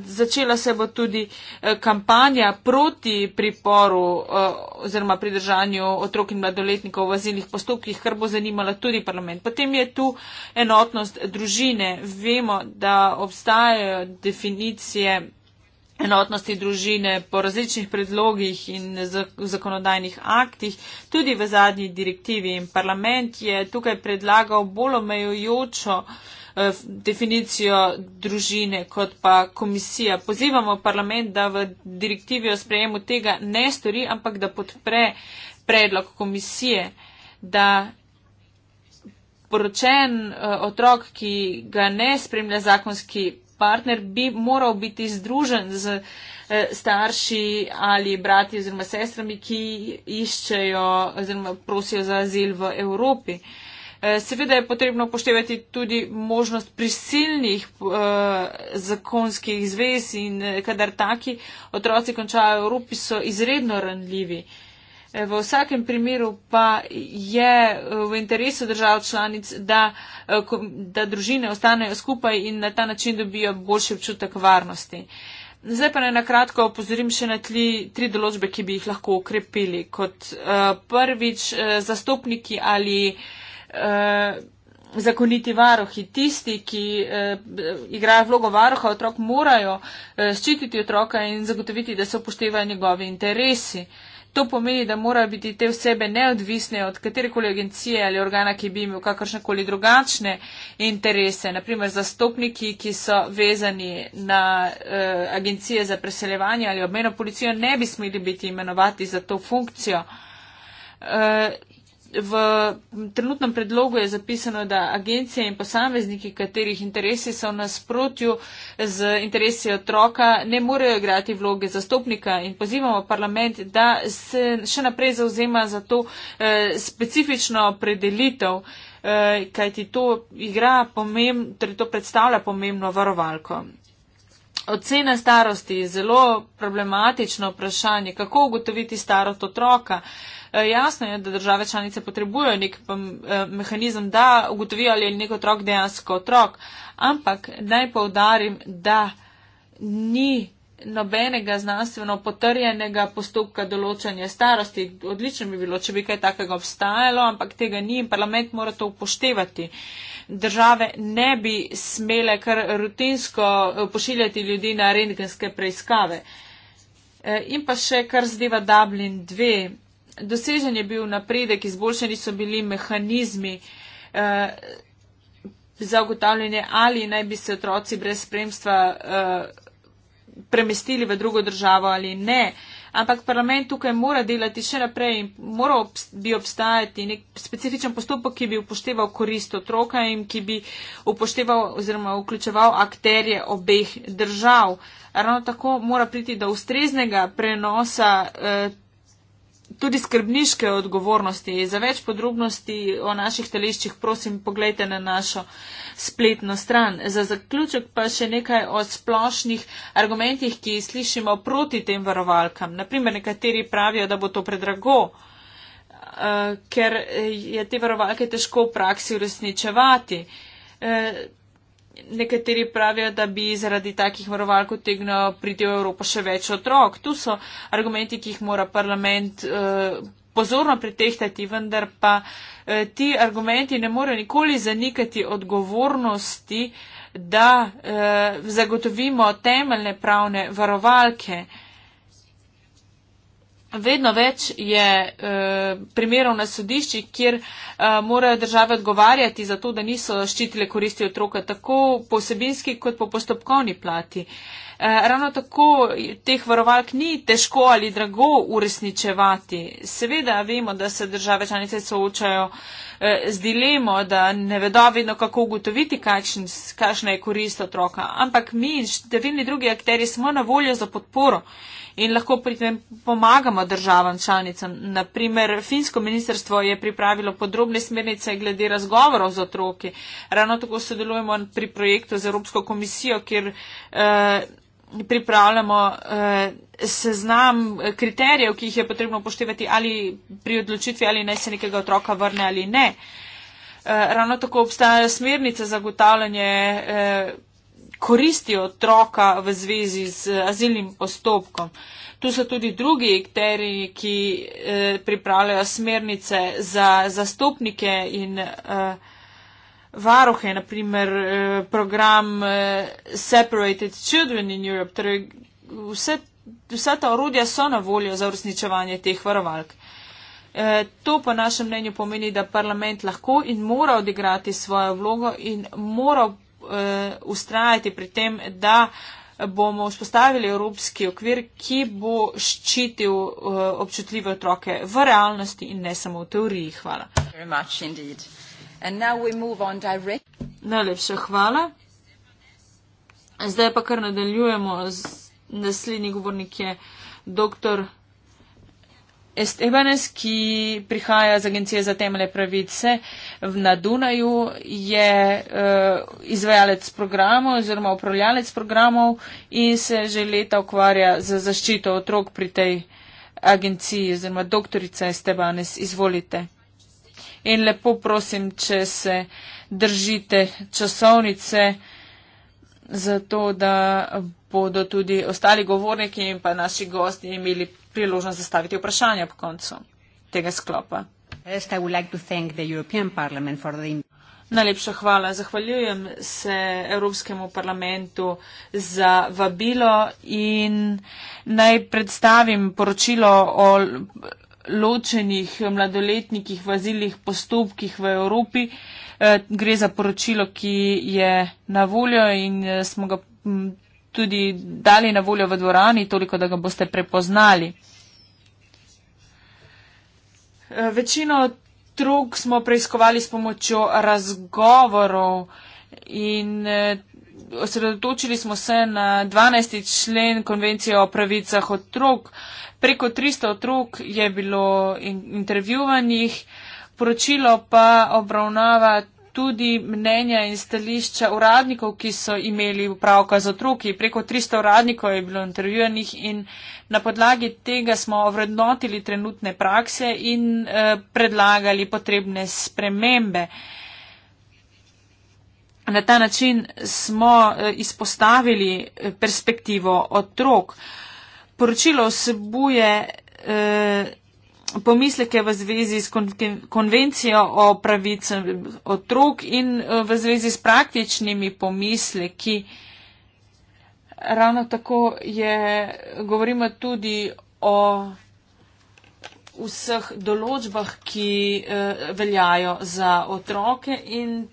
začela se bo tudi eh, kampanja proti priporu eh, oziroma pridržanju otrok in mladoletnikov v azilnih postopkih, kar bo zanimala tudi parlament. Potem je tu enotnost družine. Vemo, da obstajajo definicije enotnosti družine po različnih predlogih in zakonodajnih aktih. Tudi v zadnji direktivi in parlament je tukaj predlagal bolj omejujočo Eh, definicijo družine kot pa komisija. Pozivamo parlament, da v direktivi o sprejemu tega ne stori, ampak da podpre predlog komisije, da poročen eh, otrok, ki ga ne spremlja zakonski partner, bi moral biti združen z eh, starši ali brati oziroma sestrami, ki iščejo oziroma prosijo za azil v Evropi. Eh, seveda je potrebno poštevati tudi možnost prisilnih eh, zakonskih zvez in eh, kadar taki otroci končajo v Evropi, so izredno ranljivi. V vsakem primeru pa je v interesu držav članic, da, da družine ostanejo skupaj in na ta način dobijo boljši občutek varnosti. Zdaj pa naj na kratko opozorim še na tli, tri določbe, ki bi jih lahko ukrepili. Kot prvič, zastopniki ali uh, Eh, zakoniti varohi. Tisti, ki eh, igrajo vlogo varoha otrok, morajo eh, ščititi otroka in zagotoviti, da se upoštevajo njegovi interesi. To pomeni, da morajo biti te osebe neodvisne od katerekoli agencije ali organa, ki bi imel kakršnekoli drugačne interese. Naprimer, zastopniki, ki so vezani na eh, agencije za preseljevanje ali obmeno policijo, ne bi smeli biti imenovati za to funkcijo. Eh, v trenutnem predlogu je zapisano, da agencije in posamezniki, katerih interesi so v nasprotju z interesi otroka, ne morejo igrati vloge zastopnika in pozivamo parlament, da se še naprej zauzema za to eh, specifično predelitev, eh, kajti to, pomembn, torej to predstavlja pomembno varovalko. Ocena starosti je zelo problematično vprašanje, kako ugotoviti starost otroka. Eh, Eh, jasno je, da države članice potrebujejo nek eh, mehanizem, da ugotovijo, ali je nek otrok dejansko otrok. Ampak naj povdarim, da ni nobenega znanstveno potrjenega postopka določanja starosti. Odlično bi bilo, če bi kaj takega obstajalo, ampak tega ni in parlament mora to upoštevati. Države ne bi smele kar rutinsko eh, pošiljati ljudi na rentgenske preiskave. In pa še kar zdeva Dublin 2 dosežen je bil napredek, izboljšani so bili mehanizmi eh, za ugotavljanje, ali naj bi se otroci brez spremstva eh, premestili v drugo državo ali ne. Ampak parlament tukaj mora delati še naprej in mora bi obstajati nek specifičen postopek, ki bi upošteval korist otroka in ki bi upošteval oziroma vključeval akterje obeh držav. Ravno tako mora priti do ustreznega prenosa eh, tudi skrbniške odgovornosti. Za več podrobnosti o naših teliščih, prosim, pogledajte na našo spletno stran. Za zaključek pa še nekaj o splošnih argumentih, ki jih slišimo proti tem varovalkam. Naprimer, nekateri pravijo, da bo to predrago, eh, ker je te varovalke težko v praksi uresničevati. Eh, Nekateri pravijo, da bi zaradi takih varovalk utegnilo priti v Evropo še več otrok. Tu so argumenti, ki jih mora parlament eh, pozorno pretehtati, vendar pa eh, ti argumenti ne morejo nikoli zanikati odgovornosti, da eh, zagotovimo temeljne pravne varovalke. Eh, Vedno več je eh, primerov na sodiščih, kjer eh, morajo države odgovarjati za to, da niso ščitile koristi otroka, tako posebinski kot po postopkovni plati. Eh, ravno tako teh varovalk ni težko ali drago uresničevati. Seveda vemo, da se države članice soočajo z dilemo, da ne vedo vedno, kako ugotoviti, kakšen, kakšna je korist otroka, ampak mi in številni drugi akteri smo na voljo za podporo in lahko pri tem pomagamo državam članicam. Naprimer, finsko ministrstvo je pripravilo podrobne smernice glede razgovorov z otroki. Ravno tako sodelujemo pri projektu z Evropsko komisijo, kjer eh, pripravljamo eh, seznam eh, kriterijev, ki jih je potrebno upoštevati ali pri odločitvi, ali naj se nekega otroka vrne ali ne. Eh, ravno tako obstajajo smernice za gotavljanje. Eh, koristijo otroka v zvezi z azilnim postopkom. Tu so tudi drugi akteri, ki eh, pripravljajo smernice za zastopnike in eh, varohe, naprimer eh, program eh, Separated Children in Europe. Torej vse, vsa ta orodja so na voljo za uresničevanje teh varovalk. Eh, to po našem mnenju pomeni, da parlament lahko in mora odigrati svojo vlogo in mora uh, ustrajati pri tem, da bomo vzpostavili evropski okvir, ki bo ščitil uh, občutljive otroke v realnosti in ne samo v teoriji. Hvala. Najlepša hvala. Zdaj pa kar nadaljujemo. Naslednji govornik je dr. Estebanes, ki prihaja z Agencije za temele pravice na Dunaju, je uh, izvajalec programov oziroma upravljalec programov in se že leta ukvarja z za zaščito otrok pri tej agenciji oziroma doktorica Estebanes. Izvolite. In lepo prosim, če se držite časovnice zato, da bodo tudi ostali govorniki in pa naši gosti imeli priložnost zastaviti vprašanje ob koncu tega sklopa. Najlepša hvala. Zahvaljujem se Evropskemu parlamentu za vabilo in naj predstavim poročilo o ločenih mladoletnikih v azilih postopkih v Evropi. Eh, gre za poročilo, ki je na voljo in eh, smo ga tudi dali na voljo v dvorani, toliko, da ga boste prepoznali. Eh, večino trug smo preiskovali s pomočjo razgovorov in eh, osredotočili smo se na 12. člen konvencije o pravicah otrok. Preko 300 otrok je bilo intervjuvanih, poročilo pa obravnava tudi mnenja in stališča uradnikov, ki so imeli upravka z otroki. Preko 300 uradnikov je bilo intervjuanih in na podlagi tega smo vrednotili trenutne prakse in eh, predlagali potrebne spremembe. Na ta način smo eh, izpostavili eh, perspektivo otrok. Poročilo vsebuje. Eh, pomisleke v zvezi s konvencijo o pravicah otrok in eh, v zvezi s praktičnimi pomisleki. Ravno tako je, govorimo tudi o vseh določbah, ki eh, veljajo za otroke in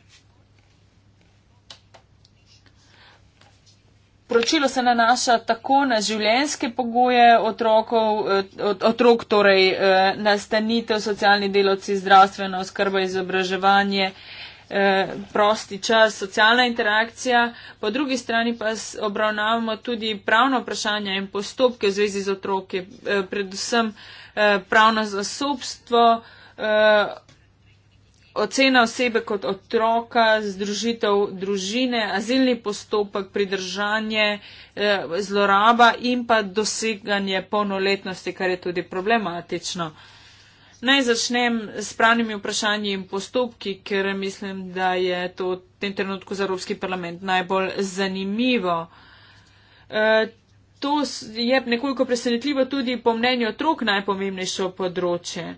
Poročilo se nanaša tako na življenske pogoje otrokov, eh, otrok, torej eh, nastanitev, socialni delavci, zdravstveno oskrba, izobraževanje, eh, prosti čas, socialna interakcija. Po drugi strani pa obravnavamo tudi pravno vprašanje in postopke v zvezi z otroki, predvsem pravno zasobstvo, ocena osebe kot otroka, združitev družine, azilni postopek, pridržanje, eh, zloraba in pa doseganje polnoletnosti, kar je tudi problematično. Naj začnem s pravnimi vprašanji in postopki, ker mislim, da je to v tem trenutku za Evropski parlament najbolj zanimivo. E, to je nekoliko presenetljivo tudi po mnenju otrok najpomembnejšo področje.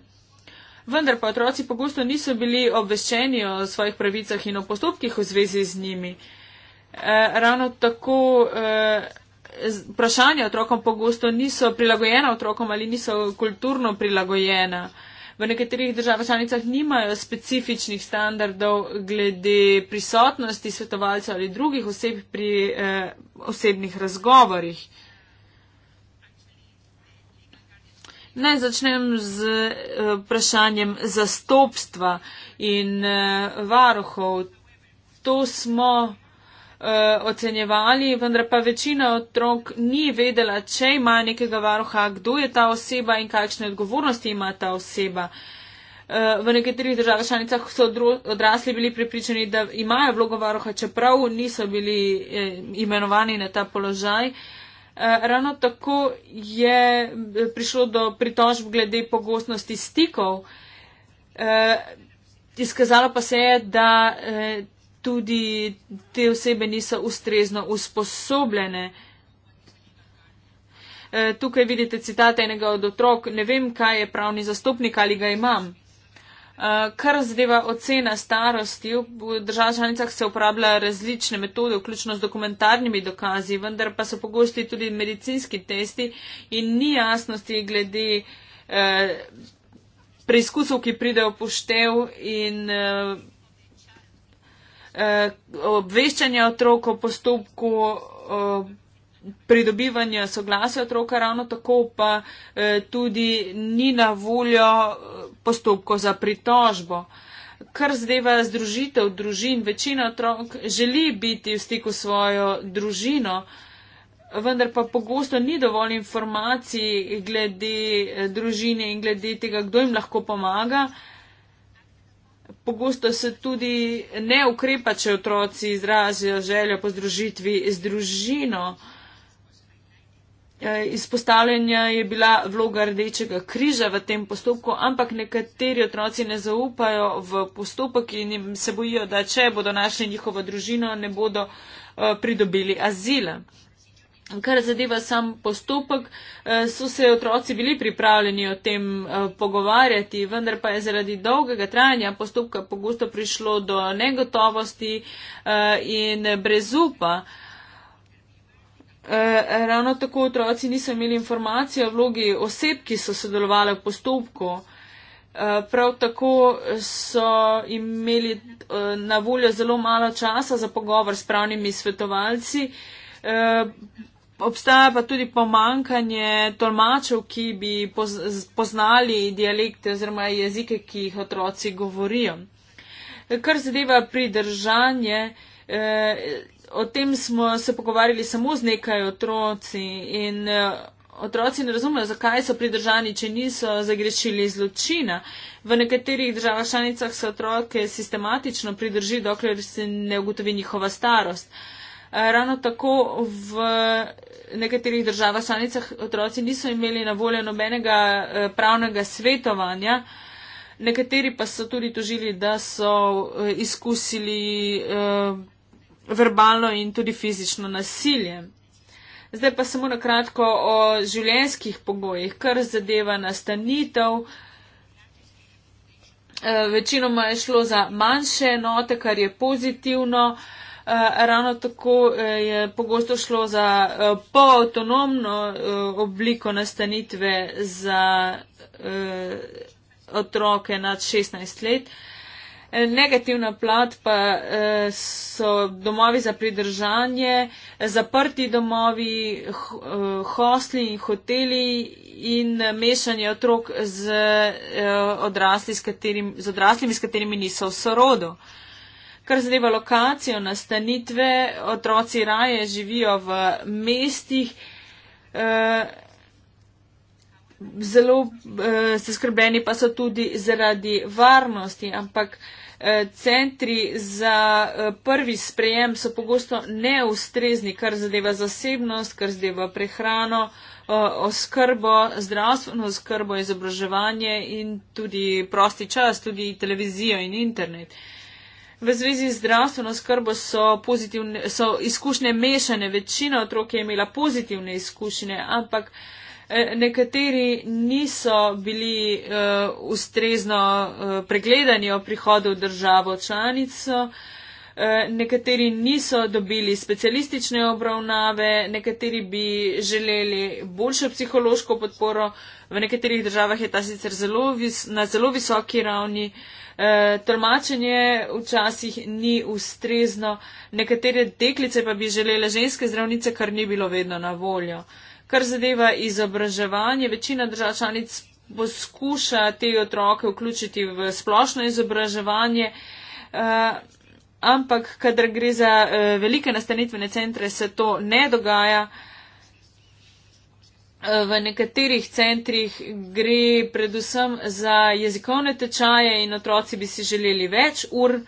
Vendar pa otroci pogosto niso bili obveščeni o svojih pravicah in o postopkih v zvezi z njimi. E, ravno tako e, vprašanja otrokom pogosto niso prilagojena otrokom ali niso kulturno prilagojena. V nekaterih državah članicah nimajo specifičnih standardov glede prisotnosti svetovalcev ali drugih oseb pri e, osebnih razgovorih. Naj začnem z eh, vprašanjem zastopstva in eh, varohov. To smo eh, ocenjevali, vendar pa večina otrok ni vedela, če ima nekega varoha, kdo je ta oseba in kakšne odgovornosti ima ta oseba. V nekaterih državah članicah so odrasli bili pripričani, da imajo vlogo varoha, čeprav niso bili imenovani na ta položaj. Eh, ravno tako je eh, prišlo do pritožb glede pogostnosti stikov. Eh, izkazalo pa se je, da tudi te osebe niso ustrezno usposobljene. Tukaj vidite citat enega od otrok, ne vem, kaj je pravni zastopnik ali ga imam. Uh, kar zadeva ocena starosti, v državah članicah se uporablja različne metode, vključno z dokumentarnimi dokazi, vendar pa so pogosti tudi medicinski testi in ni jasnosti glede uh, preizkusov, ki pridejo poštev in uh, uh, obveščanja otrok o postopku. Uh, pridobivanja soglasja otroka, ravno tako pa eh, tudi ni na voljo eh, postopko za pritožbo. Kar zdeva združitev družin, večina otrok želi biti v stiku s svojo družino, vendar pa pogosto ni dovolj informacij glede eh, družine in glede tega, kdo jim lahko pomaga. Pogosto se tudi ne ukrepa, če otroci izrazijo željo po združitvi z družino. Uh, Eh, izpostavljena je bila vloga Rdečega križa v tem postopku, ampak nekateri otroci ne zaupajo v postopek in se bojijo, da če bodo našli njihovo družino, ne bodo eh, pridobili azila. Kar zadeva sam postopek, eh, so se otroci bili pripravljeni o tem pogovarjati, vendar pa je zaradi dolgega trajanja postopka pogosto prišlo do negotovosti in brezupa. Eh, ravno tako otroci niso imeli informacije o vlogi oseb, ki so sodelovali v postopku. Eh, prav tako so imeli eh, na voljo zelo malo časa za pogovor s pravnimi svetovalci. Obstaja pa tudi pomankanje tolmačev, ki bi poznali dialekte oziroma jezike, ki jih otroci govorijo. Kar zadeva pridržanje, o tem smo se pogovarjali samo z nekaj otroci in eh, otroci ne razumejo, zakaj so pridržani, če niso zagrešili zločina. V nekaterih državah članicah se otroke sistematično pridrži, dokler se ne ugotovi njihova starost. Eh, ravno tako v nekaterih državah članicah otroci niso imeli na voljo nobenega eh, pravnega svetovanja. Nekateri pa so tudi tožili, da so izkusili eh, verbalno in tudi fizično nasilje. Zdaj pa samo na kratko o življenskih pogojih, kar zadeva nastanitev. E, večinoma je šlo za manjše enote, kar je pozitivno. E, ravno tako eh, je pogosto šlo za e, poautonomno e, obliko nastanitve za e, otroke nad 16 let. E, negativna plat pa eh, so domovi za pridržanje, zaprti domovi, eh, hostli in hoteli in mešanje otrok z, eh, odrasli, s katerim, z odraslimi, s katerimi niso v sorodu. Kar zadeva lokacijo nastanitve, otroci raje živijo v mestih. Zelo eh, zaskrbljeni pa so tudi zaradi varnosti, ampak eh, centri za eh, prvi sprejem so pogosto neustrezni, kar zadeva zasebnost, kar zadeva prehrano, eh, oskrbo, zdravstveno oskrbo, izobraževanje in tudi prosti čas, tudi televizijo in internet. V zvezi z zdravstveno skrbo so, so izkušnje mešane, večina otrok je imela pozitivne izkušnje, ampak uh, E, nekateri niso bili uh, ustrezno uh, pregledani o prihodu v državo članico, uh, nekateri niso dobili specialistične obravnave, nekateri bi želeli boljšo psihološko podporo, v nekaterih državah je ta sicer zelo na zelo visoki ravni. Tolmačenje včasih ni ustrezno, nekatere deklice pa bi želele ženske zdravnice, kar ni bilo vedno na voljo kar zadeva izobraževanje, večina držav članic poskuša te otroke vključiti v splošno izobraževanje. Eh, ampak, kadar gre za eh, velike nastanitvene centre, se to ne dogaja. Eh, v nekaterih centrih gre predvsem za jezikovne tečaje in otroci bi si želeli več ur.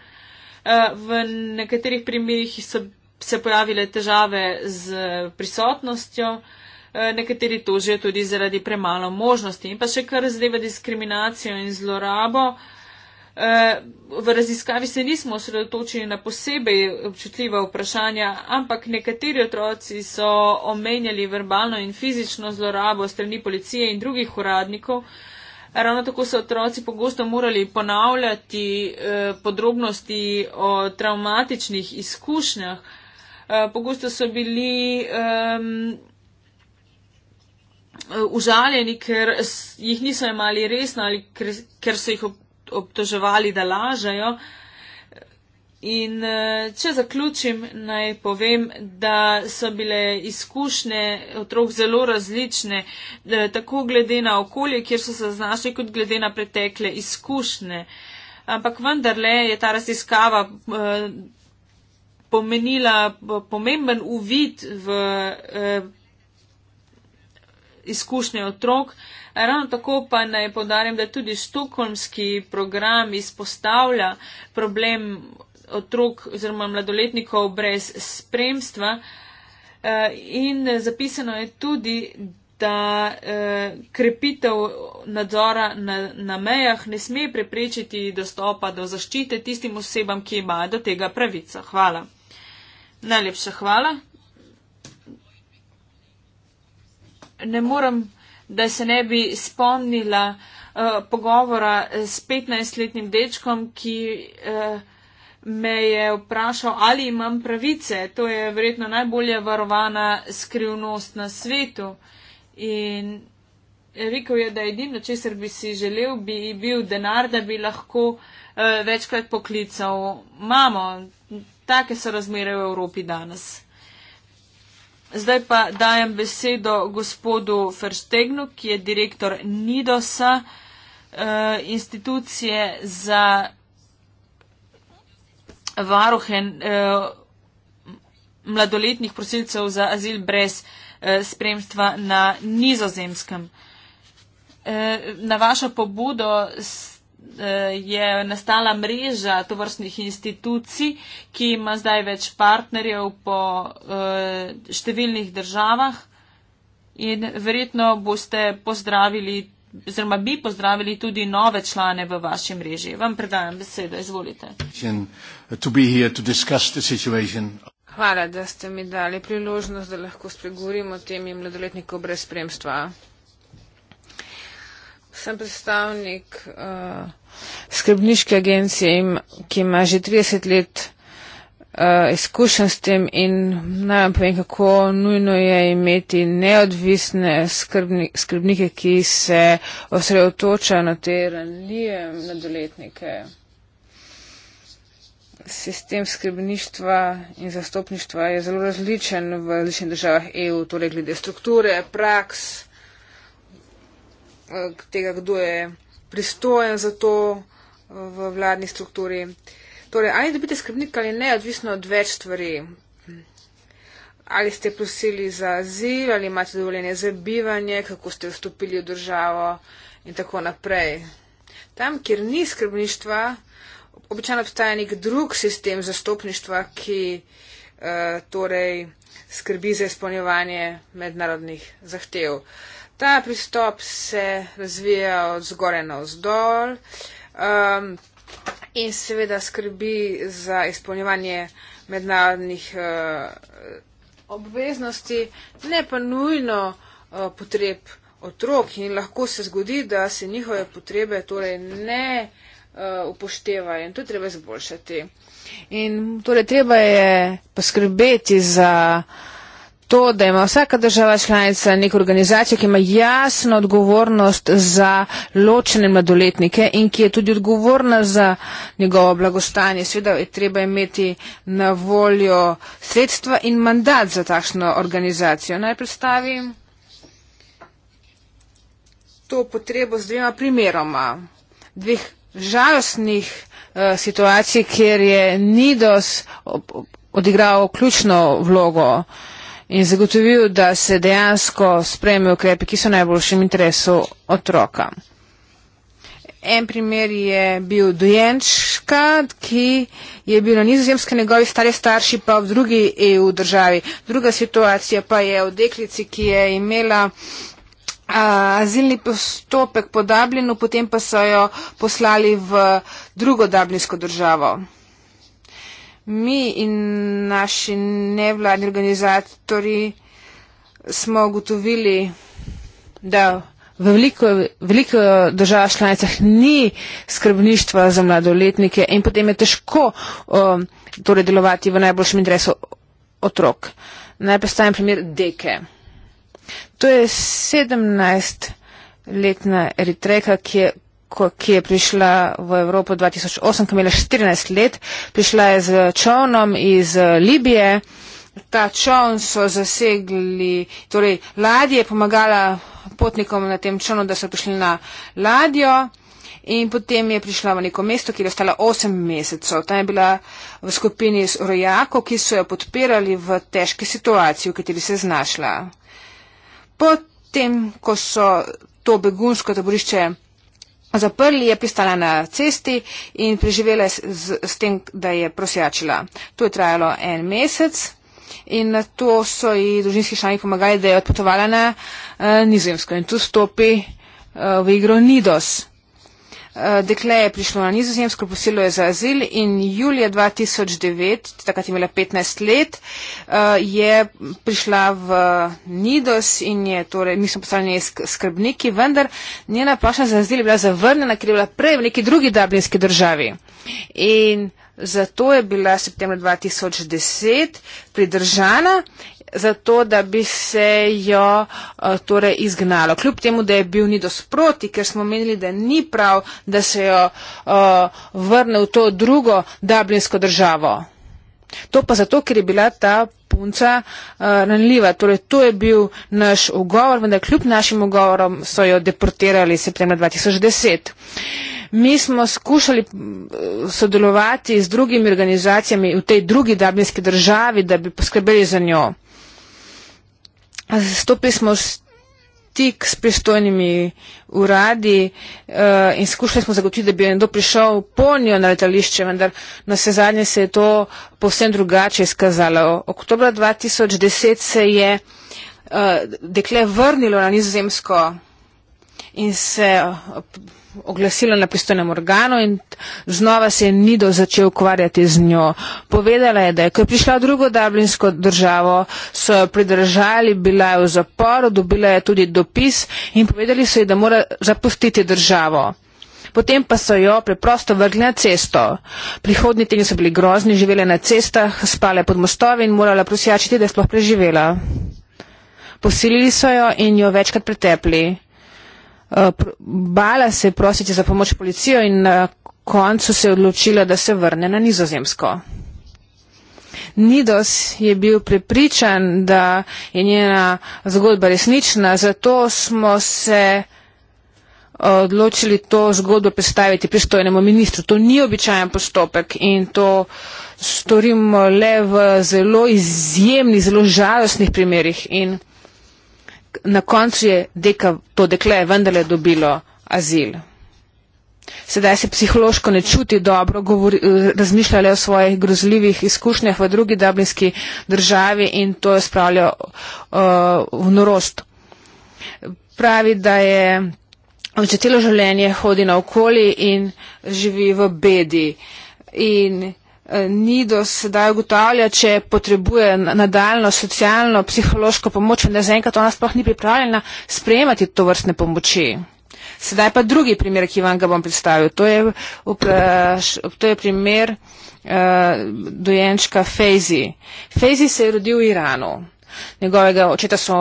V nekaterih primerjih so se pojavile težave z prisotnostjo. Eh, nekateri tožijo tudi zaradi premalo možnosti. In pa še kar zadeva diskriminacijo in zlorabo. Eh, v raziskavi se nismo osredotočili na posebej občutljiva vprašanja, ampak nekateri otroci so omenjali verbalno in fizično zlorabo strani policije in drugih uradnikov. Ravno tako so otroci pogosto morali ponavljati eh, podrobnosti o traumatičnih izkušnjah. Pogosto so bili. Um, užaljeni, ker jih niso imeli resno ali ker, ker so jih obtoževali, da lažajo. In e, če zaključim, naj povem, da so bile izkušnje otrok zelo različne, e, tako glede na okolje, kjer so se znašli, kot glede na pretekle izkušnje. Ampak vendarle je ta raziskava e, pomenila pomemben uvid v izkušnje otrok. Ravno tako pa naj podarim, da tudi stokholmski program izpostavlja problem otrok oziroma mladoletnikov brez spremstva eh, in zapisano je tudi, da eh, krepitev nadzora na, na mejah ne sme preprečiti dostopa do zaščite tistim osebam, ki imajo do tega pravico. Hvala. Najlepša hvala. ne morem, da se ne bi spomnila uh, pogovora s 15-letnim dečkom, ki uh, me je vprašal, ali imam pravice. To je verjetno najbolje varovana skrivnost na svetu. In rekel je, da edino, česar bi si želel, bi bil denar, da bi lahko uh, večkrat poklical mamo. Take so razmere v Evropi danes. Zdaj pa dajem besedo gospodu Ferstegnu, ki je direktor Nidosa, eh, institucije za varuhe eh, mladoletnih prosilcev za azil brez eh, spremstva na nizozemskem. Na vašo pobudo Eh, je nastala mreža tovrstnih institucij, ki ima zdaj več partnerjev po eh, številnih državah in verjetno boste pozdravili, oziroma bi pozdravili tudi nove člane v vaši mreži. Vam predajam besedo, izvolite. Hvala, da ste mi dali priložnost, da lahko spregovorimo o temi mladoletniku brez spremstva. Sem predstavnik uh, skrbniške agencije, ki ima že 30 let uh, eh, izkušen s tem in naj vam povem, kako nujno je imeti neodvisne skrbni, skrbnike, ki se osredotočajo na te ranljive nadoletnike. Sistem skrbništva in zastopništva je zelo različen v različnih državah EU, torej glede strukture, praks. Eh, tega, kdo je pristojen za to eh, v vladni strukturi. Torej, ali dobite skrbnika ali ne, odvisno od več stvari. Ali ste prosili za azil, ali imate dovoljenje za bivanje, kako ste vstopili v državo in tako naprej. Tam, kjer ni skrbništva, običajno obstaja nek drug sistem zastopništva, ki eh, torej skrbi za izpolnjevanje mednarodnih zahtev. Eh, Ta pristop se razvija od zgore na vzdolj um, in seveda skrbi za izpolnjevanje mednarodnih uh, obveznosti, ne pa nujno uh, potreb otrok in lahko se zgodi, da se njihove potrebe torej ne uh, upoštevajo in to treba izboljšati. In torej treba je poskrbeti za uh, to, da ima vsaka država članica neko organizacijo, ki ima jasno odgovornost za ločene mladoletnike in ki je tudi odgovorna za njegovo blagostanje. Sveda je treba imeti na voljo sredstva in mandat za takšno organizacijo. Naj predstavim to potrebo z dvema primeroma. Dveh žalostnih eh, situacij, kjer je Nidos odigral ključno vlogo. Uh, in zagotovil, da se dejansko spreme ukrepe, ki so najboljšem interesu otroka. En primer je bil dojenčka, ki je bil na nizozemske njegovi stare starši pa v drugi EU državi. Druga situacija pa je o deklici, ki je imela a, azilni postopek po Dublinu, potem pa so jo poslali v drugo dublinsko državo mi in naši nevladni organizatori smo ugotovili, da v veliko, veliko držav članicah ni skrbništva za mladoletnike in potem je težko um, torej delovati v najboljšem interesu otrok. Naj postavim primer deke. To je 17-letna eritrejka, ki je ki je prišla v Evropo 2008, ko je imela 14 let, prišla je z čovnom iz eh, Libije. Ta čovn so zasegli, torej ladje je pomagala potnikom na tem čovnu, da so prišli na ladjo in potem je prišla v neko mesto, kjer je ostala 8 mesecev. Ta je bila v skupini s rojako, ki so jo podpirali v težki situaciji, v kateri se je znašla. Potem, ko so to begunsko taborišče Zaprli je pistala na cesti in preživela s, s tem, da je prosjačila. To je trajalo en mesec in na to so ji družinski člani pomagali, da je odpotovala na uh, nizozemsko in tu stopi uh, v igro Nidos. Eh, dekle je prišlo na nizozemsko, posilo je za azil in julija 2009, takrat je imela 15 let, eh, je prišla v Nidos in je, torej, mi smo postali njej skrbniki, vendar njena prošnja za azil je bila zavrnjena, ker je bila prej v neki drugi dublinski državi. In Zato je bila septembra 2010 pridržana zato da bi se jo eh, torej izgnalo. Kljub temu, da je bil Nidos proti, ker smo menili, da ni prav, da se jo eh, vrne v to drugo dublinsko državo. To pa zato, ker je bila ta punca eh, ranljiva. Torej, to je bil naš ugovor, vendar kljub našim ugovorom so jo deportirali septembra 2010. Mi smo skušali sodelovati z drugimi organizacijami v tej drugi dublinski državi, da bi poskrbeli za njo stopili smo stik s pristojnimi uradi uh, in skušali smo zagotoviti, da bi nekdo prišel po njo na letališče, vendar na vse zadnje se je to povsem drugače izkazalo. Oktober 2010 se je uh, dekle vrnilo na nizozemsko in se eh, oglasila na pristojnem organu in znova se je Nido začel ukvarjati z njo. Povedala je, da je, ko je prišla v drugo dublinsko državo, so jo pridržali, bila je v zaporu, dobila je tudi dopis in povedali so ji, da mora zapustiti državo. Potem pa so jo preprosto vrgli na cesto. Prihodni tedni so bili grozni, živele na cestah, spale pod mostovi in morala prosjačiti, da je sploh preživela. Posilili so jo in jo večkrat pretepli. Eh, bala se prositi za pomoč policijo in na koncu se je odločila, da se vrne na nizozemsko. Nidos je bil prepričan, da je njena zgodba resnična, zato smo se eh, odločili to zgodbo predstaviti pristojnemu ministru. To ni običajen postopek in to storimo le v zelo izjemnih, zelo žalostnih primerjih. In na koncu je deka, to dekle vendarle dobilo azil. Sedaj se psihološko ne čuti dobro, govori, eh, razmišlja le o svojih grozljivih izkušnjah v drugi dublinski državi in to je spravljal uh, eh, v norost. Pravi, da je že celo življenje hodi naokoli in živi v bedi. In Eh, ni do sedaj ugotavlja, če potrebuje nadaljno socialno, psihološko pomoč, vendar zaenkrat ona sploh ni pripravljena sprejemati to vrstne pomoči. Sedaj pa drugi primer, ki vam ga bom predstavil. To je, to je primer eh, dojenčka Fejzi. Fejzi se je rodil v Iranu. Njegovega očeta so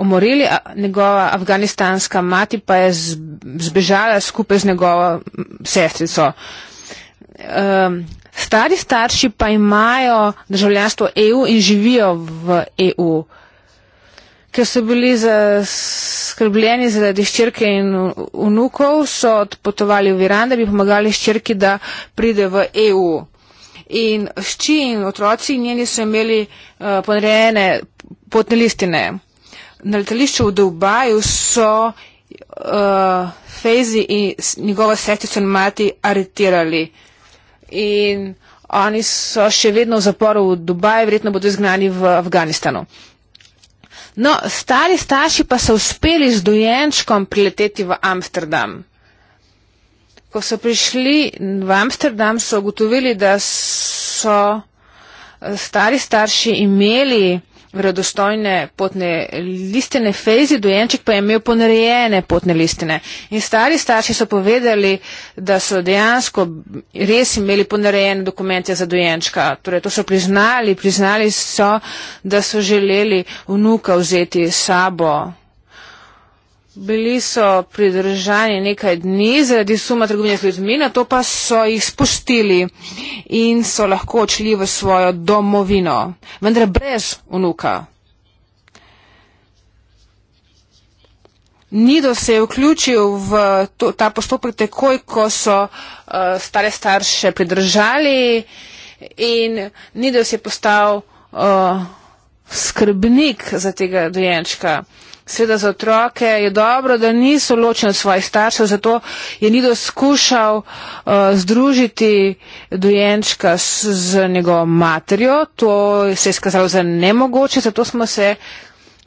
omorili, njegova afganistanska mati pa je zbežala skupaj z njegovo sestrico. Uh, um, stari starši pa imajo državljanstvo EU in živijo v EU. Ker so bili zaskrbljeni zaradi ščirke in vnukov, so odpotovali v Iran, da bi pomagali ščirki, da pride v EU. In šči in otroci njeni so imeli uh, eh, ponrejene potne listine. Na letališču v Dubaju so uh, eh, Fejzi in njegova sestrica in mati aretirali. Uh, in oni so še vedno v zaporu v Dubaju, verjetno bodo izgnani v Afganistanu. No, stari starši pa so uspeli z dojenčkom prileteti v Amsterdam. Ko so prišli v Amsterdam, so ugotovili, da so eh, stari starši imeli verodostojne potne listine, fezi dojenček pa je imel ponarejene potne listine. In stari starši so povedali, da so dejansko res imeli ponarejene dokumente za dojenčka. Torej, to so priznali, priznali so, da so želeli vnuka vzeti s sabo Bili so pridržani nekaj dni zaradi suma trgovine z ljudmi, na to pa so jih spustili in so lahko odšli v svojo domovino, vendar brez unuka. Nido se je vključil v to, ta postopek takoj, ko so uh, stare starše pridržali in Nido se je postal uh, skrbnik za tega dojenčka. Sveda za otroke je dobro, da niso ločeni od svojih staršev, zato je Nido skušal uh, združiti dojenčka s, z njegovo materjo. To se je skazalo za nemogoče, zato smo se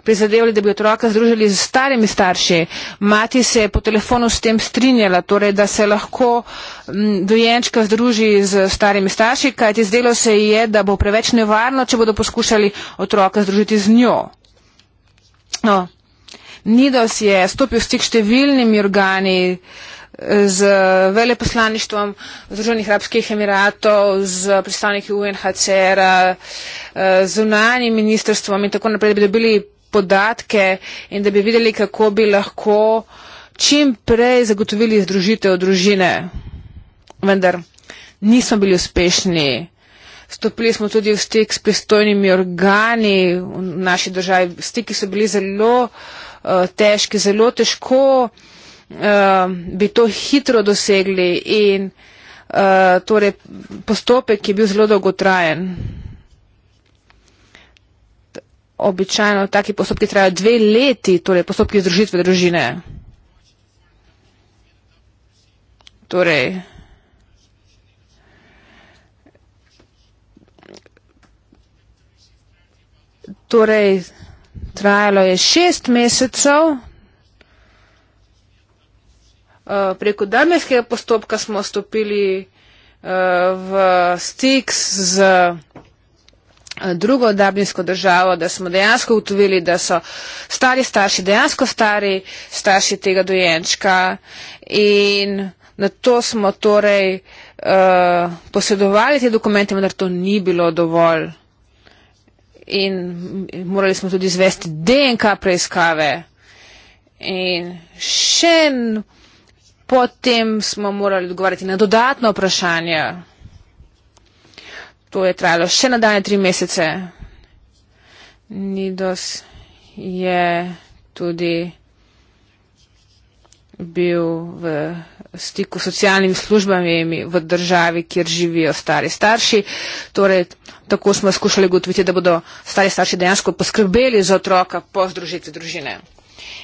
prizadevali, da bi otroka združili z starimi starši. Mati se je po telefonu s tem strinjala, torej, da se lahko mm, dojenčka združi z starimi starši, kajti zdelo se je, da bo preveč nevarno, če bodo poskušali otroka združiti z njo. No, Nidos je stopil v stik številnimi organi eh, z veleposlaništvom Združenih arabskih emiratov, z predstavniki UNHCR, eh, zunanjim ministrstvom in tako naprej, da bi dobili podatke in da bi videli, kako bi lahko čim prej zagotovili združitev družine. Vendar nismo bili uspešni. Stopili smo tudi v stik s pristojnimi organi v naši državi. Stiki so bili zelo uh, Eh, težki, zelo težko eh, bi to hitro dosegli in eh, torej postopek je bil zelo dolgotrajen. Običajno taki postopki trajajo dve leti, torej postopki združitve družine. Torej, torej, Trajalo je šest mesecev. Eh, preko darmeskega postopka smo stopili eh, v stik z eh, drugo darbinsko državo, da smo dejansko utovili, da so stari starši dejansko stari starši tega dojenčka in na to smo torej uh, posedovali te dokumente, vendar to ni bilo dovolj in morali smo tudi izvesti DNK preiskave. In še potem smo morali odgovarjati na dodatno vprašanje. To je trajalo še nadalje tri mesece. Nidos je tudi bil v stiku s socialnimi službami v državi, kjer živijo stari starši. Torej, tako smo skušali gotoviti, da bodo stari starši dejansko poskrbeli za otroka po združitvi družine.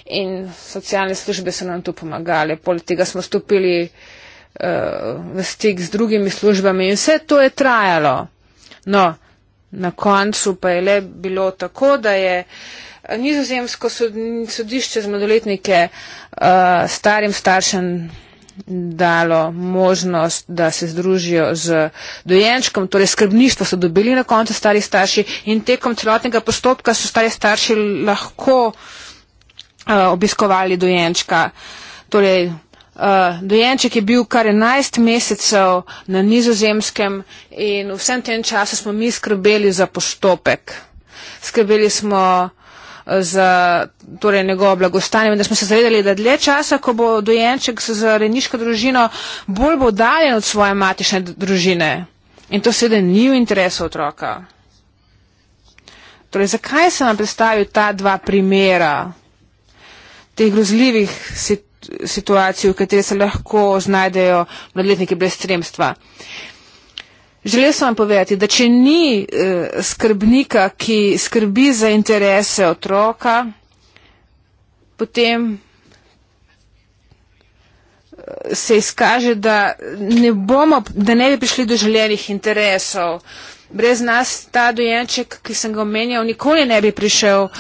In socialne službe so nam tu pomagale. Poleg tega smo stopili uh, v stik z drugimi službami in vse to je trajalo. No, na koncu pa je le bilo tako, da je eh, nizozemsko sodišče za mladoletnike uh, starim staršem dalo možnost, da se združijo z dojenčkom, torej skrbništvo so dobili na koncu stari starši in tekom celotnega postopka so stari starši lahko uh, obiskovali dojenčka. Torej, uh, dojenček je bil kar 11 mesecev na nizozemskem in vsem tem času smo mi skrbeli za postopek. Skrbeli smo za torej, njegovo blagostanje. Vendar smo se zavedali, da dlje časa, ko bo dojenček z rejniško družino, bolj bo oddaljen od svoje matične družine. In to seveda ni v interesu otroka. Torej, zakaj sem vam predstavil ta dva primera teh grozljivih situ situacij, v kateri se lahko znajdejo mladletniki brez stremstva? Želel sem vam povedati, da če ni eh, skrbnika, ki skrbi za interese otroka, potem eh, se izkaže, da ne, bomo, da ne bi prišli do željenih interesov. Brez nas ta dojenček, ki sem ga omenjal, nikoli ne bi prišel uh,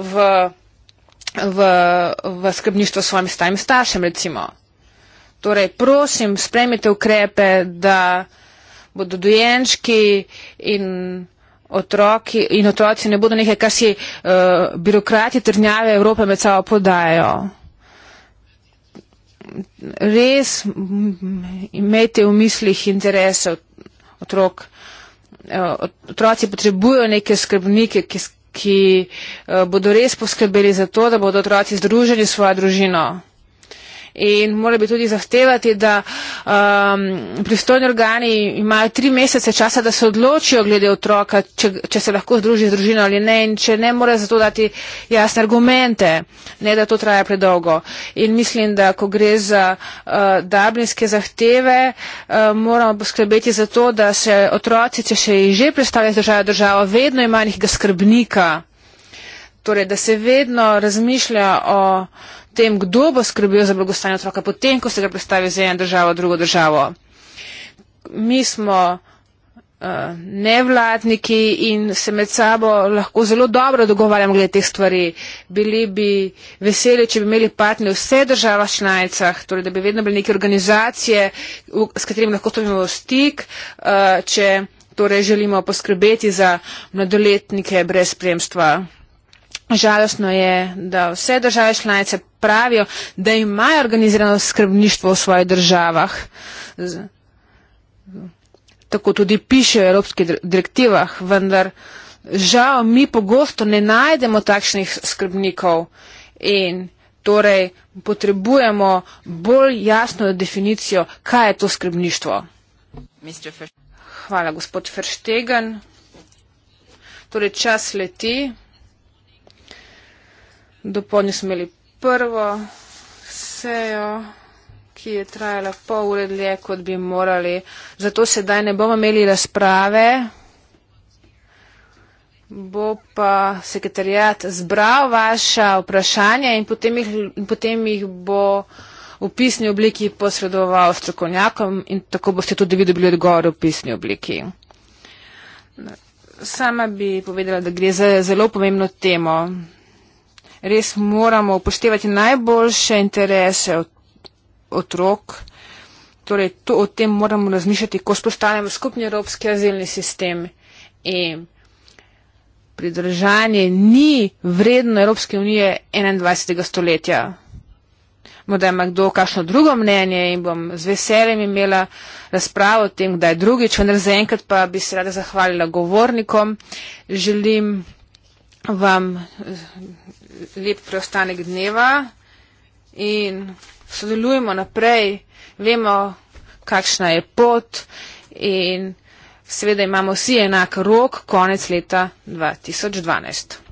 v, v, v skrbništvo s svojim starim staršem, recimo. Torej, prosim, spremite ukrepe, da bodo dojenčki in otroci, in otroci ne bodo nekaj, kar si uh, birokrati trnjave Evrope med sabo podajo. Res mm, imejte v mislih interese otrok. Eh, otroci potrebujo neke skrbnike, ki, ki eh, bodo res poskrbeli za to, da bodo otroci združeni s svojo družino in morali bi tudi zahtevati, da um, pristojni organi imajo tri mesece časa, da se odločijo glede otroka, če, če se lahko združi z družino ali ne in če ne more za to dati jasne argumente, ne da to traja predolgo. In mislim, da ko gre za uh, dablinske zahteve, uh, moramo poskrbeti za to, da se otroci, če še jih že predstavlja država, država vedno ima nekega skrbnika. Torej, da se vedno razmišlja o tem, kdo bo skrbel za blagostanje otroka, potem, ko se ga predstavi za eno državo, drugo državo. Mi smo uh, nevladniki in se med sabo lahko zelo dobro dogovarjamo glede teh stvari. Bili bi veseli, če bi imeli partnerje v vseh državah članicah, torej da bi vedno bile neke organizacije, v, s katerimi lahko stopimo v stik, uh, če torej želimo poskrbeti za mladoletnike brez spremstva. Žalostno je, da vse države članice pravijo, da imajo organizirano skrbništvo v svojih državah. Tako tudi piše v evropskih direktivah, vendar žal mi pogosto ne najdemo takšnih skrbnikov in torej potrebujemo bolj jasno definicijo, kaj je to skrbništvo. Hvala, gospod Ferštegen. Torej, čas leti. Do podne smo imeli prvo sejo, ki je trajala pol ure dlje, kot bi morali. Zato sedaj ne bomo imeli razprave. Bo pa sekretarjat zbral vaša vprašanja in potem jih, potem jih bo v pisni obliki posredoval strokovnjakom in tako boste tudi vi dobili odgovor v pisni obliki. Sama bi povedala, da gre za zelo pomembno temo res moramo upoštevati najboljše interese otrok. Torej, to, o tem moramo razmišljati, ko spostanemo skupni evropski azilni sistem. In pridržanje ni vredno Evropske unije 21. stoletja. Morda ima kdo kakšno drugo mnenje in bom z veseljem imela razpravo o tem, kdaj drugič, vendar zaenkrat pa bi se rada zahvalila govornikom. Želim vam lep preostanek dneva in sodelujemo naprej, vemo, kakšna je pot in seveda imamo vsi enak rok konec leta 2012.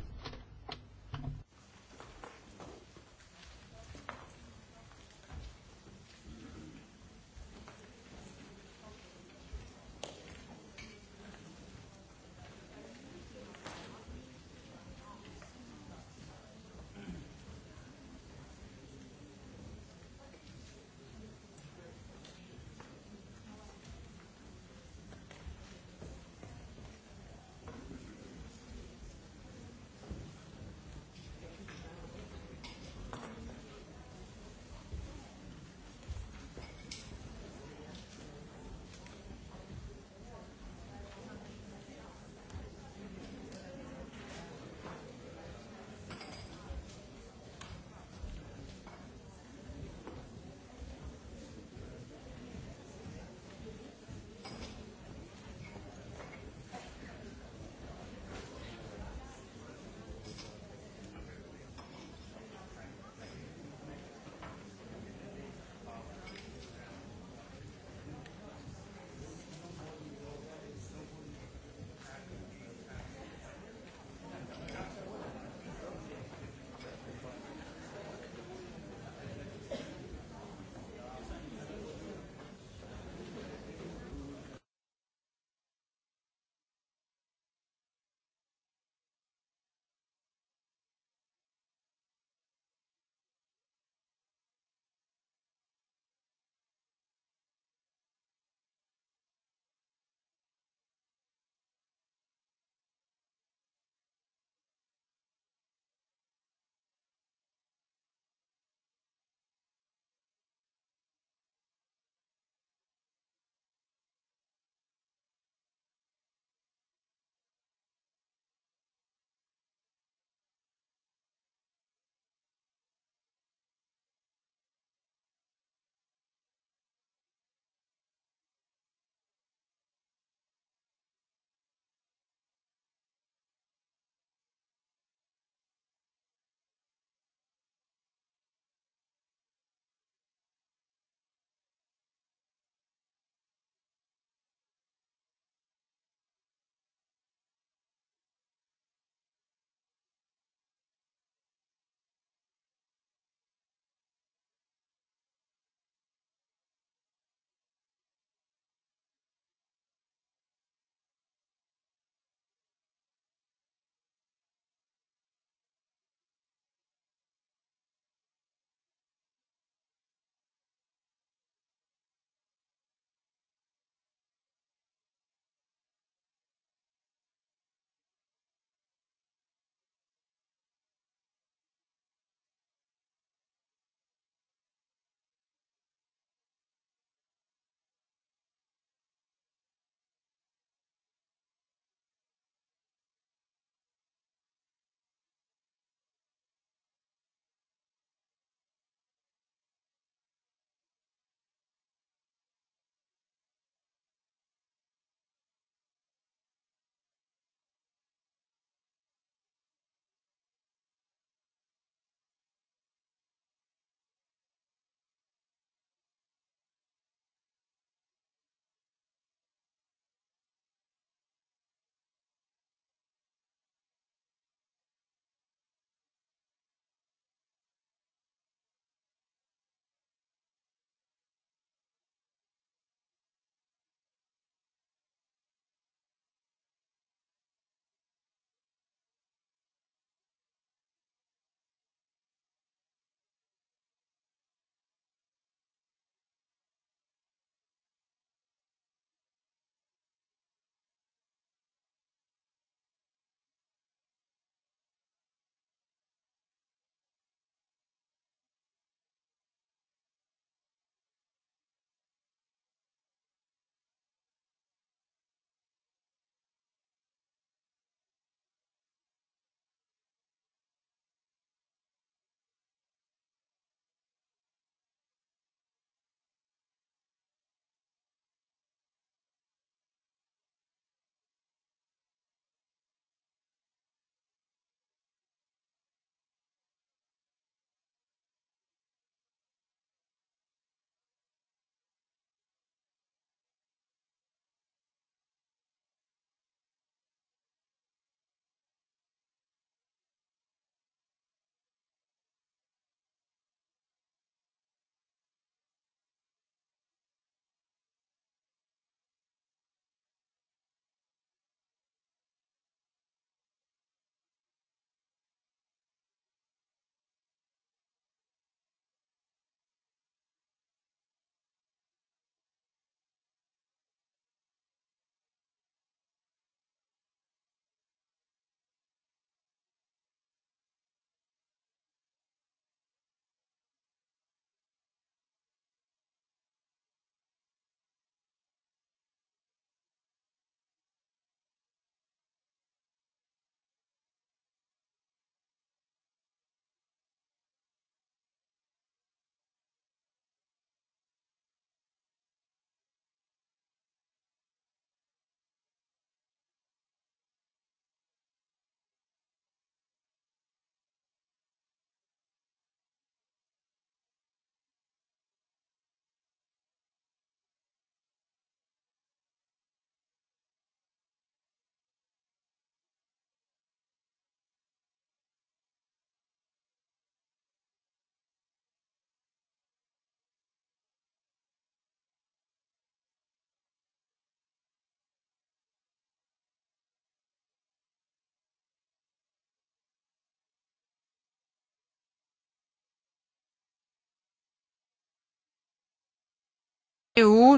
EU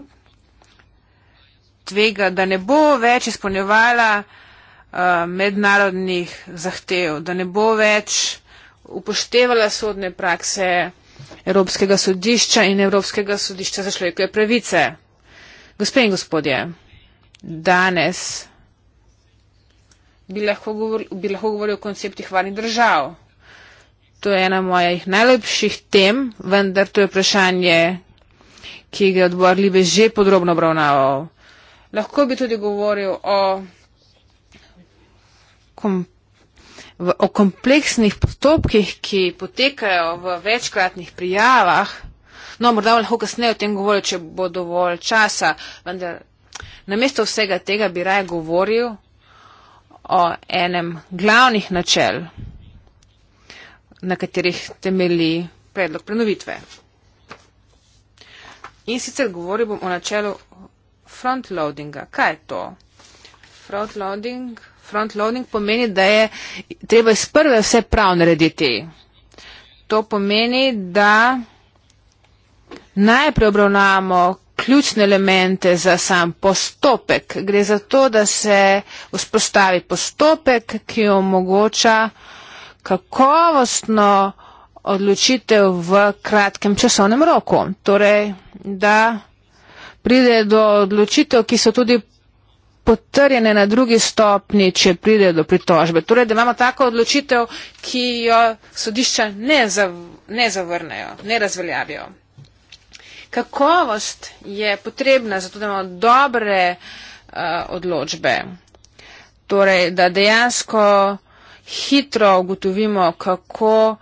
tvega, da ne bo več izpolnjevala uh, mednarodnih zahtev, da ne bo več upoštevala sodne prakse Evropskega sodišča in Evropskega sodišča za človekove pravice. Gospe in gospodje, danes bi lahko, govor, bi lahko govoril o konceptih varnih držav. To je ena mojih najlepših tem, vendar to je vprašanje, ki ga je odbor Libe že podrobno obravnaval. Lahko bi tudi govoril o, kom, v, o kompleksnih postopkih, ki potekajo v večkratnih prijavah. No, morda lahko kasneje o tem govorim, če bo dovolj časa, vendar namesto vsega tega bi raje govoril o enem glavnih načel, na katerih temeli predlog prenovitve. In sicer govoril bom o načelu frontloadinga. Kaj je to? Frontloading front loading pomeni, da je treba iz prve vse prav narediti. To pomeni, da najprej obravnavamo ključne elemente za sam postopek. Gre za to, da se vzpostavi postopek, ki omogoča kakovostno odločitev v kratkem časovnem roku. Torej, da pride do odločitev, ki so tudi potrjene na drugi stopni, če pride do pritožbe. Torej, da imamo tako odločitev, ki jo sodišča ne, zav, ne zavrnejo, ne razveljavijo. Kakovost je potrebna, zato da imamo dobre uh, odločbe. Torej, da dejansko hitro ugotovimo, kako uh,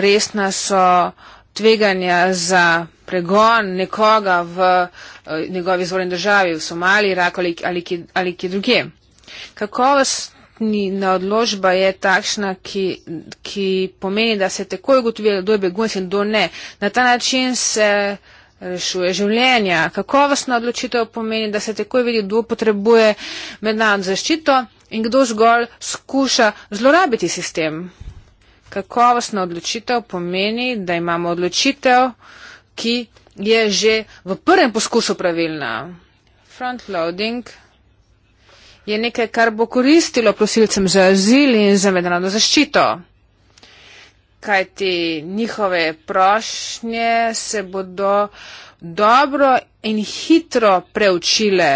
resna so tveganja za pregon nekoga v eh, njegovi izvorni državi, v Somaliji, Iraku ali, ali, ali kje druge. Kakovostni naodložba je takšna, ki, ki pomeni, da se takoj ugotovi, kdo je begunc in kdo ne. Na ta način se rešuje življenja. Kakovostna odločitev pomeni, da se takoj vidi, kdo potrebuje mednarodno zaščito in kdo zgolj skuša zlorabiti sistem kakovostna odločitev pomeni, da imamo odločitev, ki je že v prvem poskusu pravilna. Frontloading je nekaj, kar bo koristilo prosilcem za azil in za mednarodno zaščito. Kajti njihove prošnje se bodo dobro in hitro preučile.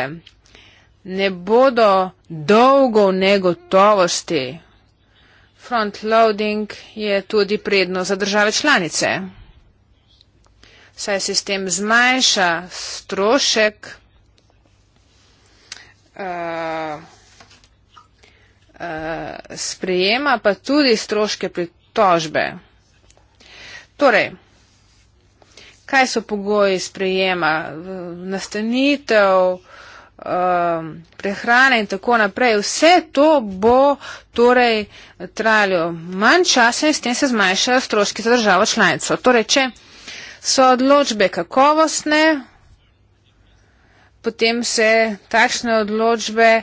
Ne bodo dolgo negotovosti. Frontloading je tudi predno za države članice, saj sistem zmanjša strošek eh, eh, sprejema, pa tudi stroške pritožbe. Torej, kaj so pogoji sprejema? Nastanitev, vsega, um, prehrane in tako naprej. Vse to bo torej trajalo manj časa in s tem se zmanjšajo stroški za državo članico. Torej, če so odločbe kakovostne, potem se takšne odločbe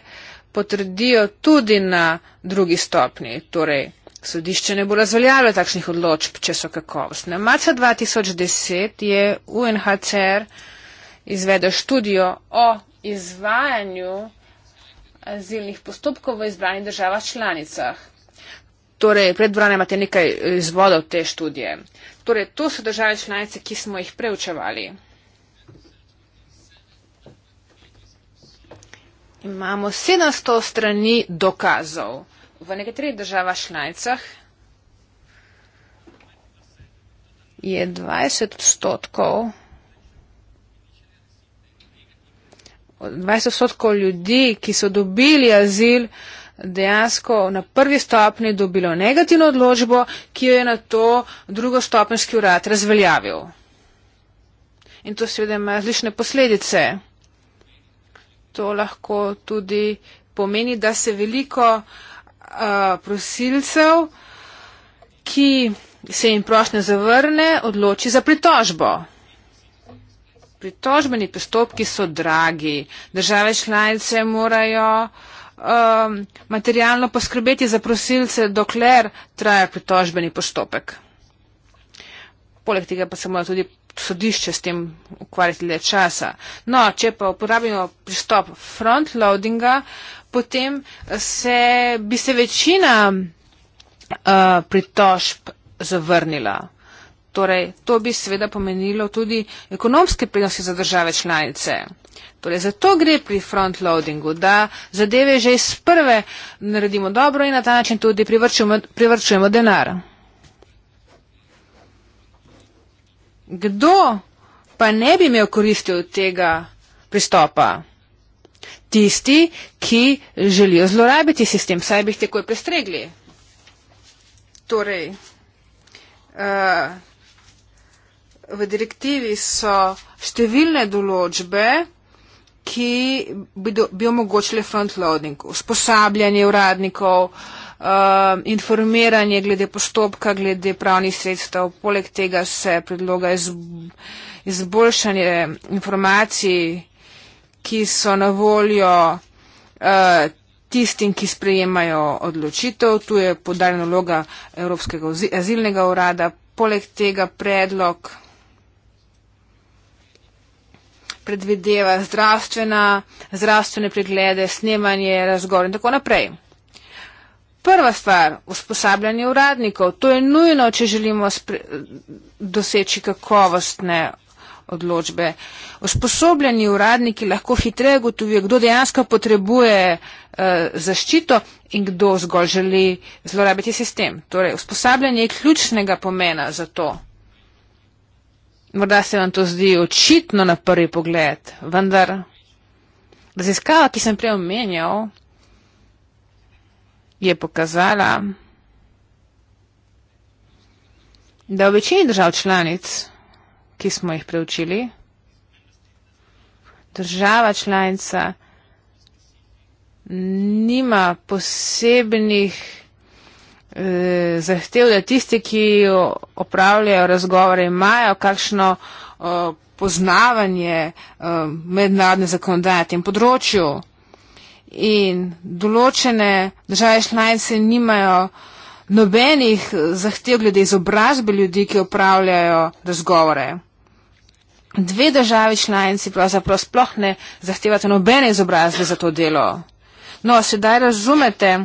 potrdijo tudi na drugi stopni. Torej, sodišče ne bo razveljavilo takšnih odločb, če so kakovostne. Marca 2010 je UNHCR izvedel študijo o izvajanju azilnih postopkov v izbranih državah članicah. Torej, pred branjem imate nekaj izvodov te študije. Torej, to so države članice, ki smo jih preučevali. Imamo 700 strani dokazov. V nekaterih državah članicah je 20 odstotkov 20 odstotkov ljudi, ki so dobili azil, dejansko na prvi stopni dobilo negativno odločbo, ki jo je na to drugostopenski urad razveljavil. In to seveda ima različne posledice. To lahko tudi pomeni, da se veliko uh, prosilcev, ki se jim prošnja zavrne, odloči za pritožbo. Pritožbeni postopki so dragi. Države članice morajo um, materialno poskrbeti za prosilce, dokler traja pritožbeni postopek. Poleg tega pa se mora tudi sodišče s tem ukvarjati le časa. No, če pa uporabimo pristop frontloadinga, potem se, bi se večina uh, pritožb zavrnila. Torej, to bi seveda pomenilo tudi ekonomske prednosti za države članice. Torej, zato gre pri frontloadingu, da zadeve že iz prve naredimo dobro in na ta način tudi privrčujemo, privrčujemo denar. Kdo pa ne bi imel koristi od tega pristopa? Tisti, ki želijo zlorabiti sistem, saj bi jih takoj prestregli. Torej, uh, v direktivi so številne določbe, ki bi, do, bi omogočile frontloading, usposabljanje uradnikov, um, informiranje glede postopka, glede pravnih sredstev. Poleg tega se predloga izboljšanje informacij, ki so na voljo uh, tistim, ki sprejemajo odločitev. Tu je podaljna loga Evropskega azilnega urada. Poleg tega predlog predvideva zdravstvena, zdravstvene preglede, snemanje, razgovor in tako naprej. Prva stvar, usposabljanje uradnikov. To je nujno, če želimo doseči kakovostne odločbe. Usposobljeni uradniki lahko hitreje gotovijo, kdo dejansko potrebuje eh, zaščito in kdo zgolj želi zlorabiti sistem. Torej, usposabljanje je ključnega pomena za to. Morda se vam to zdi očitno na prvi pogled, vendar raziskava, ki sem prej omenjal, je pokazala, da v večini držav članic, ki smo jih preučili, država članica nima posebnih Eh, zahtev, da tisti, ki opravljajo razgovore, imajo kakšno eh, poznavanje eh, mednarodne zakonodaje na tem področju. In določene države članice nimajo nobenih zahtev glede izobrazbe ljudi, ki opravljajo razgovore. Dve države članici pravzaprav sploh ne zahtevate nobene izobrazbe za to delo. No, sedaj razumete,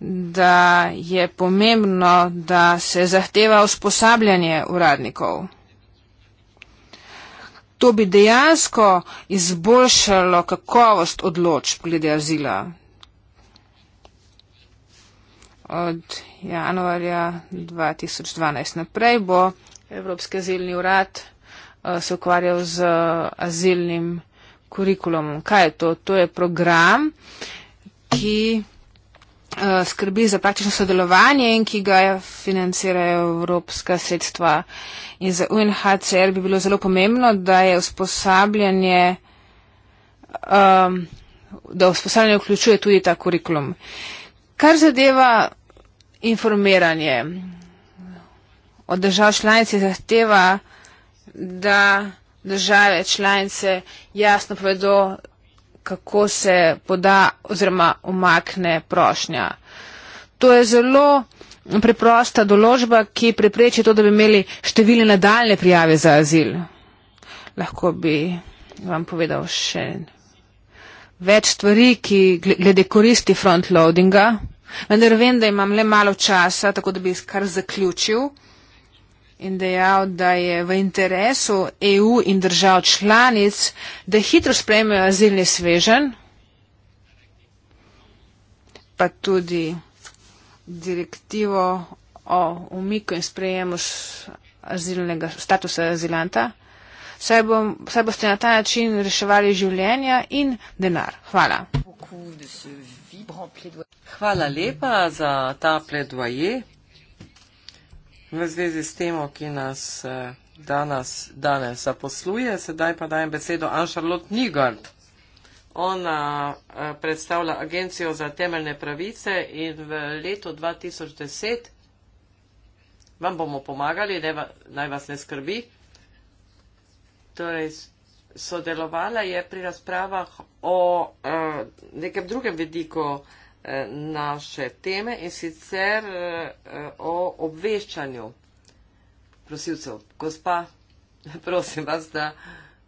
da je pomembno, da se zahteva usposabljanje uradnikov. To bi dejansko izboljšalo kakovost odločb glede azila. Od januarja 2012 naprej bo Evropski azilni urad eh, se ukvarjal z eh, azilnim kurikulumom. Kaj je to? To je program, ki Eh, skrbi za praktično sodelovanje in ki ga financirajo evropska sredstva. In za UNHCR bi bilo zelo pomembno, da je usposabljanje, um, da usposabljanje vključuje tudi ta kurikulum. Kar zadeva informiranje, od držav članice zahteva, da države članice jasno povedo, kako se poda oziroma umakne prošnja. To je zelo preprosta doložba, ki prepreči to, da bi imeli številne nadaljne prijave za azil. Lahko bi vam povedal še več stvari, ki glede koristi frontloadinga, vendar vem, da imam le malo časa, tako da bi kar zaključil in dejal, da je v interesu EU in držav članic, da hitro spremejo azilni svežen, pa tudi direktivo o umiku in sprejemu azilnega, statusa azilanta. Saj, bom, saj boste na ta način reševali življenja in denar. Hvala. Hvala lepa za ta predvoje. V zvezi s temo, ki nas eh, danes, danes zaposluje, sedaj pa dajem besedo Anne-Charlotte Nigard. Ona eh, predstavlja Agencijo za temeljne pravice in v letu 2010 vam bomo pomagali, ne, naj vas ne skrbi. Torej, sodelovala je pri razpravah o uh, nekem drugem vidiku uh, naše teme in sicer eh, o obveščanju prosilcev. Gospa, prosim vas, da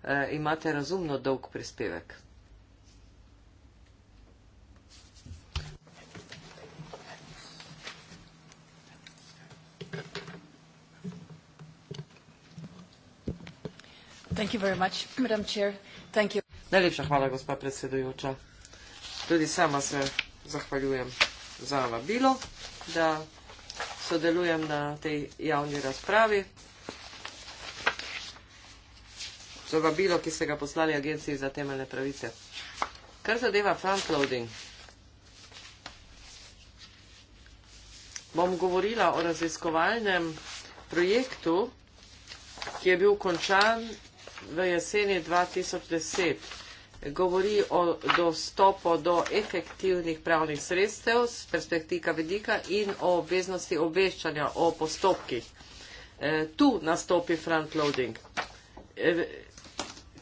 eh, imate razumno dolg prispevek. Thank you very much, madam chair. Thank you. Najlepša hvala, gospa predsedujoča. Tudi sama se zahvaljujem za vabilo, da sodelujem na tej javni razpravi. Za vabilo, ki ste ga poslali Agenciji za temeljne pravice. Kar zadeva frontloading, bom govorila o raziskovalnem projektu, ki je bil končan v jeseni 2010 govori o dostopu do efektivnih pravnih sredstev z perspektika vedika in o obveznosti obveščanja o postopkih. E, tu nastopi frontloading. E,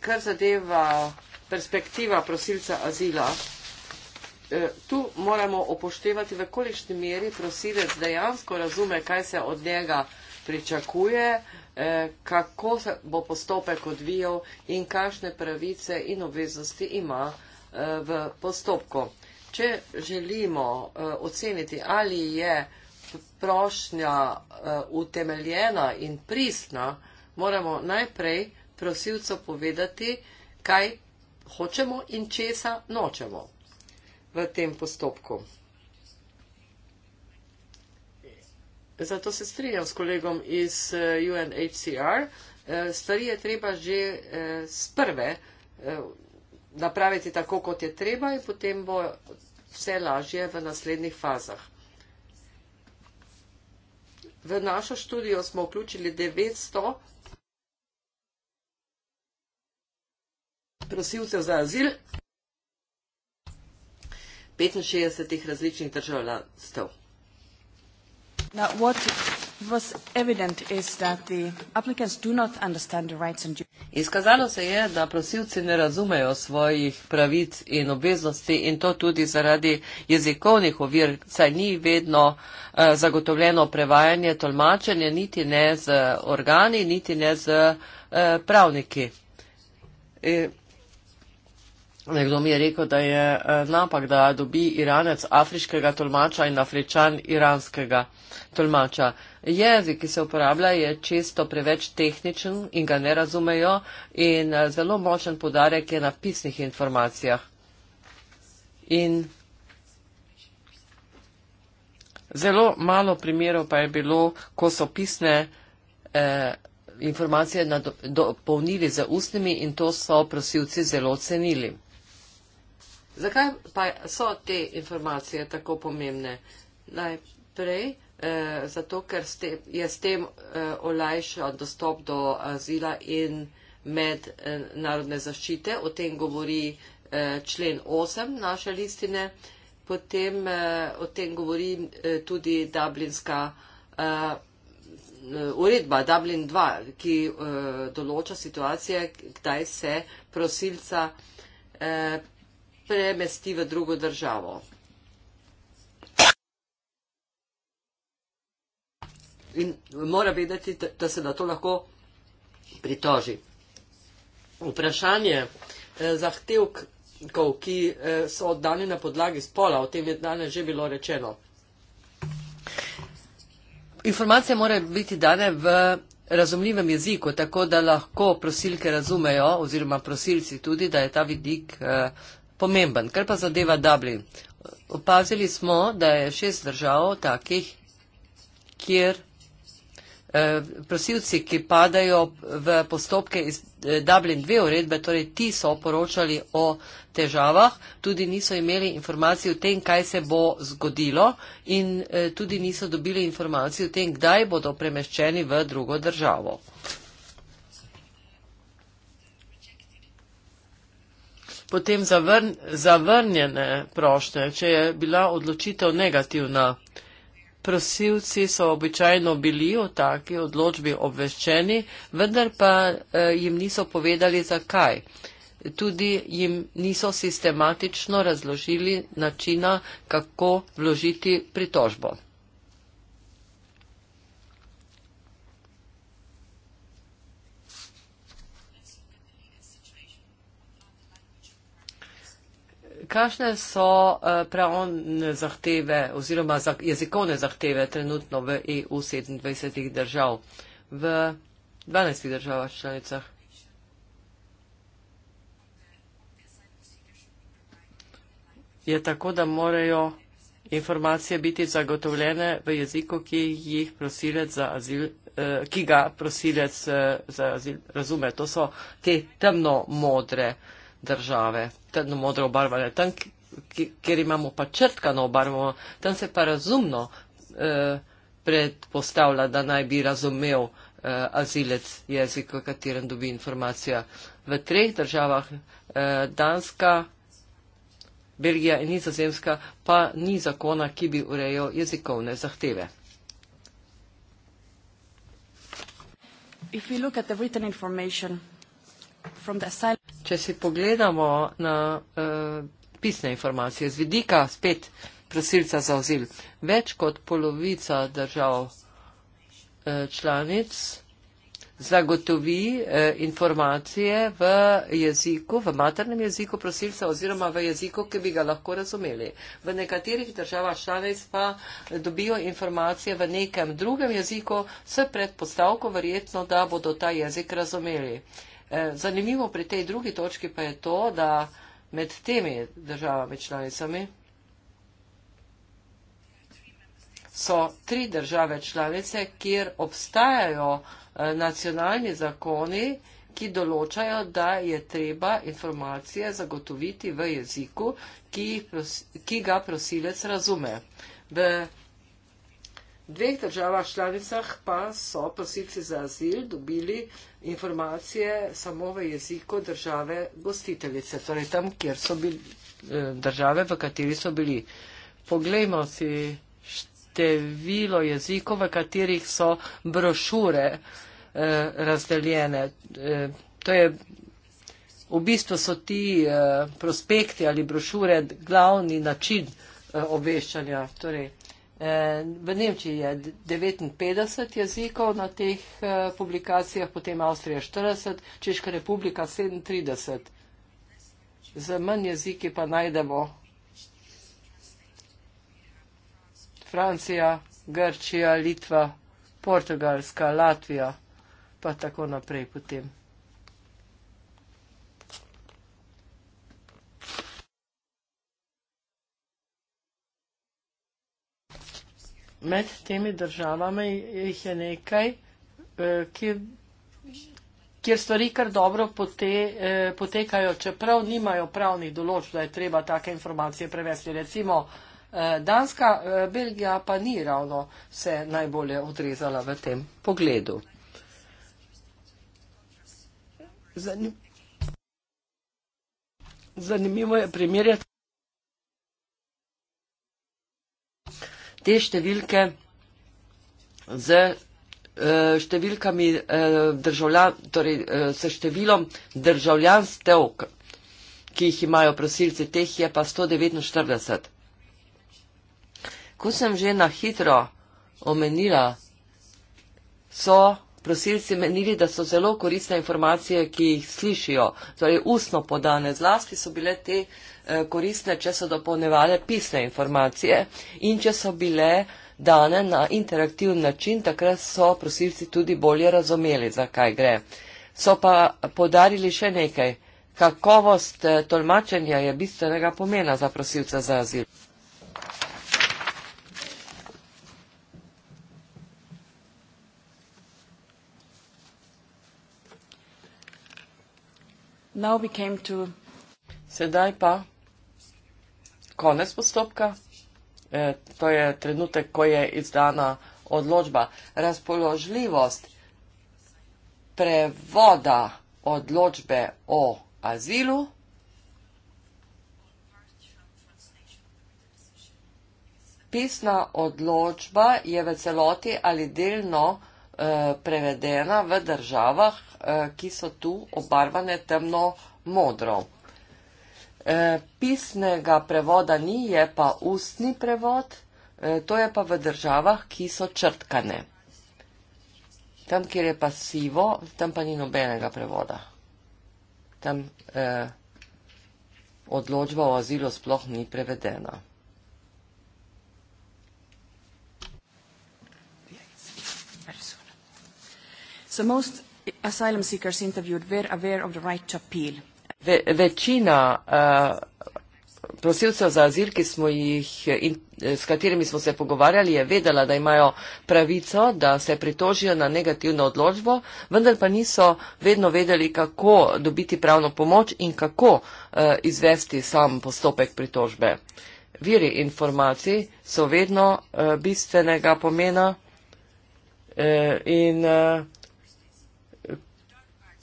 kar zadeva perspektiva prosilca azila, e, tu moramo upoštevati, v kolišni meri prosilec dejansko razume, kaj se od njega pričakuje, Eh, kako se bo postopek odvijal in kakšne pravice in obveznosti ima eh, v postopku. Če želimo eh, oceniti, ali je prošnja utemeljena in pristna, moramo najprej prosilcu povedati, kaj hočemo in česa nočemo v tem postopku. Zato se strinjam s kolegom iz eh, UNHCR, eh, stvari je treba že eh, sprve napraviti tako, kot je treba in potem bo vse lažje v naslednjih fazah. V našo študijo smo vključili 900 prosilcev za azil, 65 različnih državljanstv. Now, what was evident is that the applicants do not understand the rights and duties. Izkazalo se je, da prosilci ne razumejo svojih pravic in obveznosti in to tudi zaradi jezikovnih ovir, saj ni vedno eh, zagotovljeno prevajanje, tolmačenje, niti ne z organi, niti ne z eh, pravniki. In eh, Nekdo mi je rekel, da je eh, napak, da dobi Iranec afriškega tolmača in afričan iranskega tolmača. Jezik, ki se uporablja, je čisto preveč tehničen in ga ne razumejo in eh, zelo močen podarek je na pisnih informacijah. In zelo malo primerov pa je bilo, ko so pisne. Eh, informacije dopolnili z ustnimi in to so prosilci zelo cenili. Zakaj pa so te informacije tako pomembne? Najprej, eh, zato, ker ste, je s tem eh, olajšan dostop do eh, azila in mednarodne eh, zaščite, o tem govori eh, člen 8 naše listine, potem eh, o tem govori eh, tudi Dublinska eh, uredba, Dublin 2, ki eh, določa situacije, kdaj se prosilca. Eh, premesti v drugo državo. In mora vedeti, da se na to lahko pritoži. Vprašanje eh, zahtevkov, ki eh, so oddani na podlagi spola, o tem je danes že bilo rečeno. Informacije morajo biti dane v razumljivem jeziku, tako da lahko prosilke razumejo oziroma prosilci tudi, da je ta vidik eh, pomemben. Kar pa zadeva Dublin. Opazili smo, da je šest držav takih, kjer eh, prosilci, ki padajo v postopke iz eh, Dublin 2 uredbe, torej ti so poročali o težavah, tudi niso imeli informacij o tem, kaj se bo zgodilo in eh, tudi niso dobili informacij o tem, kdaj bodo premeščeni v drugo državo. potem zavrn, zavrnjene prošnje, če je bila odločitev negativna. Prosilci so običajno bili v taki odločbi obveščeni, vendar pa eh, jim niso povedali zakaj. Tudi jim niso sistematično razložili načina, kako vložiti pritožbo. kakšne so eh, pravne zahteve oziroma jezikovne zahteve trenutno v EU 27 držav, v 12 državah članicah? Je tako, da morajo informacije biti zagotovljene v jeziku, ki, jih prosilec za azil, eh, ki ga prosilec eh, za azil razume. To so te temno modre države, temno modro obarvane, tam, kjer imamo pa črtkano obarvo, tam se pa razumno eh, predpostavlja, da naj bi razumel eh, azilec jezik, v katerem dobi informacija. V treh državah, eh, Danska, Belgija in Nizozemska, pa ni zakona, ki bi urejal jezikovne zahteve. If you look at the written information Če si pogledamo na uh, pisne informacije z vidika spet prosilca za ozil, več kot polovica držav uh, članic zagotovi eh, informacije v jeziku, v maternem jeziku prosilca oziroma v jeziku, ki bi ga lahko razumeli. V nekaterih državah članic pa dobijo informacije v nekem drugem jeziku s predpostavko verjetno, da bodo ta jezik razumeli. Eh, Eh, zanimivo pri tej drugi točki pa je to, da med temi državami članicami so tri države članice, kjer obstajajo eh, nacionalni zakoni, ki določajo, da je treba informacije zagotoviti v jeziku, ki ga prosilec razume. V V dveh državah članicah pa so prosilci za azil dobili informacije samo v jeziku države gostiteljice, torej tam, kjer so bili eh, države, v kateri so bili. Poglejmo si število jezikov, v katerih so brošure eh, razdeljene. Eh, to je, v bistvu so ti prospekti ali brošure glavni način obveščanja. Torej, Eh, v Nemčiji je 59 jezikov na teh eh, publikacijah, potem Avstrija 40, Češka republika 37. Z manj jeziki pa najdemo Francija, Grčija, Litva, Portugalska, Latvija, pa tako naprej potem. med temi državami jih je nekaj, eh, ki, kjer stvari kar dobro pote, eh, potekajo, čeprav nimajo pravnih določb, da je treba take informacije prevesti. Recimo eh, Danska, Belgija pa ni ravno se najbolje odrezala v tem pogledu. Zanim, zanimivo je primerjati. te številke z eh, številkami eh, državljan, torej eh, s številom državljanstev, ki jih imajo prosilci, teh je pa 149. Ko sem že na hitro omenila, so prosilci menili, da so zelo koristne informacije, ki jih slišijo, torej ustno podane. Zlasti so bile te eh, koristne, če so dopolnevale pisne informacije in če so bile dane na interaktivni način, takrat so prosilci tudi bolje razumeli, zakaj gre. So pa podarili še nekaj. Kakovost eh, tolmačenja je bistvenega pomena za prosilca za azil. Now we came to... Sedaj pa konec postopka. E, to je trenutek, ko je izdana odločba. Razpoložljivost prevoda odločbe o azilu Pisna odločba je v celoti ali delno odločba Eh, prevedena v državah, eh, ki so tu obarvane temno modro. Eh, pisnega prevoda ni, je pa ustni prevod, to je pa v državah, ki so črtkane. Tam, kjer je pa sivo, tam pa ni nobenega prevoda. Tam eh, odločba o azilu sploh ni prevedena. So most asylum seekers interviewed were aware of the right to appeal. Ve, večina uh, prosilcev za azil, smo jih, in, eh, s katerimi smo se pogovarjali, je vedela, da imajo pravico, da se pritožijo na negativno odločbo, vendar pa niso vedno vedeli, kako dobiti pravno pomoč in kako uh, izvesti sam postopek pritožbe. Viri informacij so vedno uh, bistvenega pomena uh, in uh,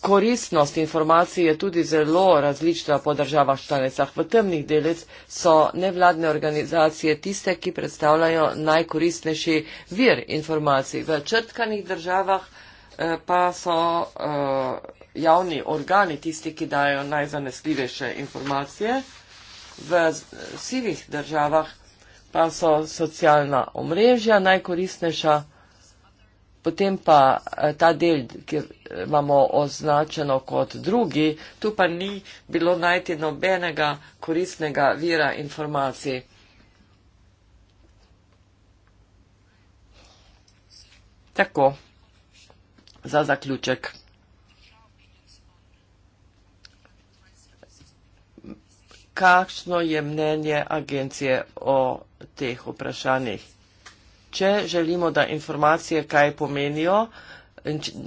Koristnost informacij je tudi zelo različna po državah članicah. V temnih delec so nevladne organizacije tiste, ki predstavljajo najkoristnejši vir informacij. V črtkanih državah eh, pa so eh, javni organi tisti, ki dajo najzanesljivejše informacije. V sivih državah pa so socialna omrežja najkoristnejša. Potem pa eh, ta del, ki imamo označeno kot drugi, tu pa ni bilo najti nobenega koristnega vira informacij. Tako, za zaključek. Kakšno je mnenje agencije o teh vprašanjih? če želimo, da informacije kaj pomenijo,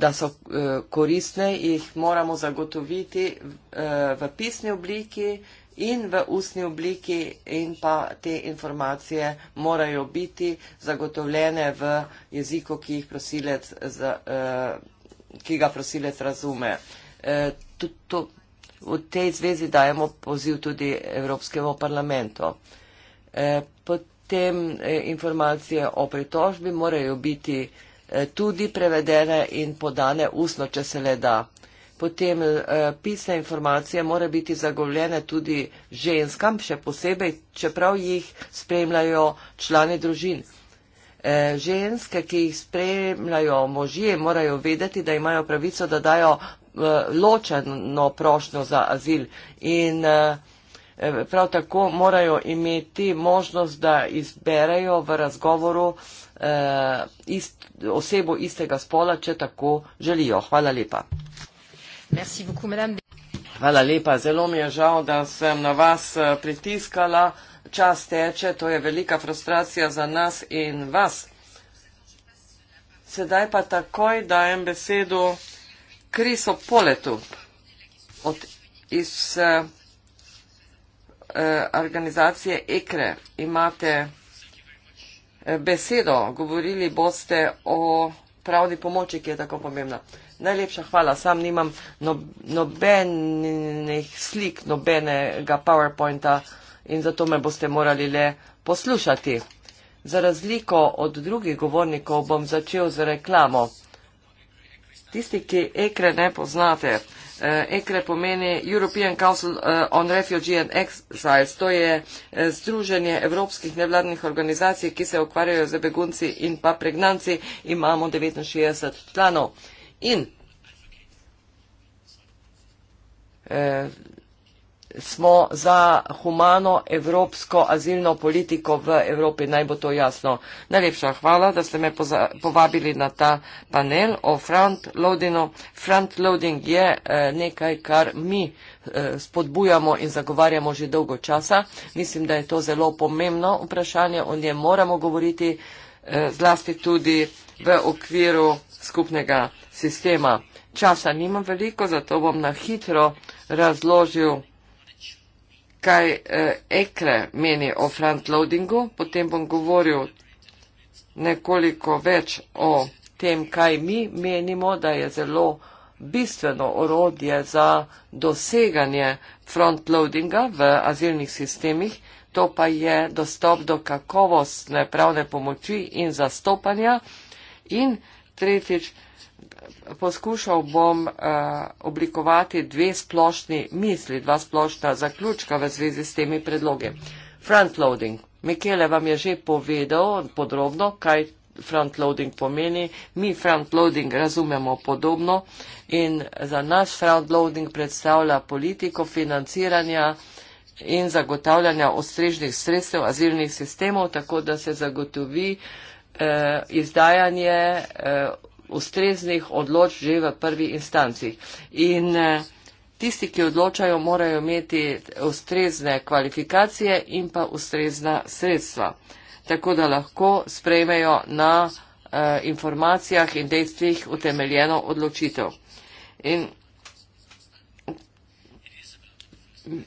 da so eh, koristne, jih moramo zagotoviti eh, v pisni obliki in v ustni obliki in pa te informacije morajo biti zagotovljene v jeziku, ki, jih prosilec, eh, ki ga prosilec razume. To, to, v tej zvezi dajemo poziv tudi Evropskemu parlamentu tem eh, informacije o pritožbi morajo biti eh, tudi prevedene in podane usno, če se le da. Potem eh, pisne informacije morajo biti zagovljene tudi ženskam, še posebej, čeprav jih spremljajo člani družin. Ženske, ki jih spremljajo možje, morajo vedeti, da imajo pravico, da dajo ločeno prošnjo za azil. In, uh, prav tako morajo imeti možnost, da izberejo v razgovoru eh, ist, osebo istega spola, če tako želijo. Hvala lepa. Hvala lepa. Zelo mi je žal, da sem na vas eh, pritiskala. Čas teče, to je velika frustracija za nas in vas. Sedaj pa takoj dajem besedo Kriso Poletu od, iz eh, Eh, organizacije EKRE. Imate eh, besedo, govorili boste o pravni pomoči, ki je tako pomembna. Najlepša hvala, sam nimam no, nobenih slik, nobenega PowerPointa in zato me boste morali le poslušati. Za razliko od drugih govornikov bom začel z reklamo. Tisti, ki ekre ne poznate, uh, eh, ECRE pomeni European Council eh, on Refugee and Exiles. To je eh, združenje evropskih nevladnih organizacij, ki se ukvarjajo z begunci in pa pregnanci. Imamo 69 članov. In smo za humano evropsko azilno politiko v Evropi, naj bo to jasno. Najlepša hvala, da ste me povabili na ta panel o front-loadingu. Front-loading je eh, nekaj, kar mi eh, spodbujamo in zagovarjamo že dolgo časa. Mislim, da je to zelo pomembno vprašanje, o njem moramo govoriti eh, zlasti tudi v okviru skupnega sistema. Časa nimam veliko, zato bom na hitro razložil kaj uh, Ekre meni o frontloadingu, potem bom govoril nekoliko več o tem, kaj mi menimo, da je zelo bistveno orodje za doseganje frontloadinga v azilnih sistemih, to pa je dostop do kakovostne pravne pomoči in zastopanja. In tretjič, poskušal bom uh, oblikovati dve splošni misli, dva splošna zaključka v zvezi s temi predloge. Frontloading. Mikele vam je že povedal podrobno, kaj frontloading pomeni. Mi frontloading razumemo podobno in za nas frontloading predstavlja politiko financiranja in zagotavljanja ostrežnih sredstev azilnih sistemov, tako da se zagotovi eh, izdajanje eh, ustreznih odločb že v prvi instanci. In eh, tisti, ki odločajo, morajo imeti ustrezne kvalifikacije in pa ustrezna sredstva, tako da lahko sprejmejo na eh, informacijah in dejstvih utemeljeno odločitev. In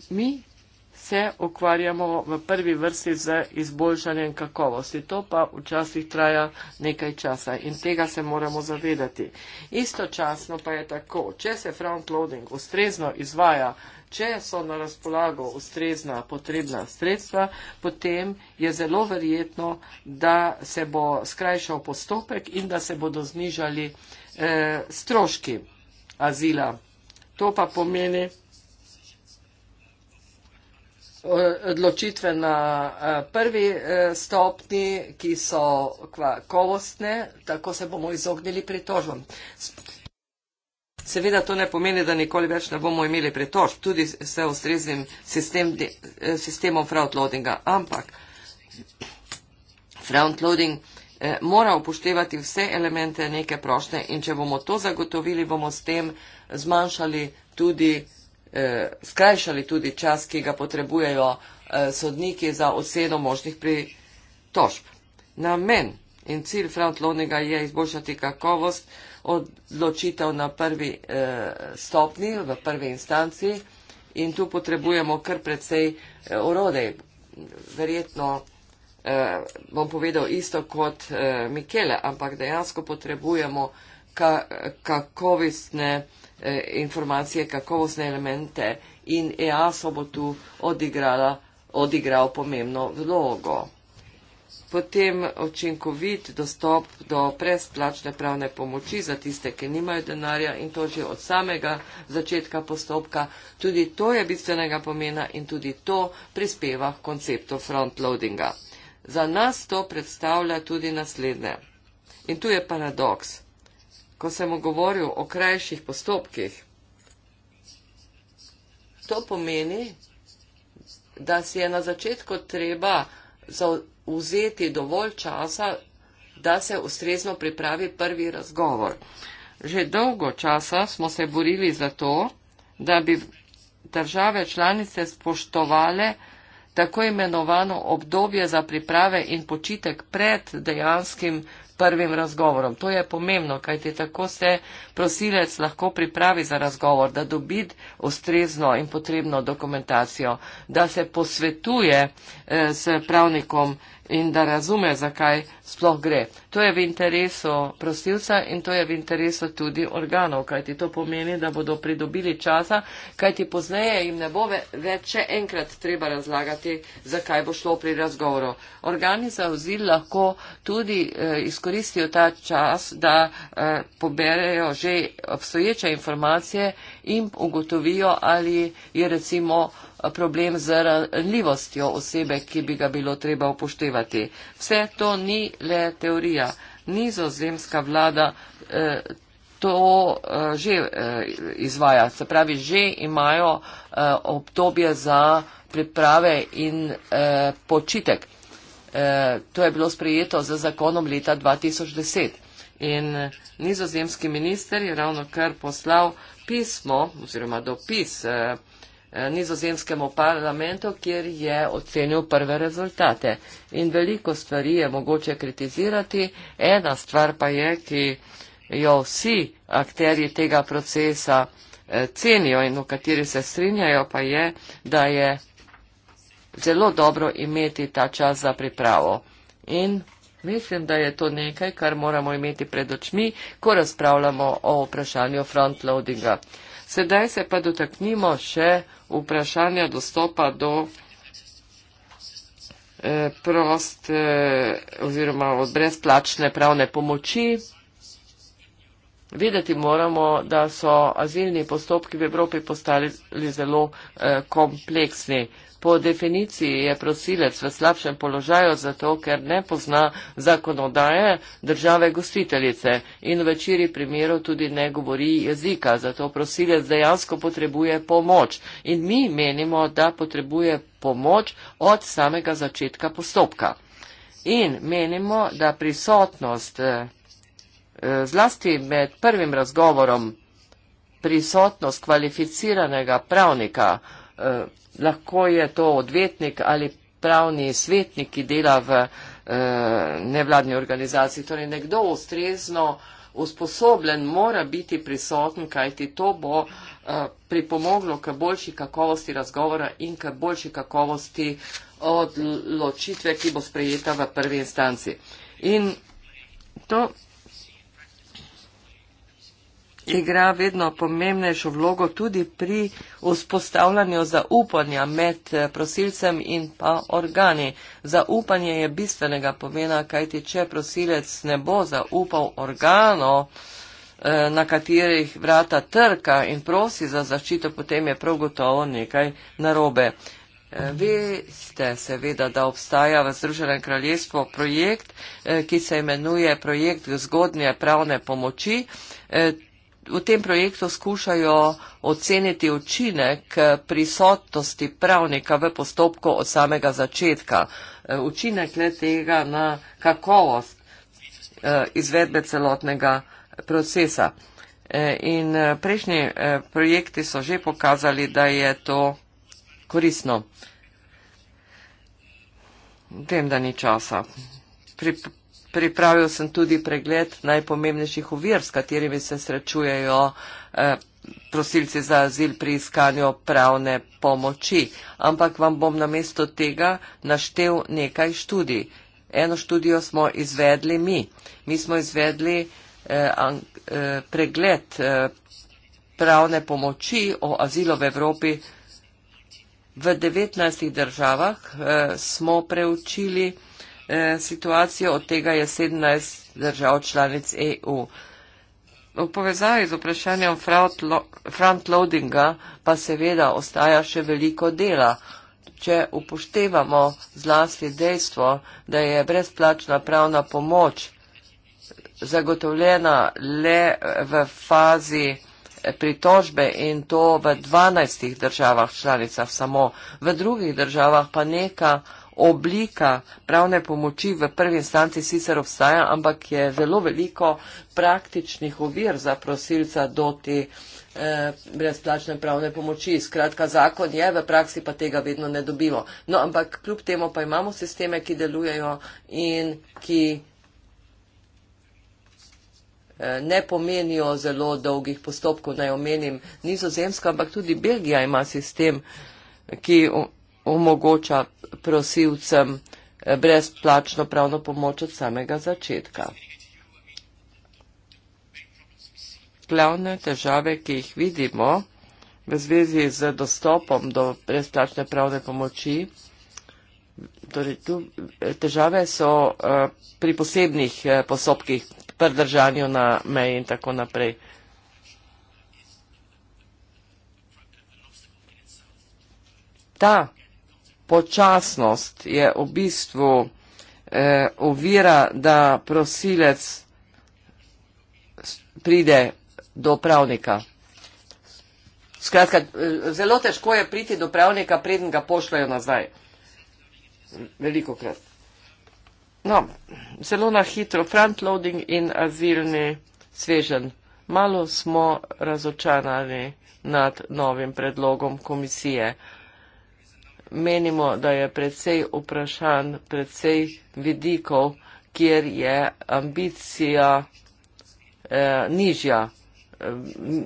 mi se ukvarjamo v prvi vrsti z izboljšanjem kakovosti. To pa včasih traja nekaj časa in tega se moramo zavedati. Istočasno pa je tako, če se frontloading ustrezno izvaja, če so na razpolago ustrezna potrebna sredstva, potem je zelo verjetno, da se bo skrajšal postopek in da se bodo znižali eh, stroški azila. To pa pomeni, odločitve na eh, prvi eh, stopni, ki so kakovostne, tako se bomo izognili pritožbam. Seveda to ne pomeni, da nikoli več ne bomo imeli pritožb, tudi s ustreznim sistem, eh, sistemom frontloadinga, ampak frontloading mora upoštevati vse elemente neke prošnje in če bomo to zagotovili, bomo s tem zmanjšali tudi eh, skrajšali tudi čas, ki ga potrebujejo eh, sodniki za oceno možnih pritožb. Namen in cilj frontloninga je izboljšati kakovost odločitev na prvi eh, stopni, v prvi instanci in tu potrebujemo kar precej eh, orodej. Verjetno eh, bom povedal isto kot eh, Mikele, ampak dejansko potrebujemo ka kakovostne. Eh, informacije, kakovostne elemente in EASO bo tu odigrala, odigral pomembno vlogo. Potem očinkovit dostop do presplačne pravne pomoči za tiste, ki nimajo denarja in to že od samega začetka postopka. Tudi to je bistvenega pomena in tudi to prispeva k konceptu frontloadinga. Za nas to predstavlja tudi naslednje. In tu je paradoks ko sem govoril o krajših postopkih. To pomeni, da si je na začetku treba vzeti dovolj časa, da se ustrezno pripravi prvi razgovor. Že dolgo časa smo se borili za to, da bi države članice spoštovale tako imenovano obdobje za priprave in počitek pred dejanskim prvim razgovorom. To je pomembno, kajti tako se prosilec lahko pripravi za razgovor, da dobi ustrezno in potrebno dokumentacijo, da se posvetuje eh, s pravnikom in da razume, zakaj sploh gre. To je v interesu prosilca in to je v interesu tudi organov, kajti to pomeni, da bodo pridobili časa, kajti pozneje jim ne bo več še enkrat treba razlagati, zakaj bo šlo pri razgovoru. Organi za ozil lahko tudi eh, izkoristijo ta čas, da eh, poberejo že obstoječe informacije in ugotovijo, ali je recimo problem z ranljivostjo osebe, ki bi ga bilo treba upoštevati. Vse to ni le teorija. Nizozemska vlada eh, to eh, že eh, izvaja, se pravi, že imajo obdobje za priprave in počitek. To je bilo sprejeto z zakonom leta 2010. In nizozemski minister je ravno kar poslal pismo oziroma dopis eh, Eh, nizozemskemu parlamentu, kjer je ocenil prve rezultate. In veliko stvari je mogoče kritizirati. Ena stvar pa je, ki jo vsi akteri tega procesa eh, cenijo in v kateri se strinjajo, pa je, da je zelo dobro imeti ta čas za pripravo. In mislim, da je to nekaj, kar moramo imeti pred očmi, ko razpravljamo o vprašanju frontloadinga. Sedaj se pa dotaknimo še vprašanja dostopa do eh, prost eh, oziroma od brezplačne pravne pomoči. Videti moramo, da so azilni postopki v Evropi postali zelo eh, kompleksni. Po definiciji je prosilec v slabšem položaju zato, ker ne pozna zakonodaje države gostiteljice in v večini primerov tudi ne govori jezika. Zato prosilec dejansko potrebuje pomoč in mi menimo, da potrebuje pomoč od samega začetka postopka. In menimo, da prisotnost eh, eh, zlasti med prvim razgovorom, prisotnost kvalificiranega pravnika, Eh, lahko je to odvetnik ali pravni svetnik, ki dela v eh, nevladni organizaciji. Torej, nekdo ustrezno usposobljen mora biti prisoten, kajti to bo eh, pripomoglo k boljši kakovosti razgovora in k boljši kakovosti odločitve, ki bo sprejeta v prvi instanci. In to igra vedno pomembnejšo vlogo tudi pri vzpostavljanju zaupanja med eh, prosilcem in pa organi. Zaupanje je bistvenega pomena, kajti če prosilec ne bo zaupal organo, eh, na katerih vrata trka in prosi za zaščito, potem je prav gotovo nekaj narobe. Eh, Vi ste seveda, da obstaja v Združenem kraljestvu projekt, ki se imenuje projekt zgodnje pravne pomoči v tem projektu skušajo oceniti učinek eh, prisotnosti pravnika v postopku od samega začetka. Eh, učinek le tega na kakovost eh, izvedbe celotnega procesa. In prejšnji projekti so že pokazali, da je to koristno. Vem, da ni časa. Pri, Pripravil sem tudi pregled najpomembnejših uvir, s katerimi se srečujejo eh, prosilci za azil pri iskanju pravne pomoči. Ampak vam bom namesto tega naštev nekaj študij. Eno študijo smo izvedli mi. Mi smo izvedli eh, an, eh, pregled eh, pravne pomoči o azilu v Evropi. V 19 državah eh, smo preučili Eh, situacijo, od tega je 17 držav članic EU. V povezavi z vprašanjem frontloadinga pa seveda ostaja še veliko dela. Če upoštevamo zlasti dejstvo, da je brezplačna pravna pomoč zagotovljena le v fazi eh, pritožbe in to v 12 državah članicah samo, v drugih državah pa neka oblika pravne pomoči v prvi instanci sicer obstaja, ampak je zelo veliko praktičnih ovir za prosilca do te eh, brezplačne pravne pomoči. Skratka, zakon je, v praksi pa tega vedno ne dobimo. No, ampak kljub temu pa imamo sisteme, ki delujejo in ki eh, ne pomenijo zelo dolgih postopkov. Naj omenim Nizozemsko, ampak tudi Belgija ima sistem, ki omogoča prosilcem eh, brezplačno pravno pomoč od samega začetka. Glavne težave, ki jih vidimo v zvezi z dostopom do brezplačne pravne pomoči, torej tu, eh, težave so uh, pri posebnih uh, posobkih, prdržanju na meji in tako naprej. Ta počasnost je v bistvu eh, ovira, da prosilec pride do pravnika. Skratka, eh, zelo težko je priti do pravnika, preden ga pošljajo nazaj. Veliko krat. No, zelo na hitro, frontloading in azilni svežen. Malo smo razočarani nad novim predlogom komisije menimo, da je predvsej vprašanj, predvsej vidikov, kjer je ambicija eh, nižja. Eh,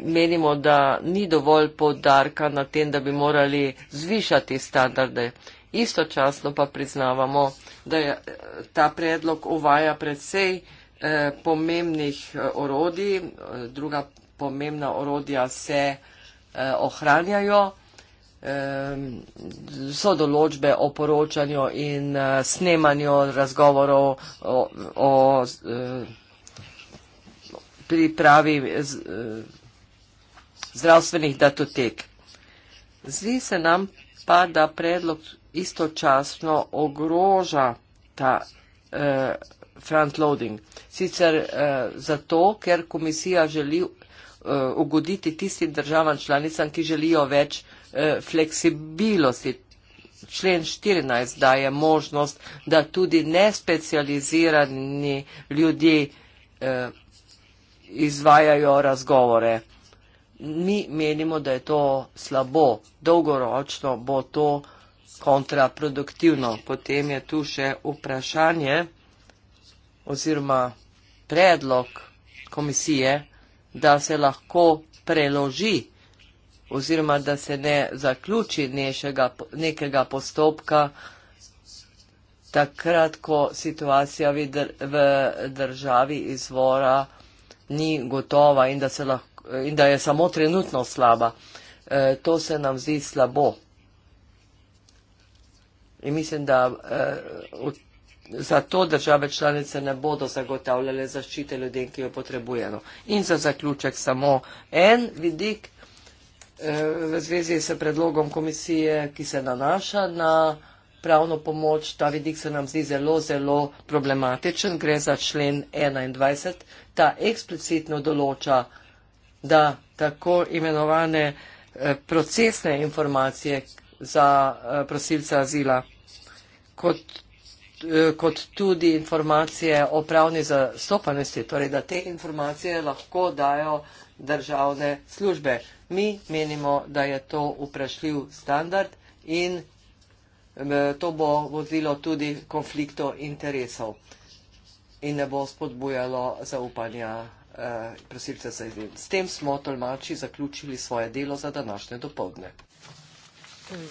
menimo, da ni dovolj podarka na tem, da bi morali zvišati standarde. Istočasno pa priznavamo, da je eh, ta predlog uvaja predvsej eh, pomembnih eh, orodij, druga pomembna orodja se eh, ohranjajo so določbe o poročanju in eh, snemanju razgovorov o, o eh, pripravi eh, zdravstvenih datotek. Zdi se nam pa, da predlog istočasno ogroža ta eh, frontloading. Sicer eh, zato, ker komisija želi eh, ugoditi tistim državam članicam, ki želijo več eh, Eh, fleksibilnosti. Člen 14 daje možnost, da tudi nespecializirani ljudje eh, izvajajo razgovore. Mi menimo, da je to slabo, dolgoročno bo to kontraproduktivno. Potem je tu še vprašanje oziroma predlog komisije, da se lahko preloži oziroma da se ne zaključi nešega, nekega postopka takrat, ko situacija v državi izvora ni gotova in da, se lahko, in da je samo trenutno slaba. E, to se nam zdi slabo. In mislim, da e, za to države članice ne bodo zagotavljale zaščite ljudem, ki jo potrebujemo. In za zaključek samo en vidik, Eh, v zvezi s predlogom komisije, ki se nanaša na pravno pomoč. Ta vidik se nam zdi zelo, zelo problematičen. Gre za člen 21. Ta eksplicitno določa, da tako imenovane eh, procesne informacije za eh, prosilce azila, kot, kot tudi informacije o pravni zastopanosti, torej da te informacije lahko dajo državne službe. Mi menimo, da je to vprašljiv standard in eh, to bo vozilo tudi konflikto interesov in ne bo spodbujalo zaupanja eh, prosilce za izvedel. S tem smo tolmači zaključili svoje delo za današnje dopovdne. Hmm.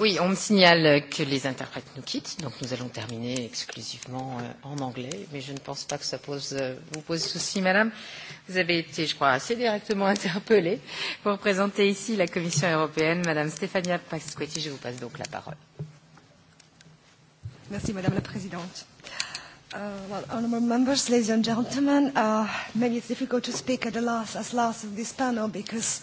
Oui, on me signale que les interprètes nous quittent, donc nous allons terminer exclusivement euh, en anglais, mais je ne pense pas que ça pose, euh, vous pose souci, madame. Vous avez été, je crois, assez directement interpellée pour présenter ici la Commission européenne. Madame Stéphania Pasquetti, je vous passe donc la parole. Merci, madame la présidente. Uh, well, honorable members, ladies and gentlemen, uh, maybe it's difficult to speak at the last, as last of this panel because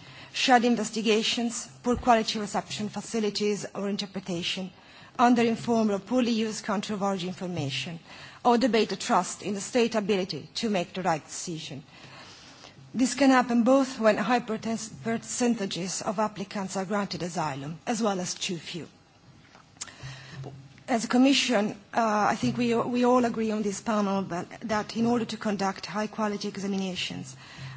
shared investigations, poor quality reception facilities or interpretation, underinformed or poorly used country of origin information, or debate trust in the state ability to make the right decision. This can happen both when high percentages of applicants are granted asylum, as well as too few. As a Commission, uh, I think we, we all agree on this panel that, that in order to conduct high quality examinations,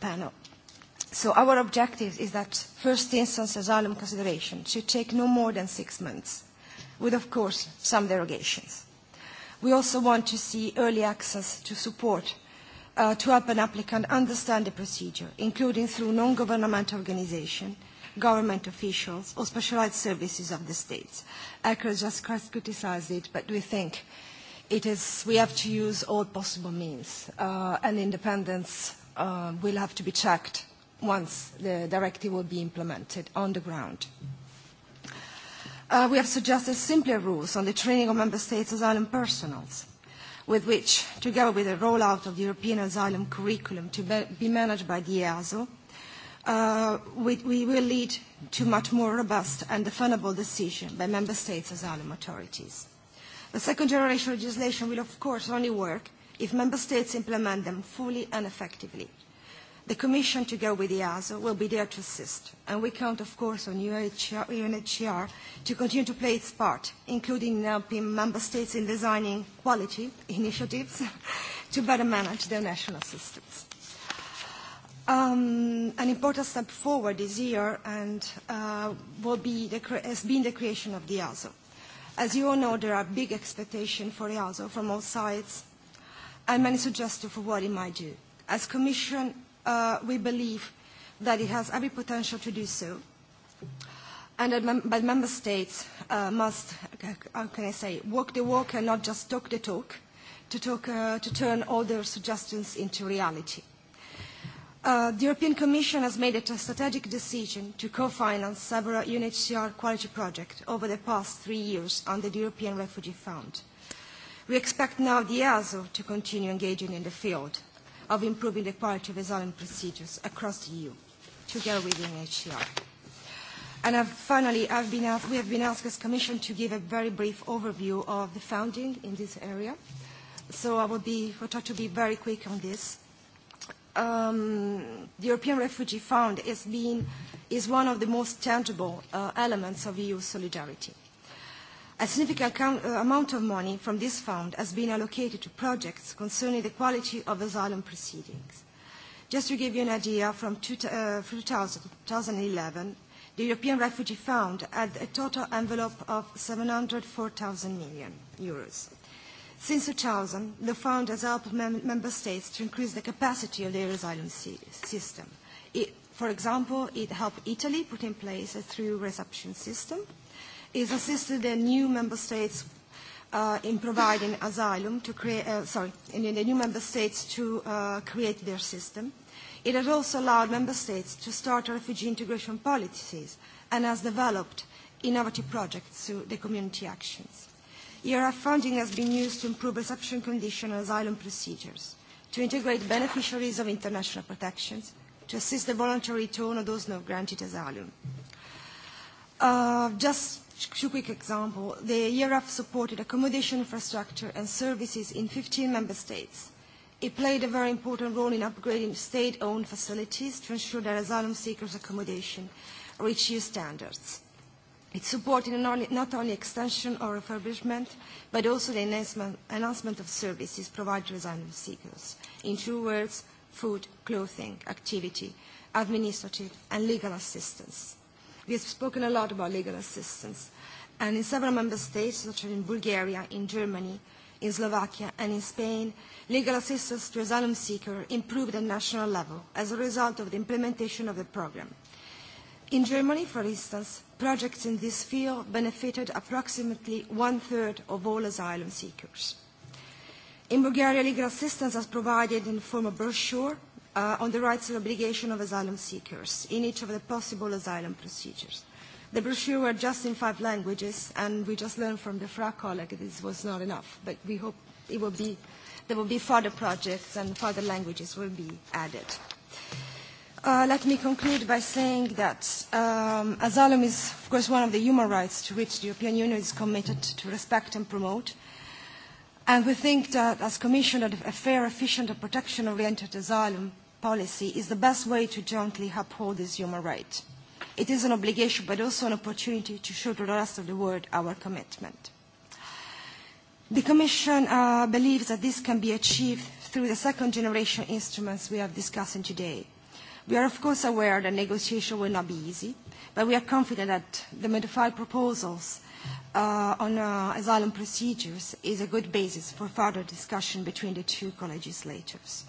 panel. So our objective is that first instance asylum consideration should take no more than six months, with of course some derogations. We also want to see early access to support uh, to help an applicant understand the procedure, including through non-governmental organizations, government officials or specialized services of the states. ECHO just criticized it, but we think it is, we have to use all possible means uh, and independence uh, will have to be checked once the directive will be implemented on the ground. Uh, we have suggested simpler rules on the training of member states' asylum personals, with which, together with the rollout of the European asylum curriculum to be managed by the EASO, uh, we, we will lead to much more robust and definable decision by member states' asylum authorities. The second generation legislation will, of course, only work if member states implement them fully and effectively. The Commission, together with the EASO, will be there to assist, and we count, of course, on UNHCR, UNHCR to continue to play its part, including helping member states in designing quality initiatives to better manage their national systems. Um, an important step forward this year and, uh, will be the cre- has been the creation of the EASO. As you all know, there are big expectations for EASO from all sides, and many suggestions for what it might do. As Commission, uh, we believe that it has every potential to do so, and that mem- but Member States uh, must, how can I say, walk the walk and not just talk the talk, to, talk, uh, to turn all their suggestions into reality. Uh, the European Commission has made it a strategic decision to co-finance several UNHCR quality projects over the past three years under the European Refugee Fund. We expect now the EASO to continue engaging in the field of improving the quality of asylum procedures across the EU, together with UNHCR. And I've, finally, I've been asked, we have been asked as Commission to give a very brief overview of the funding in this area. So I will, be, will try to be very quick on this. Um, the European Refugee Fund is, being, is one of the most tangible uh, elements of EU solidarity. A significant account, uh, amount of money from this fund has been allocated to projects concerning the quality of asylum proceedings. Just to give you an idea, from two, uh, 2000, 2011, the European Refugee Fund had a total envelope of 704,000 million euros. Since 2000, the fund has helped mem member states to increase the capacity of their asylum si system. It, for example, it helped Italy put in place a through reception system is assisting the new member states uh, in providing asylum to create, uh, sorry, in, in the new member states to uh, create their system. It has also allowed member states to start refugee integration policies and has developed innovative projects through the community actions. ERF funding has been used to improve reception conditions and asylum procedures, to integrate beneficiaries of international protections, to assist the voluntary return of those not granted asylum. Uh, just two quick examples. The ERAF supported accommodation infrastructure and services in 15 member states. It played a very important role in upgrading state-owned facilities to ensure that asylum seekers' accommodation reach EU standards. It supported not only extension or refurbishment, but also the enhancement of services provided to asylum seekers. In two words, food, clothing, activity, administrative and legal assistance. We have spoken a lot about legal assistance. And in several member states, such as in Bulgaria, in Germany, in Slovakia, and in Spain, legal assistance to asylum seekers improved at national level as a result of the implementation of the program. In Germany, for instance, projects in this field benefited approximately one-third of all asylum seekers. In Bulgaria, legal assistance is provided in the form of brochure uh, on the rights and obligations of asylum seekers in each of the possible asylum procedures. The brochure were just in five languages, and we just learned from the FRA colleague that this was not enough, but we hope it will be, there will be further projects and further languages will be added. Uh, let me conclude by saying that um, asylum is, of course, one of the human rights to which the European Union is committed to respect and promote. And we think that as Commission, that a fair, efficient, and protection-oriented asylum policy is the best way to jointly uphold this human right. It is an obligation but also an opportunity to show to the rest of the world our commitment. The Commission uh, believes that this can be achieved through the second generation instruments we are discussing today. We are of course aware that negotiation will not be easy, but we are confident that the modified proposals uh, on uh, asylum procedures is a good basis for further discussion between the two co-legislators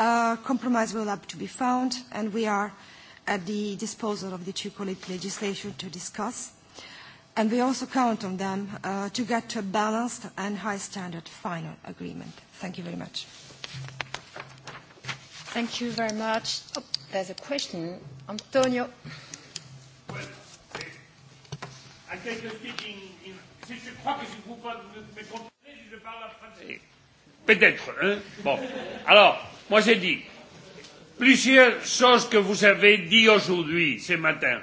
a compromise will have to be found and we are at the disposal of the two colleagues legislation to discuss and we also count on them uh, to get to a balanced and high standard final agreement. Thank you very much. Thank you very much. Oh, there's a question. Antonio. Well, I think you're speaking in... Je crois que je vous pas me comprendre, je parle en français. Peut-être, hein Bon. Alors... Moi, j'ai dit plusieurs choses que vous avez dit aujourd'hui, ce matin.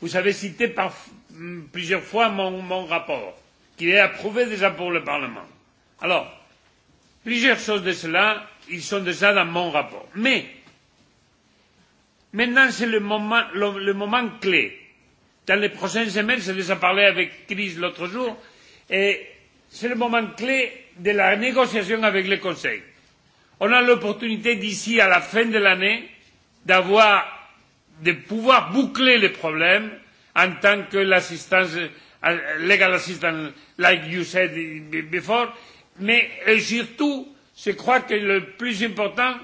Vous avez cité par, mm, plusieurs fois mon, mon rapport, qui est approuvé déjà pour le Parlement. Alors, plusieurs choses de cela, ils sont déjà dans mon rapport. Mais, maintenant, c'est le moment, le, le moment clé. Dans les prochaines semaines, j'ai déjà parlé avec Chris l'autre jour, et c'est le moment clé de la négociation avec le Conseil on a l'opportunité d'ici à la fin de l'année d'avoir, de pouvoir boucler les problèmes en tant que l'assistance, euh, legal assistance, like you said before. Mais et surtout, je crois que le plus important,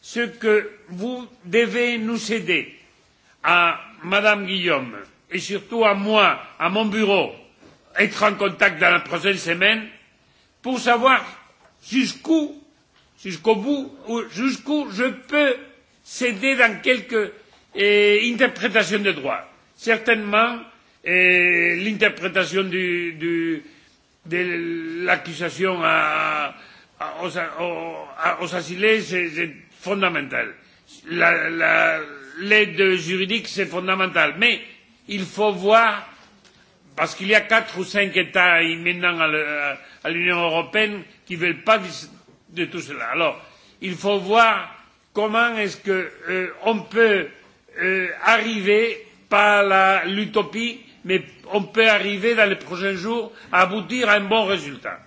c'est que vous devez nous aider à Madame Guillaume et surtout à moi, à mon bureau, être en contact dans la prochaine semaine pour savoir jusqu'où jusqu'au bout, jusqu'où je peux céder dans quelques eh, interprétations de droit. Certainement, eh, l'interprétation du, du, de l'accusation à, à, aux, aux, aux asilés, c'est, c'est fondamental. La, la, l'aide juridique, c'est fondamental. Mais il faut voir, parce qu'il y a quatre ou cinq États maintenant à, à, à l'Union européenne qui ne veulent pas de tout cela. Alors, il faut voir comment est-ce qu'on euh, peut euh, arriver, pas à l'utopie, mais on peut arriver dans les prochains jours à aboutir à un bon résultat.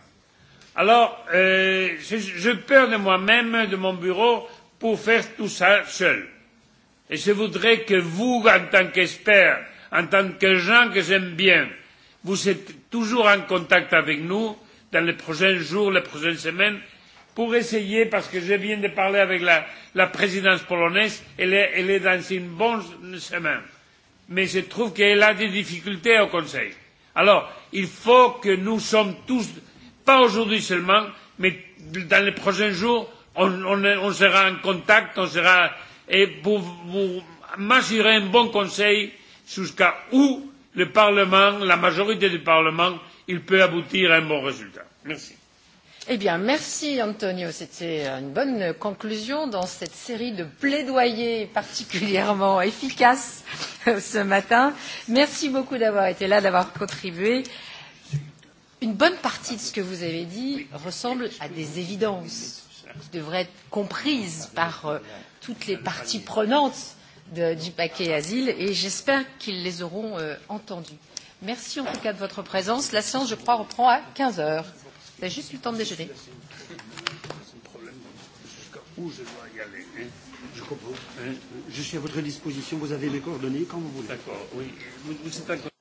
Alors, euh, je, je perds de moi-même, de mon bureau, pour faire tout ça seul. Et je voudrais que vous, en tant qu'experts, en tant que gens que j'aime bien, vous êtes toujours en contact avec nous dans les prochains jours, les prochaines semaines, pour essayer parce que je viens de parler avec la, la présidence polonaise elle est, elle est dans une bonne chemin mais je trouve qu'elle a des difficultés au conseil. alors il faut que nous sommes tous pas aujourd'hui seulement mais dans les prochains jours on, on, on sera en contact on sera et pour, pour m'assurer un bon conseil jusqu'à où le parlement la majorité du parlement il peut aboutir à un bon résultat. Merci. Eh merci antonio c'était une bonne conclusion dans cette série de plaidoyers particulièrement efficaces euh, ce matin. merci beaucoup d'avoir été là d'avoir contribué. une bonne partie de ce que vous avez dit ressemble à des évidences qui devraient être comprises par euh, toutes les parties prenantes de, du paquet asile et j'espère qu'ils les auront euh, entendues. merci en tout cas de votre présence. la séance je crois reprend à quinze heures. C'est juste le temps de déjeuner. Où je dois y aller hein Je comprends. Hein je suis à votre disposition. Vous avez mes coordonnées quand vous voulez. D'accord, oui. Vous, vous êtes